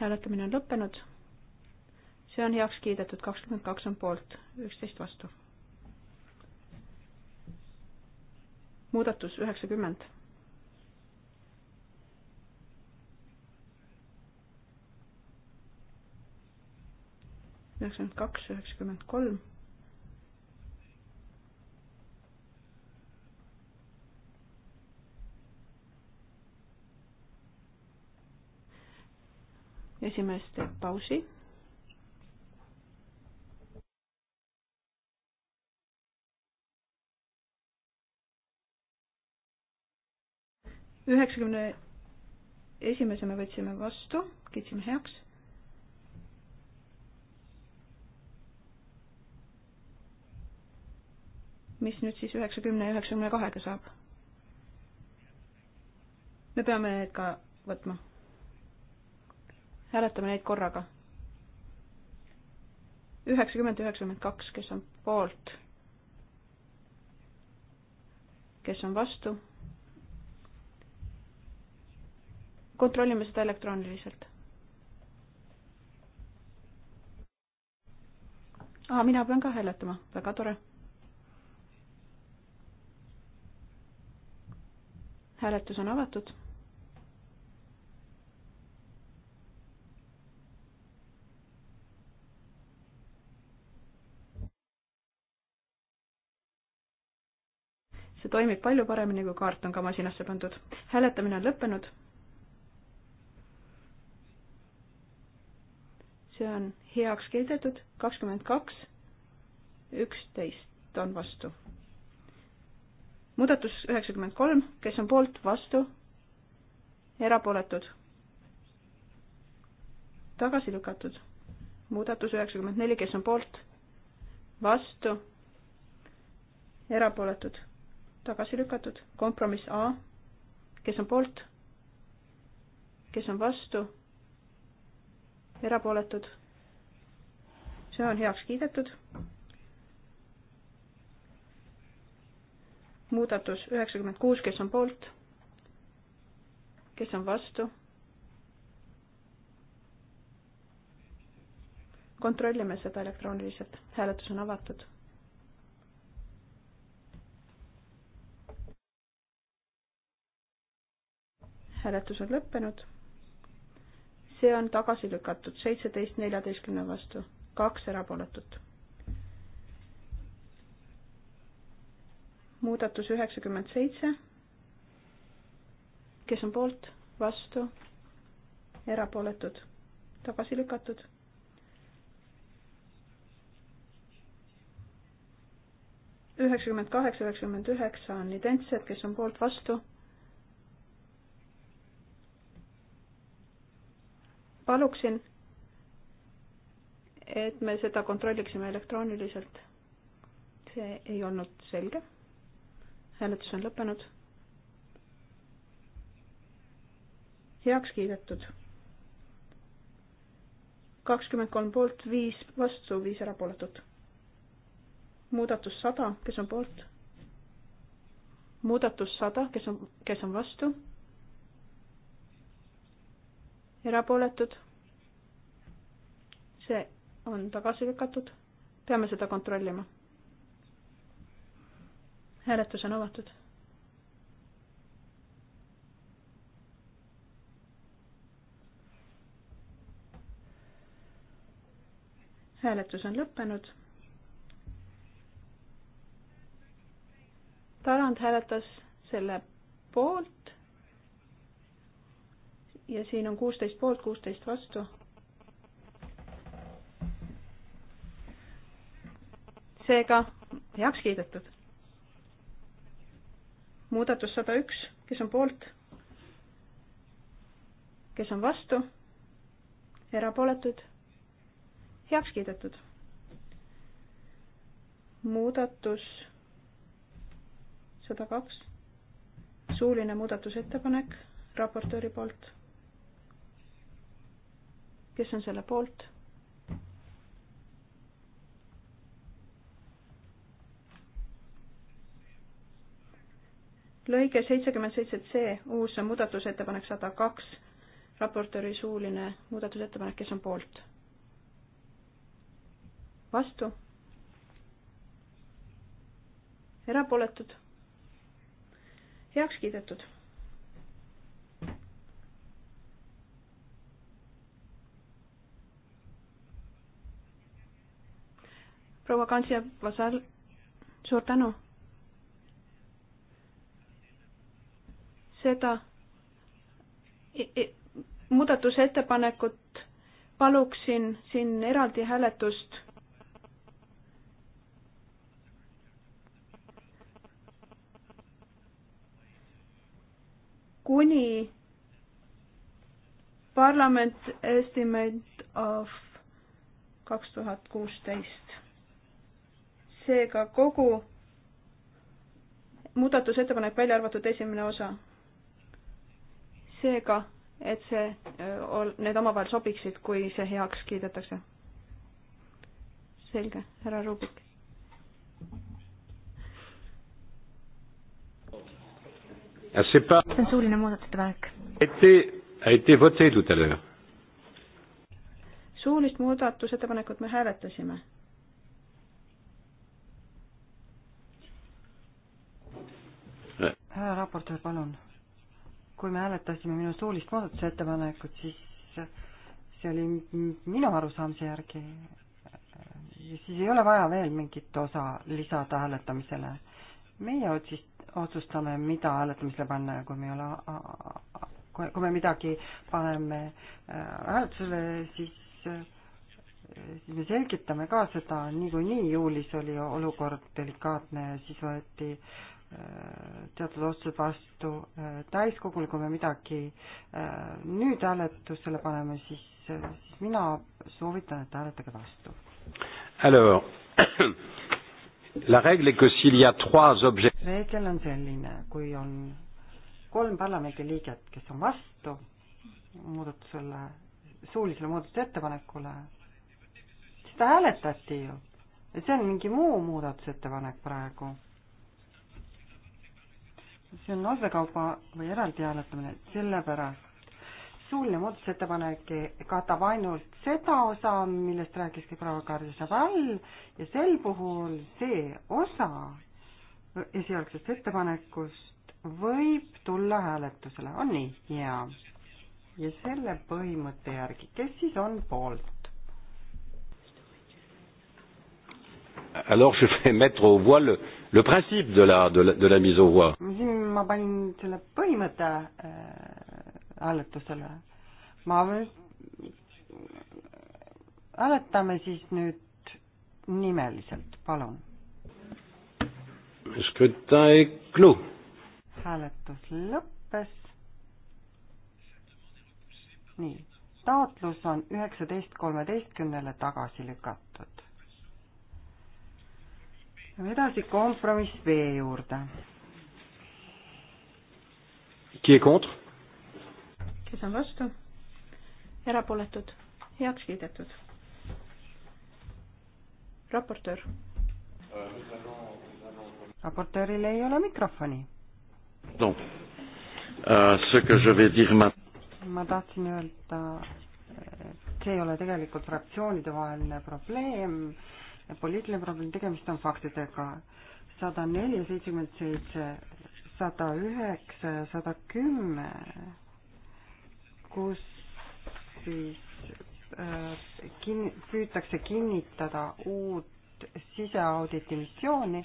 hääletamine on lõppenud. see on heaks kiidetud, kakskümmend kaks on poolt, üksteist vastu. muudatus üheksakümmend. üheksakümmend kaks, üheksakümmend kolm esimees teeb pausi üheksakümne esimese me võtsime vastu, kiitsime heaks. mis nüüd siis üheksakümne ja üheksakümne kahega saab? me peame need ka võtma hääletame neid korraga. üheksakümmend, üheksakümmend kaks, kes on poolt? kes on vastu? kontrollime seda elektrooniliselt. aa, mina pean ka hääletama, väga tore. hääletus on avatud see toimib palju paremini, kui kaart on ka masinasse pandud. hääletamine on lõppenud. see on heaks kiidetud, kakskümmend kaks, üksteist on vastu. muudatus üheksakümmend kolm, kes on poolt, vastu, erapooletud, tagasi lükatud. muudatus üheksakümmend neli, kes on poolt, vastu erapooletud tagasi lükatud. kompromiss A, kes on poolt, kes on vastu, erapooletud. see on heaks kiidetud. muudatus üheksakümmend kuus, kes on poolt, kes on vastu. kontrollime seda elektrooniliselt, hääletus on avatud hääletus on lõppenud. see on tagasi lükatud, seitseteist neljateistkümne vastu, kaks erapooletut. muudatus üheksakümmend seitse. kes on poolt, vastu, erapooletud, tagasi lükatud üheksakümmend kaheksa, üheksakümmend üheksa on identsed, kes on poolt vastu, paluksin, et me seda kontrolliksime elektrooniliselt. see ei olnud selge. hääletus on lõppenud. heaks kiidetud. kakskümmend kolm poolt, viis vastu, viis erapooletut. muudatus sada, kes on poolt? muudatus sada, kes on, kes on vastu? erapooletud. see on tagasi lükatud. peame seda kontrollima. hääletus on avatud. hääletus on lõppenud. Tarand hääletas selle poolt ja siin on kuusteist poolt, kuusteist vastu. seega heaks kiidetud. muudatus sada üks, kes on poolt? kes on vastu? erapooletud? heaks kiidetud. muudatus sada kaks, suuline muudatusettepanek raportööri poolt kes on selle poolt? lõige seitsekümmend seitse C, uus muudatusettepanek sada kaks, raportööri suuline muudatusettepanek, kes on poolt? vastu? erapooletud? heaks kiidetud proua Kansja Vasal, suur tänu. seda muudatusettepanekut paluksin siin eraldi hääletust. kuni parlament estimate of kaks tuhat kuusteist seega kogu muudatusettepanek välja arvatud esimene osa. seega, et see, need omavahel sobiksid, kui see heaks kiidetakse. selge, härra Rubik. Ah, see on suuline muudatusettepanek. suulist muudatusettepanekut me hääletasime Äh. härra raportöör, palun. kui me hääletasime minu suulist muudatusettepanekut, siis see oli minu arusaamise järgi, siis ei ole vaja veel mingit osa lisada hääletamisele. meie otsist-, otsustame, mida hääletamisele panna ja kui me ei ole, kui, kui me midagi paneme äh, hääletusele, siis, äh, siis me selgitame ka seda, niikuinii juulis oli olukord delikaatne ja siis võeti äh, teatud otsused vastu äh, täiskogul, kui me midagi äh, nüüd hääletusele paneme, siis, äh, siis mina soovitan, et hääletage vastu. Alors, la règle est que s'il y a trois objets-. reegel on selline, kui on kolm parlamendiliiget, kes on vastu muudatusele, suulisele muudatusettepanekule, seda hääletati ju. see on mingi muu muudatusettepanek praegu see on osakaupa või eraldi hääletamine, sellepärast suuline muudatusettepanek katab ainult seda osa, millest rääkis ka proua Karsapall ja sel puhul see osa esialgsest ettepanekust võib tulla hääletusele, on nii? jaa. ja selle põhimõtte järgi, kes siis on poolt? Alors je vais mettre au voile le principe de la, de la, de la mise au voie. siin ma panin selle põhimõtte äh, hääletusele äh,. ma hääletame siis nüüd nimeliselt, palun. hääletus lõppes. nii, taotlus on üheksateist kolmeteistkümnele tagasi lükatud. Lähme edasi kompromiss B juurde. kes on vastu? erapooletud, heaks kiidetud. raportöör. raportööril ei ole mikrofoni. Euh, ma tahtsin öelda, et see ei ole tegelikult fraktsioonidevaheline probleem poliitiline probleem, tegemist on faktidega. sada neli, seitsekümmend seitse, sada üheksa ja sada kümme, kus siis äh, kin-, püütakse kinnitada uut siseauditi missiooni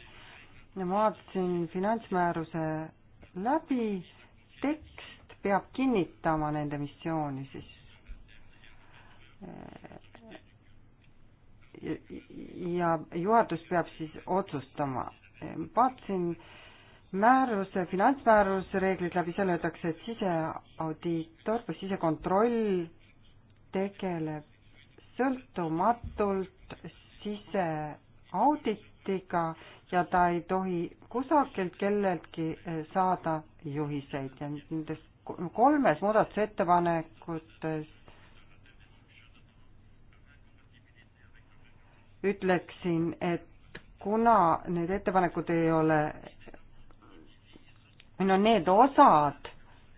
ja ma vaatasin finantsmääruse läbi, tekst peab kinnitama nende missiooni siis äh, ja juhatus peab siis otsustama. vaatasin määruse, finantsmääruse reeglid läbi, seal öeldakse, et siseaudiitor või sisekontroll tegeleb sõltumatult siseauditiga ja ta ei tohi kusagilt kelleltki eh, saada juhiseid ja nendes kolmes muudatusettepanekutes ütleksin, et kuna need ettepanekud ei ole, no need osad,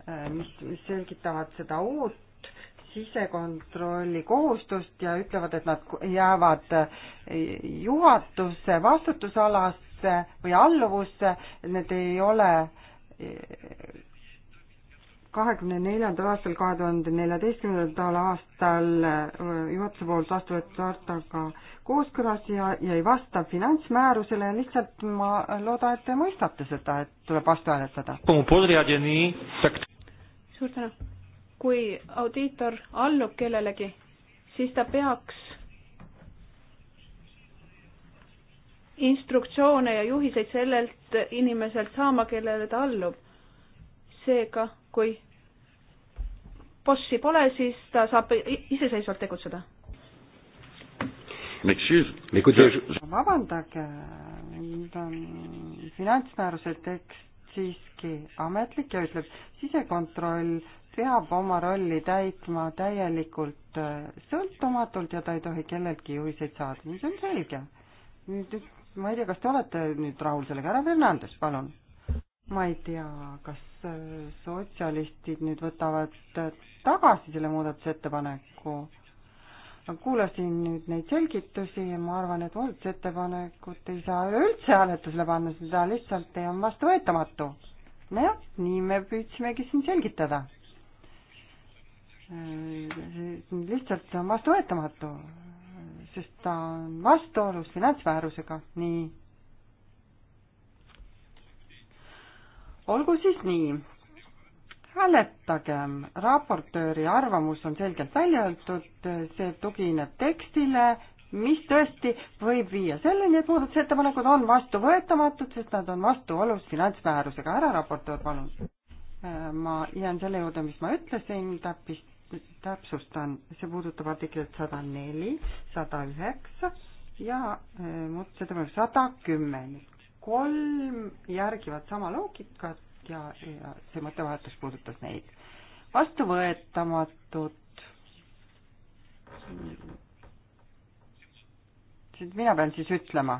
äh, mis, mis selgitavad seda uut sisekontrolli kohustust ja ütlevad, et nad jäävad äh, juhatuse vastutusalasse või alluvusse, et need ei ole äh, kahekümne neljandal aastal, kahe tuhande neljateistkümnendal aastal äh, juhatuse poolt vastu võetud hartaga kooskõlas ja, ja ei vasta finantsmäärusele, lihtsalt ma loodan, et te mõistate seda, et tuleb vastu hääletada. suur tänu. kui audiitor allub kellelegi, siis ta peaks instruktsioone ja juhiseid sellelt inimeselt saama, kellele ta allub seega, kui bossi pole, siis ta saab iseseisvalt tegutseda. vabandage, nüüd on finantsmääruse tekst siiski ametlik ja ütleb, sisekontroll peab oma rolli täitma täielikult äh, sõltumatult ja ta ei tohi kelleltki juhiseid saada, nii see on selge. nüüd, ma ei tea, kas te olete nüüd rahul sellega, härra Fernandes, palun ma ei tea, kas äh, sotsialistid nüüd võtavad äh, tagasi selle muudatusettepaneku. kuulasin nüüd neid selgitusi ja ma arvan, et muudatusettepanekut ei saa üleüldse hääletusele panna, seda lihtsalt on vastuvõetamatu. nojah, nii me püüdsimegi siin selgitada. Äh, lihtsalt see on vastuvõetamatu, sest ta on vastuolus finantsmäärusega, nii olgu siis nii, hääletagem, raportööri arvamus on selgelt välja öeldud, see tugineb tekstile, mis tõesti võib viia selleni, et muudatusettepanekud on vastuvõetamatud, sest nad on vastuolus finantsmäärusega. härra raportöör, palun. ma jään selle juurde, mis ma ütlesin, täpist, täpsustan, see puudutab artiklit sada neli, sada üheksa ja eh, muudatusettepanek sada kümme nüüd kolm järgivad sama loogikat ja, ja see mõttevahetus puudutas neid. vastuvõetamatud nüüd mina pean siis ütlema,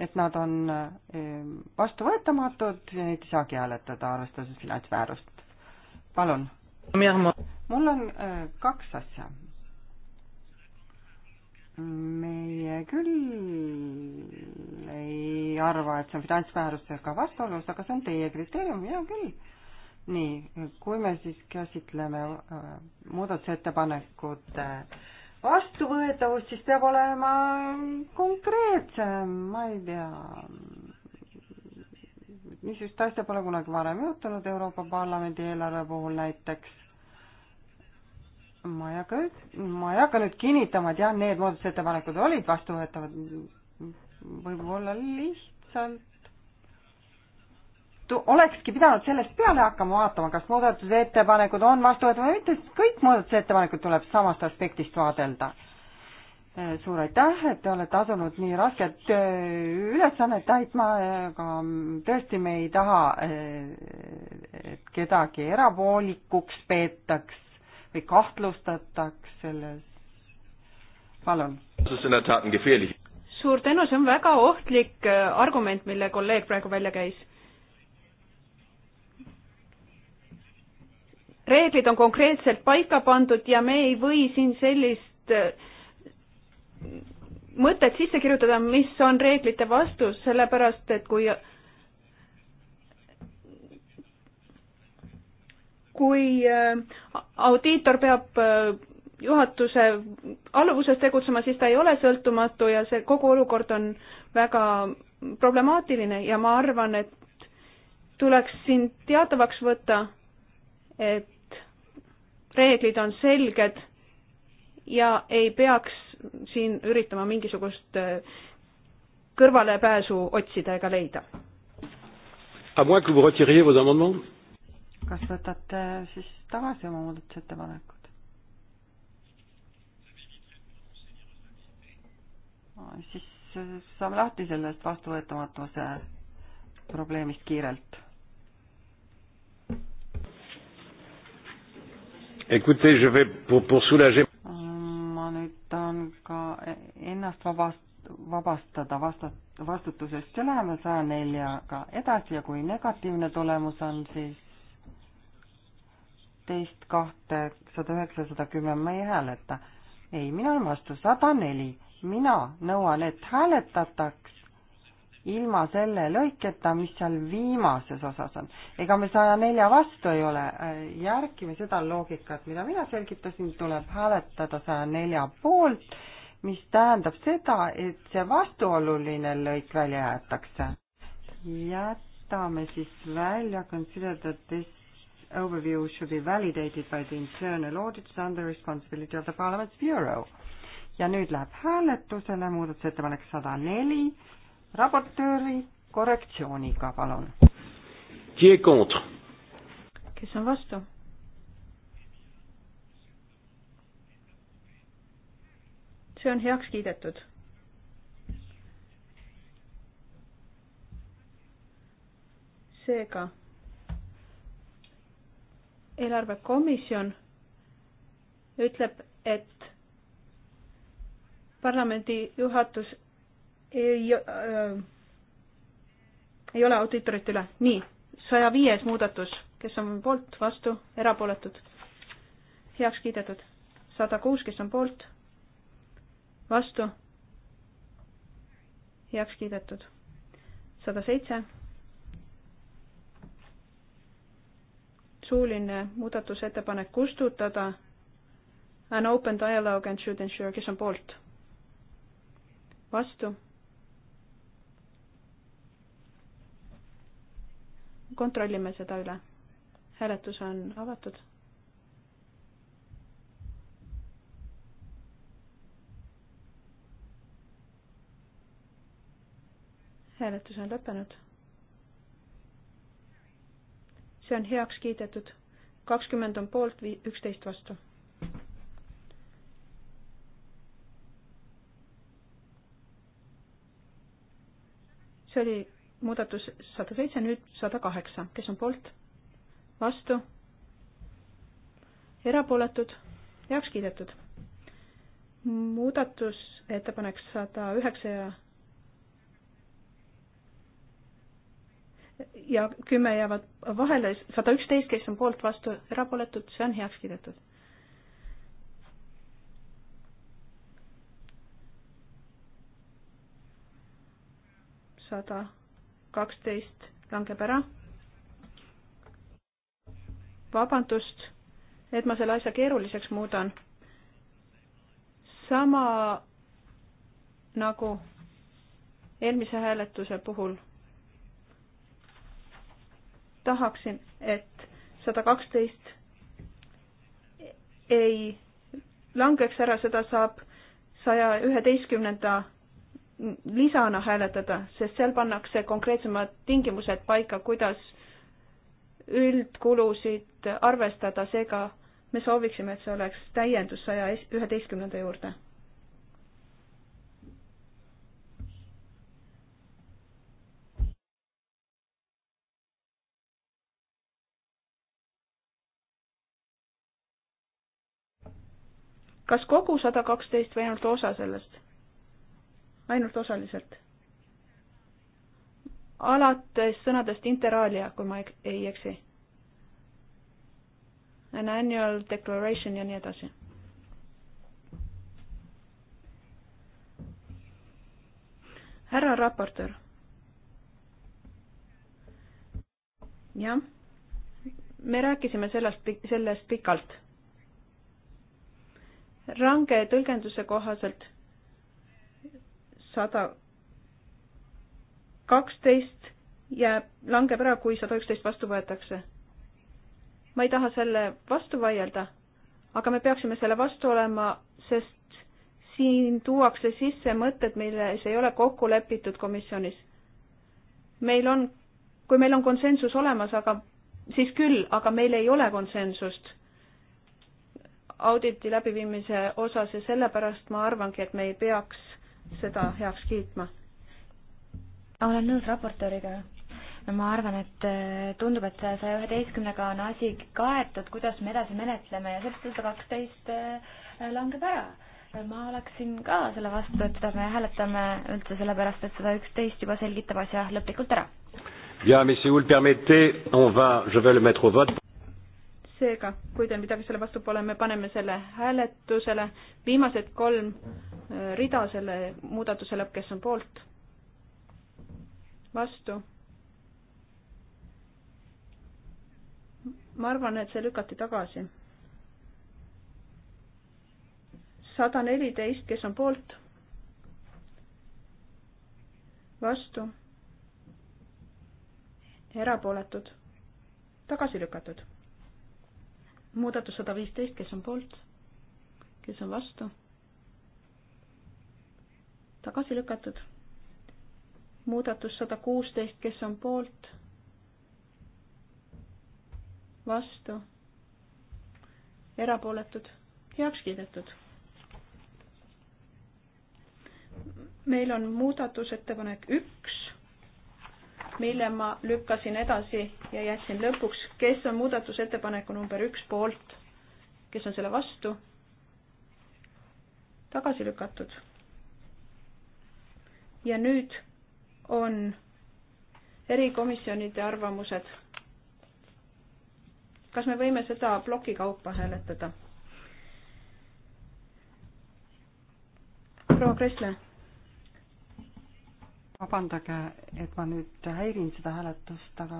et nad on ehm, vastuvõetamatud ja neid ei saagi hääletada, arvestades finantsmäärust. palun. mul on eh, kaks asja meie küll ei arva, et see on finantsmäärustega vastuolus, aga see on teie kriteerium, hea küll. nii, kui me siis käsitleme äh, muudatusettepanekute vastuvõetavust, siis peab olema konkreetsem, ma ei tea, niisugust asja pole kunagi varem juhtunud Euroopa Parlamendi eelarve puhul näiteks ma ei hakka nüüd, ma ei hakka nüüd kinnitama, et jah, need muudatusettepanekud olid vastuvõetavad, võib-olla lihtsalt tu-, olekski pidanud sellest peale hakkama vaatama, kas muudatusettepanekud on vastuvõetavad või mitte, sest kõik muudatusettepanekud tuleb samast aspektist vaadelda. suur aitäh, et te olete asunud nii rasket ülesannet täitma, aga tõesti me ei taha, et kedagi erapoolikuks peetaks või kahtlustataks selles? palun. suur tänu, see on väga ohtlik äh, argument, mille kolleeg praegu välja käis. reeglid on konkreetselt paika pandud ja me ei või siin sellist äh, mõtet sisse kirjutada, mis on reeglite vastus, sellepärast et kui kui äh, audiitor peab äh, juhatuse alluvuses tegutsema, siis ta ei ole sõltumatu ja see kogu olukord on väga problemaatiline ja ma arvan, et tuleks siin teatavaks võtta, et reeglid on selged ja ei peaks siin üritama mingisugust äh, kõrvalepääsu otsida ega leida. À moins que vous retiriez vos amendements kas võtate siis tagasi oma muudatusettepanekud? siis saame lahti sellest vastuvõetamatuse probleemist kiirelt. ma nüüd tahan ka ennast vabast-, vabastada vastat-, vastutusest ja läheme saja neljaga edasi ja kui negatiivne tulemus on, siis kaksteist, kahte, sada üheksa, sada kümme ma ei hääleta. ei, mina olen vastu sada neli, mina nõuan, et hääletataks ilma selle lõiketa, mis seal viimases osas on. ega me saja nelja vastu ei ole, äh, järgime seda loogikat, mida mina selgitasin, tuleb hääletada saja nelja poolt, mis tähendab seda, et see vastuoluline lõik välja jäetakse. jätame siis välja consider that this overview should be validated by the internal audits and the responsibility of the parliament's bureau. ja nüüd läheb hääletusele muudatusettepanek sada neli raportööri korrektsiooniga, palun. kes on vastu? see on heaks kiidetud. seega eelarvekomisjon ütleb, et parlamendi juhatus ei äh,, ei ole audiitorit üle. nii, saja viies muudatus, kes on poolt, vastu, erapooletud, heaks kiidetud. sada kuus, kes on poolt, vastu, heaks kiidetud. sada seitse suuline muudatusettepanek kustutada. An open dialogue and should ensure, kes on poolt? vastu. kontrollime seda üle. hääletus on avatud. hääletus on lõppenud see on heaks kiidetud. kakskümmend on poolt, üksteist vastu. see oli muudatus sada seitse, nüüd sada kaheksa, kes on poolt, vastu, erapooletud, heaks kiidetud. muudatusettepanek sada üheksa ja ja kümme jäävad vahele, sada üksteist, kes on poolt, vastu, erapooletud, see on heaks kiidetud. sada kaksteist langeb ära. vabandust, et ma selle asja keeruliseks muudan. sama nagu eelmise hääletuse puhul tahaksin, et sada kaksteist ei langeks ära, seda saab saja üheteistkümnenda lisana hääletada, sest seal pannakse konkreetsemad tingimused paika, kuidas üldkulusid arvestada, seega me sooviksime, et see oleks täiendus saja üheteistkümnenda juurde kas kogu sada kaksteist või ainult osa sellest? ainult osaliselt? alates sõnadest interaalia, kui ma ei eksi. An annual declaration ja nii edasi. härra raportöör. jah, me rääkisime sellest, sellest pikalt range tõlgenduse kohaselt sada kaksteist jääb, langeb ära, kui sada üksteist vastu võetakse. ma ei taha selle vastu vaielda, aga me peaksime selle vastu olema, sest siin tuuakse sisse mõtted, milles ei ole kokku lepitud komisjonis. meil on, kui meil on konsensus olemas, aga siis küll, aga meil ei ole konsensust auditi läbiviimise osas ja sellepärast ma arvangi, et me ei peaks seda heaks kiitma. olen nõus raportööriga no ma arvan, et äh, tundub, et saja üheteistkümnega on asi kaetud, kuidas me edasi menetleme ja sealt sada kaksteist äh, langeb ära. ma oleksin ka selle vastu, et seda me hääletame üldse sellepärast, et sada üksteist juba selgitab asja lõplikult ära. Bien, messieurs, vous le permettez, on va, je vais le mettre au vote seega, kui teil midagi selle vastu pole, me paneme selle hääletusele, viimased kolm äh, rida selle muudatuse lõpp, kes on poolt, vastu. ma arvan, et see lükati tagasi. sada neliteist, kes on poolt, vastu, erapooletud, tagasi lükatud muudatus sada viisteist, kes on poolt, kes on vastu? tagasi lükatud. muudatus sada kuusteist, kes on poolt? vastu? erapooletud? heaks kiidetud. meil on muudatusettepanek üks mille ma lükkasin edasi ja jätsin lõpuks, kes on muudatusettepaneku number üks poolt, kes on selle vastu, tagasi lükatud. ja nüüd on erikomisjonide arvamused. kas me võime seda ploki kaupa hääletada? proua Kressle vabandage, et ma nüüd häirin seda hääletust, aga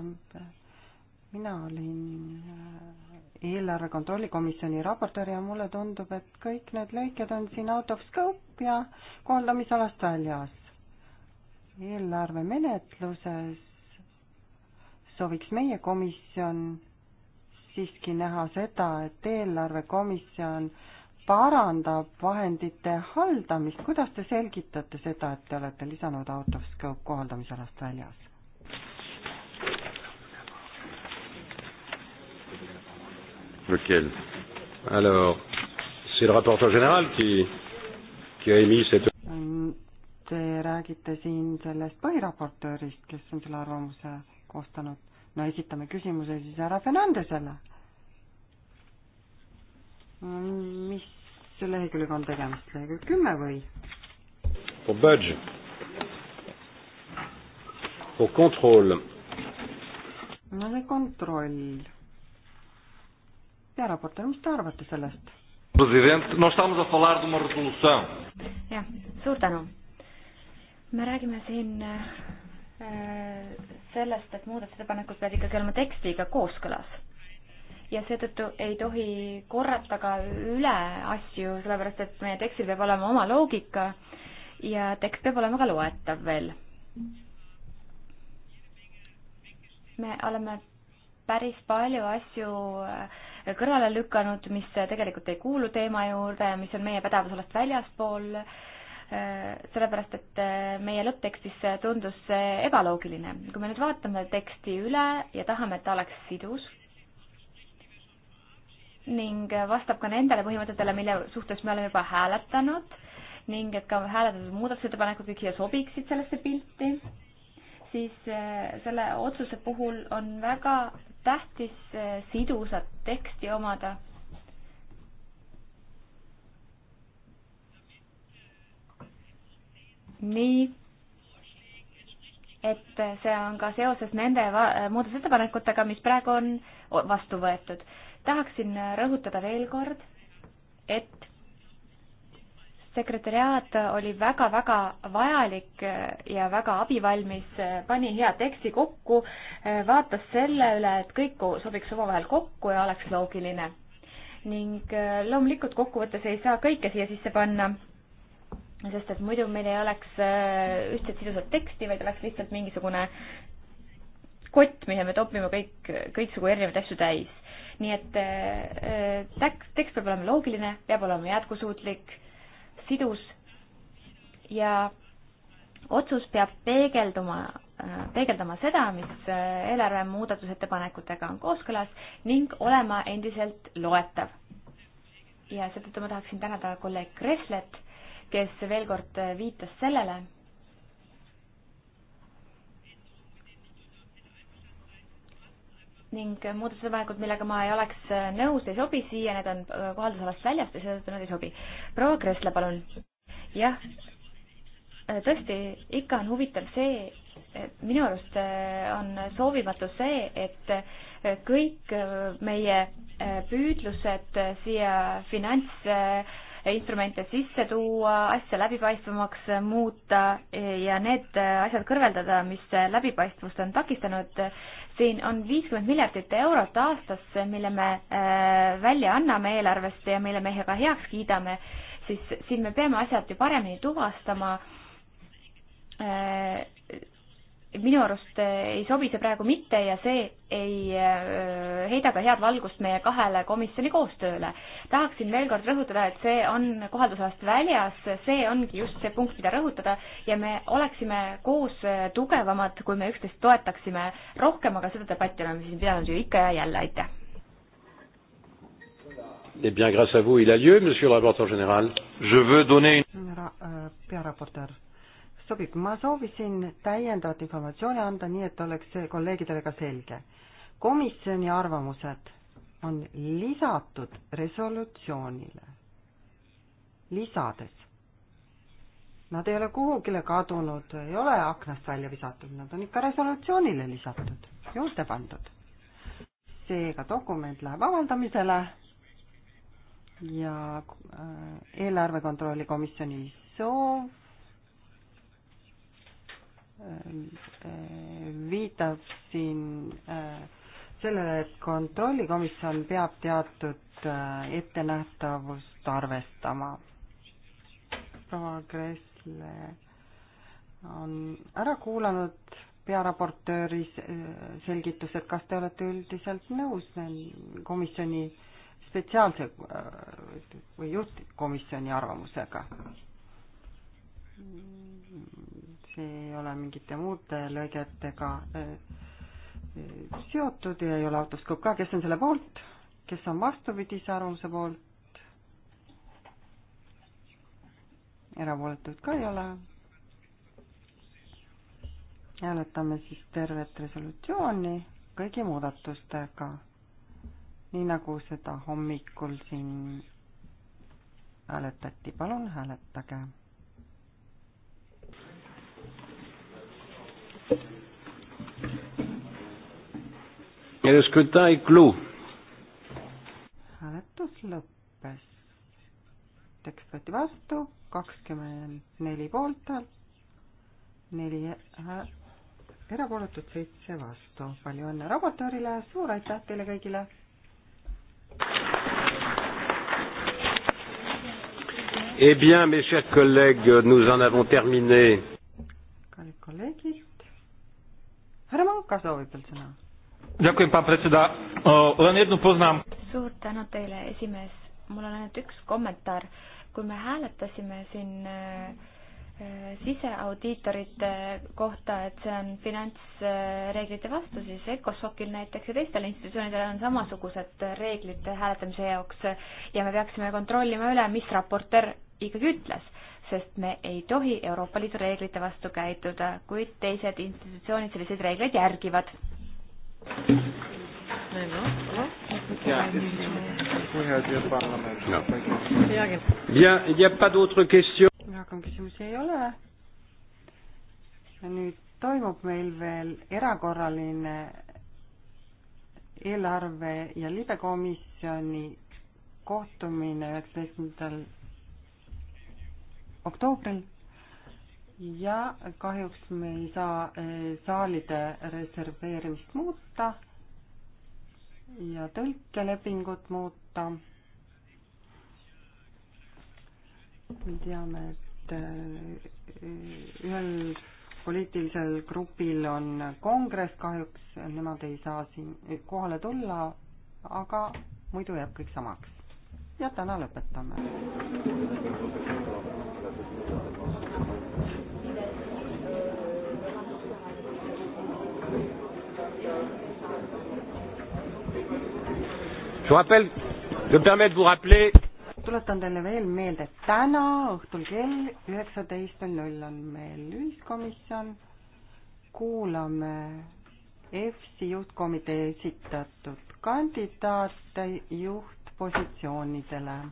mina olin äh, eelarve kontrolli komisjoni raportöör ja mulle tundub, et kõik need lõiked on siin out of scope ja kohaldamisalast väljas. eelarve menetluses sooviks meie komisjon siiski näha seda, et eelarvekomisjon äh, parandab vahendite haldamist, kuidas te selgitate seda, et te olete lisanud out of scope kohaldamisalast väljas? Lequel Alors, c'est le rapporteur général qui, qui a émis cette... Te räägite siin sellest põhiraportöörist, kes on selle arvamuse koostanud. no esitame küsimuse siis härra Fernandesele. Mm, mis mis leheküljega on tegemist, lehekülg kümme või? Pour budge. Pour contrôle. no see kontroll. ja raportöör, mis te arvate sellest? President, nós estamos a falar de uma resolução. jah, suur tänu. me räägime siin äh, sellest, et muudatusettepanekud peavad ikkagi olema tekstiga kooskõlas ja seetõttu ei tohi korrata ka üle asju, sellepärast et meie tekstil peab olema oma loogika ja tekst peab olema ka loetav veel. me oleme päris palju asju äh, kõrvale lükanud, mis tegelikult ei kuulu teema juurde ja mis on meie pädevusalast väljaspool, äh, sellepärast et äh, meie lõpptekstis tundus see ebaloogiline. kui me nüüd vaatame teksti üle ja tahame, et ta oleks sidus, ning vastab ka nendele põhimõtetele, mille suhtes me oleme juba hääletanud ning et ka hääletatud muudatusettepanekud kõik siia sobiksid sellesse pilti, siis äh, selle otsuse puhul on väga tähtis äh, sidusat teksti omada. nii, et see on ka seoses nende muudatusettepanekutega, mis praegu on vastu võetud tahaksin rõhutada veel kord, et sekretäriaat oli väga-väga vajalik ja väga abivalmis, pani hea teksti kokku, vaatas selle üle, et kõik sobiks omavahel kokku ja oleks loogiline. ning äh, loomulikult kokkuvõttes ei saa kõike siia sisse panna, sest et muidu meil ei oleks äh, ühtset sidusat teksti, vaid oleks lihtsalt mingisugune kott, mille me topime kõik, kõiksugu erinevaid asju täis nii et tekst, äh, äh, tekst peab olema loogiline, peab olema jätkusuutlik, sidus ja otsus peab peegelduma, äh, peegeldama seda, mis eelarve muudatusettepanekutega on kooskõlas ning olema endiselt loetav. ja seetõttu ma tahaksin tänada kolleeg Kreslet, kes veel kord viitas sellele, ning muudatusettepanekud, millega ma ei oleks äh, nõus, ei sobi siia, need on äh, kohaldusalast väljast ja seetõttu nad ei sobi. proua Kressle, palun. jah, äh, tõesti, ikka on huvitav see, minu arust on soovimatu see, et kõik meie püüdlused siia finantsinstrumente sisse tuua, asja läbipaistvamaks muuta ja need asjad kõrveldada, mis läbipaistvust on takistanud, siin on viiskümmend miljardit eurot aastas, mille me äh, välja anname eelarvest ja mille me ka heaks kiidame, siis siin me peame asjad ju paremini tuvastama äh, minu arust äh, ei sobi see praegu mitte ja see ei äh, heida ka head valgust meie kahele komisjoni koostööle. tahaksin veel kord rõhutada, et see on kohaldusalast väljas, see ongi just see punkt, mida rõhutada ja me oleksime koos äh, tugevamad, kui me üksteist toetaksime rohkem, aga seda debatti oleme siin pidanud ju ikka ja jälle, aitäh. Eh bien, grâce à vous, il a lieu, monsieur le rapporteur général. Je veux donner une... Euh, Pearaporteur sobib, ma soovisin täiendavat informatsiooni anda, nii et oleks kolleegidele ka selge. komisjoni arvamused on lisatud resolutsioonile, lisades. Nad ei ole kuhugile kadunud, ei ole aknast välja visatud, nad on ikka resolutsioonile lisatud, juurde pandud. seega dokument läheb avaldamisele ja äh, eelarve kontrolli komisjoni soov Ehm, ehm, viitab siin äh, sellele, et kontrollikomisjon peab teatud äh, ettenähtavust arvestama. proua Kressle on ära kuulanud pearaportööri äh, selgitused, kas te olete üldiselt nõus komisjoni spetsiaalse või juhtkomisjoni arvamusega? ei ole mingite muude lõigetega äh, äh, seotud ja ei ole autoskoop ka, kes on selle poolt, kes on vastupidise arvamuse poolt? erapooletuid ka ei ole. hääletame siis tervet resolutsiooni kõigi muudatustega, nii nagu seda hommikul siin hääletati, palun hääletage ja le scrutin est clos. hääletus lõppes. tekst võeti vastu, kakskümmend neli poolthäält, neli erapooletut, seitse vastu. palju õnne raportöörile, suur aitäh teile kõigile! Eh bien, mes chers collègues, nous en avons terminé. Kallid kolleegid, härra Manka soovib veel sõna. suur tänu teile, esimees. mul on ainult üks kommentaar. kui me hääletasime siin äh, siseaudiitorite kohta, et see on finantsreeglite vastu, siis ECOSOC-il näiteks ja teistel institutsioonidel on samasugused reeglid hääletamise jaoks ja me peaksime kontrollima üle, mis raporter ikkagi ütles sest me ei tohi Euroopa Liidu reeglite vastu käituda, kuid teised institutsioonid selliseid reegleid järgivad. rohkem küsimusi ei ole. nüüd toimub meil veel erakorraline eelarve ja libekomisjoni kohtumine üheksateistkümnendal oktoobril ja kahjuks me ei saa eh, saalide reserveerimist muuta ja tõlkelepingut muuta. me teame, et eh, ühel poliitilisel grupil on kongress, kahjuks nemad ei saa siin eh, kohale tulla, aga muidu jääb kõik samaks. ja täna lõpetame. Je rappelle, je me permets de vous rappeler. tuletan teile veel meelde, et täna õhtul kell üheksateist null null on meil ühiskomisjon. kuulame EFSi juhtkomitee esitatud kandidaate juhtpositsioonidele.